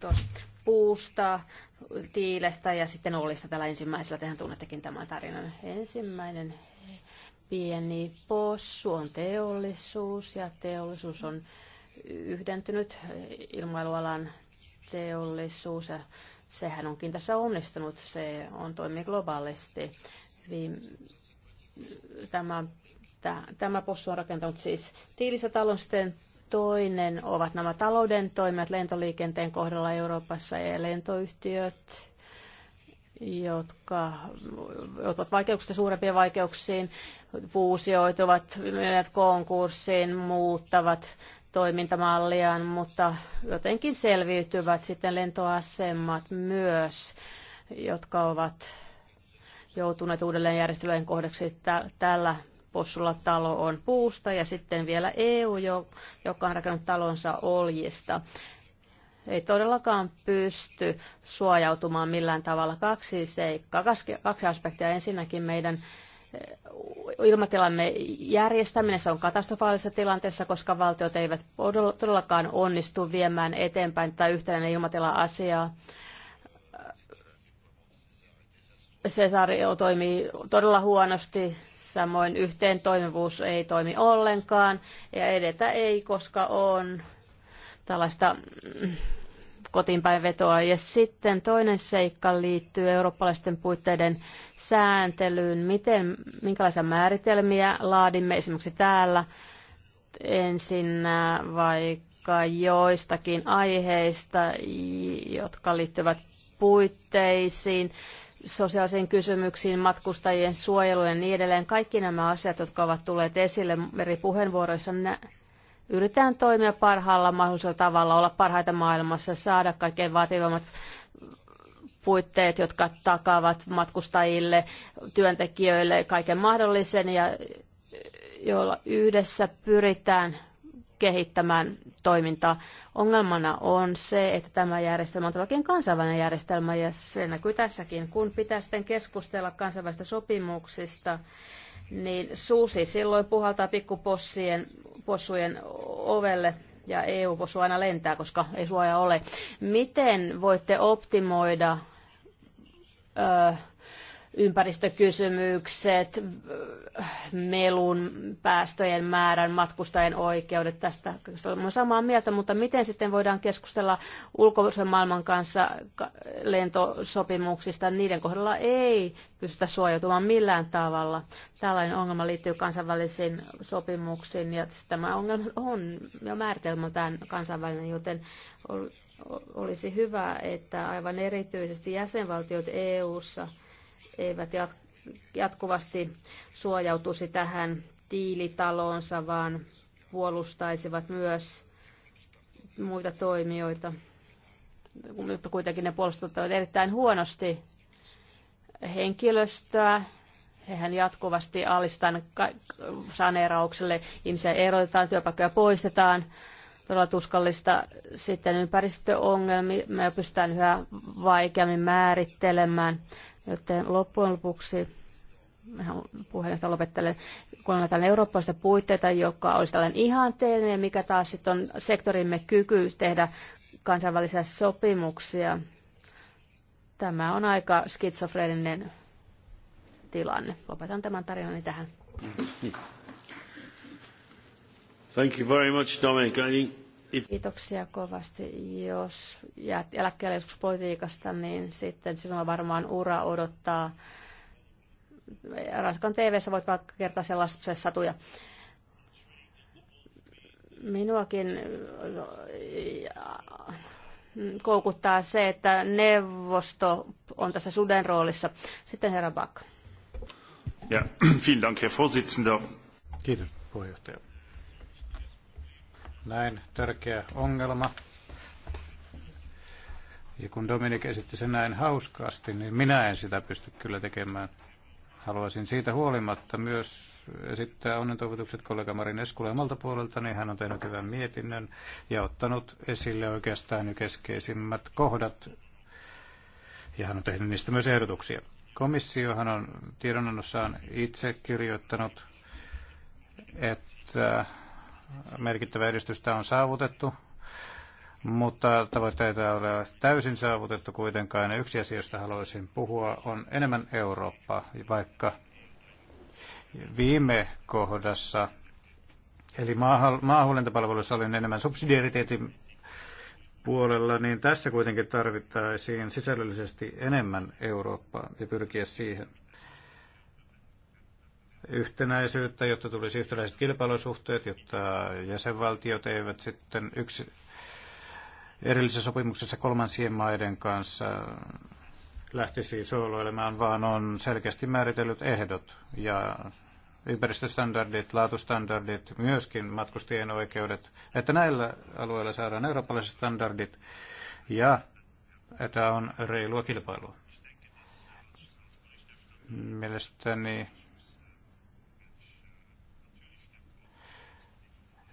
tuosta puusta, tiilestä ja sitten Ollista tällä ensimmäisellä. Tehän tunnettekin tämän tarinan. Ensimmäinen pieni possu on teollisuus ja teollisuus on yhdentynyt ilmailualan teollisuus ja sehän onkin tässä onnistunut. Se on toimii globaalisti. tämä että tämä possu on rakentanut siis tiilistä talon sitten Toinen ovat nämä talouden toimet lentoliikenteen kohdalla Euroopassa ja lentoyhtiöt, jotka joutuvat vaikeuksista suurempiin vaikeuksiin, fuusioituvat, menevät konkurssiin, muuttavat toimintamalliaan, mutta jotenkin selviytyvät sitten lentoasemat myös, jotka ovat joutuneet uudelleen kohdaksi tällä possulla talo on puusta ja sitten vielä EU, joka on rakennut talonsa oljista. Ei todellakaan pysty suojautumaan millään tavalla. Kaksi seikkaa, kaksi aspektia. Ensinnäkin meidän eh, ilmatilamme järjestäminen se on katastrofaalisessa tilanteessa, koska valtiot eivät todellakaan onnistu viemään eteenpäin tätä yhtenäinen ilmatila-asiaa. Cesario toimii todella huonosti. Samoin yhteen toimivuus ei toimi ollenkaan ja edetä ei, koska on tällaista mm, kotiinpäin vetoa. Ja sitten toinen seikka liittyy eurooppalaisten puitteiden sääntelyyn. Miten, minkälaisia määritelmiä laadimme esimerkiksi täällä ensin äh, vaikka joistakin aiheista, jotka liittyvät puitteisiin sosiaalisiin kysymyksiin, matkustajien suojeluun ja niin edelleen. Kaikki nämä asiat, jotka ovat tulleet esille eri puheenvuoroissa, yritetään toimia parhaalla mahdollisella tavalla, olla parhaita maailmassa, saada kaikkein vaativammat puitteet, jotka takaavat matkustajille, työntekijöille kaiken mahdollisen ja joilla yhdessä pyritään kehittämään toimintaa. Ongelmana on se, että tämä järjestelmä on todellakin kansainvälinen järjestelmä ja se näkyy tässäkin. Kun pitää sitten keskustella kansainvälisistä sopimuksista, niin suusi silloin puhaltaa pikkupossien possujen ovelle ja EU-possu aina lentää, koska ei suoja ole. Miten voitte optimoida öö, ympäristökysymykset, melun, päästöjen määrän, matkustajien oikeudet, tästä Olen samaa mieltä, mutta miten sitten voidaan keskustella ulkoisen maailman kanssa lentosopimuksista, niiden kohdalla ei pystytä suojautumaan millään tavalla. Tällainen ongelma liittyy kansainvälisiin sopimuksiin ja siis tämä ongelma on jo määritelmä tämän kansainvälinen, joten olisi hyvä, että aivan erityisesti jäsenvaltiot EU:ssa ssa eivät jatkuvasti suojautuisi tähän tiilitaloonsa, vaan puolustaisivat myös muita toimijoita. Mutta kuitenkin ne puolustuttavat erittäin huonosti henkilöstöä. Hehän jatkuvasti alistetaan saneeraukselle, ihmisiä erotetaan, työpaikkoja poistetaan. Todella tuskallista sitten ympäristöongelmia me pystytään yhä vaikeammin määrittelemään. Joten loppujen lopuksi puheenjohtaja lopettelen, kun on tällainen eurooppalaista puitteita, joka olisi tällainen ihanteellinen, ja mikä taas sitten on sektorimme kyky tehdä kansainvälisiä sopimuksia. Tämä on aika skitsofreeninen tilanne. Lopetan tämän tarinani tähän. Thank you very much, Dominic. Kiitoksia kovasti. Jos jäät eläkkeelle joskus politiikasta, niin sitten sinua varmaan ura odottaa. Ranskan tv voit vaikka kertoa sellaisia satuja. Minuakin äh, koukuttaa se, että neuvosto on tässä suden roolissa. Sitten herra Bak. Ja, vielen Dank, Herr Vorsitzender. Kiitos, puheenjohtaja näin tärkeä ongelma. Ja kun Dominik esitti sen näin hauskaasti, niin minä en sitä pysty kyllä tekemään. Haluaisin siitä huolimatta myös esittää onnentoivotukset kollega Marin Eskula omalta puolelta, niin hän on tehnyt hyvän mietinnön ja ottanut esille oikeastaan jo keskeisimmät kohdat. Ja hän on tehnyt niistä myös ehdotuksia. Komissiohan on tiedonannossaan itse kirjoittanut, että merkittävää edistystä on saavutettu, mutta tavoitteita ei ole täysin saavutettu kuitenkaan. Ja yksi asia, josta haluaisin puhua, on enemmän Eurooppaa, vaikka viime kohdassa, eli maahuolentapalveluissa olin enemmän subsidiariteetin puolella, niin tässä kuitenkin tarvittaisiin sisällöllisesti enemmän Eurooppaa ja pyrkiä siihen yhtenäisyyttä, jotta tulisi yhtäläiset kilpailusuhteet, jotta jäsenvaltiot eivät sitten yksi erillisessä sopimuksessa kolmansien maiden kanssa lähtisi sooloilemaan, vaan on selkeästi määritellyt ehdot ja ympäristöstandardit, laatustandardit, myöskin matkustajien oikeudet, että näillä alueilla saadaan eurooppalaiset standardit ja että on reilua kilpailua. Mielestäni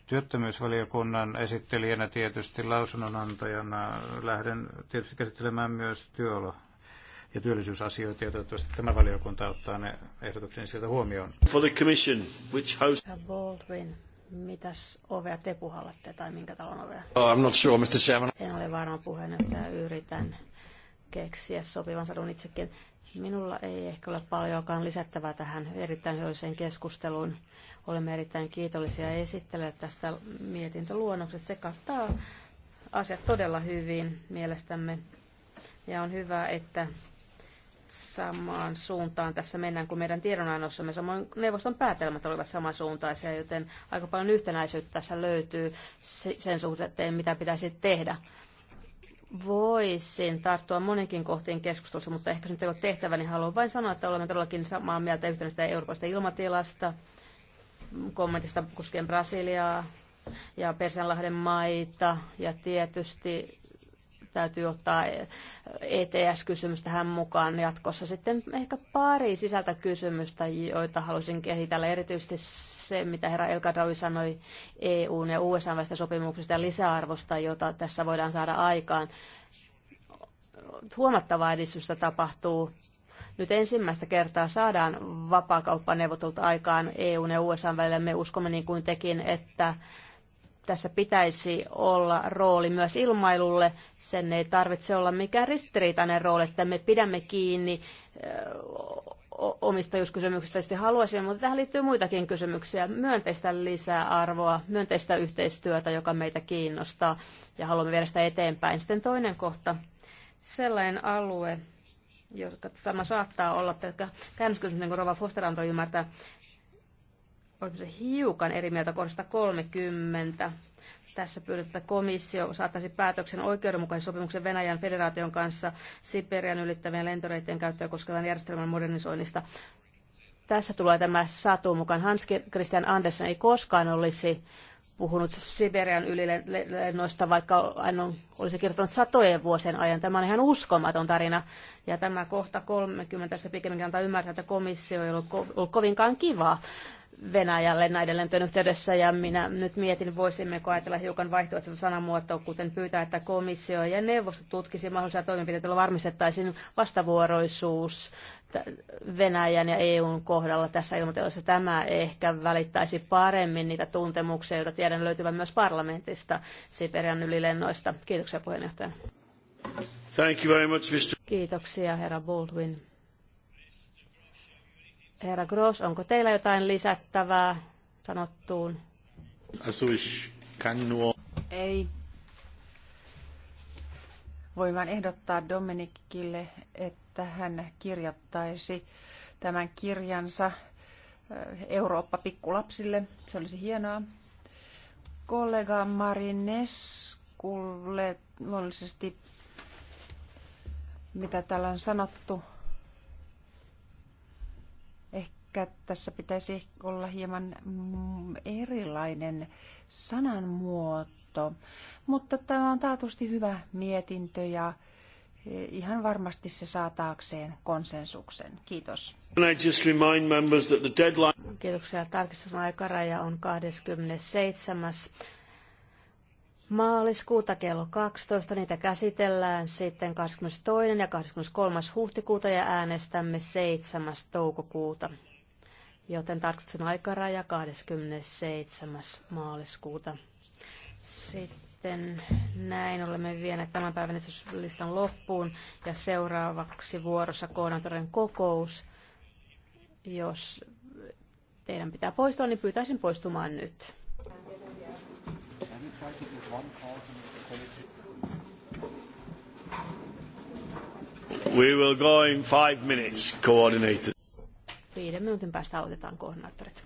työttömyysvaliokunnan esittelijänä tietysti lausunnonantajana lähden tietysti käsittelemään myös työolo- ja työllisyysasioita, ja toivottavasti tämä valiokunta ottaa ne ehdotukseni sieltä huomioon. For the commission, which house... Baldwin, mitäs ovea te puhallatte, tai minkä talon ovea? Oh, I'm not sure, Mr. Chairman. En ole varma puheenjohtaja, yritän keksiä sopivan sadun itsekin. Minulla ei ehkä ole paljonkaan lisättävää tähän erittäin hyödylliseen keskusteluun. Olemme erittäin kiitollisia esittelijät tästä mietintöluonnoksesta. Se kattaa asiat todella hyvin mielestämme. Ja on hyvä, että samaan suuntaan tässä mennään, kun meidän tiedonannossamme samoin neuvoston päätelmät olivat samansuuntaisia, joten aika paljon yhtenäisyyttä tässä löytyy sen suhteen, mitä pitäisi tehdä voisin tarttua monenkin kohtiin keskustelussa, mutta ehkä se nyt ei ole tehtävä, niin haluan vain sanoa, että olemme todellakin samaa mieltä yhtenäistä Euroopasta ilmatilasta, kommentista koskien Brasiliaa ja Persianlahden maita ja tietysti täytyy ottaa ETS-kysymys tähän mukaan jatkossa. Sitten ehkä pari sisältä kysymystä, joita haluaisin kehitellä. Erityisesti se, mitä herra Elkadravi sanoi EUn ja USA välistä sopimuksesta ja lisäarvosta, jota tässä voidaan saada aikaan. Huomattavaa edistystä tapahtuu nyt ensimmäistä kertaa saadaan vapaakauppaneuvottelut aikaan EUn ja USA välillä. Me uskomme niin kuin tekin, että tässä pitäisi olla rooli myös ilmailulle. Sen ei tarvitse olla mikään ristiriitainen rooli, että me pidämme kiinni omistajuuskysymyksistä jos haluaisin, mutta tähän liittyy muitakin kysymyksiä. Myönteistä lisäarvoa, myönteistä yhteistyötä, joka meitä kiinnostaa ja haluamme viedä sitä eteenpäin. Sitten toinen kohta, sellainen alue, joka tämä saattaa olla pelkkä käännöskysymys, niin kuin Rova Foster antoi ymmärtää, olemme hiukan eri mieltä kohdasta 30. Tässä pyydetään, että komissio saattaisi päätöksen oikeudenmukaisen sopimuksen Venäjän federaation kanssa Siperian ylittävien lentoreittien käyttöä koskevan järjestelmän modernisoinnista. Tässä tulee tämä satu mukaan. Hans Christian Andersen ei koskaan olisi puhunut Siberian ylilennoista, vaikka hän on, olisi kirjoittanut satojen vuosien ajan. Tämä on ihan uskomaton tarina. Ja tämä kohta 30 tässä pikemminkin antaa ymmärtää, että komissio ei ollut, ko- ollut kovinkaan kivaa Venäjälle näiden lentojen yhteydessä ja minä nyt mietin, voisimmeko ajatella hiukan vaihtoehtoista sanamuotoa, kuten pyytää, että komissio ja neuvosto tutkisi mahdollisia toimenpiteitä, joilla varmistettaisiin vastavuoroisuus Venäjän ja EUn kohdalla tässä ilmoitellessa. Tämä ehkä välittäisi paremmin niitä tuntemuksia, joita tiedän löytyvän myös parlamentista Siperian ylilennoista. Kiitoksia puheenjohtaja. Thank you very much, Mr. Kiitoksia herra Baldwin. Herra Gross, onko teillä jotain lisättävää sanottuun? Ei. Voin vain ehdottaa Dominikille, että hän kirjoittaisi tämän kirjansa eh, Eurooppa pikkulapsille. Se olisi hienoa. Kollega Marineskulle luonnollisesti, mitä täällä on sanottu, ehkä tässä pitäisi olla hieman erilainen sananmuoto, mutta tämä on taatusti hyvä mietintö ja ihan varmasti se saa taakseen konsensuksen. Kiitos. Kiitoksia. Tarkistuksen aikaraja on 27. Maaliskuuta kello 12. Niitä käsitellään sitten 22. ja 23. huhtikuuta ja äänestämme 7. toukokuuta joten tarkistuksen aikaraja 27. maaliskuuta. Sitten näin olemme vieneet tämän päivän listan loppuun ja seuraavaksi vuorossa koordinaattorin kokous. Jos teidän pitää poistua, niin pyytäisin poistumaan nyt. We will go in five minutes, coordinator. Viiden minuutin päästä autetaan koordinaattorit.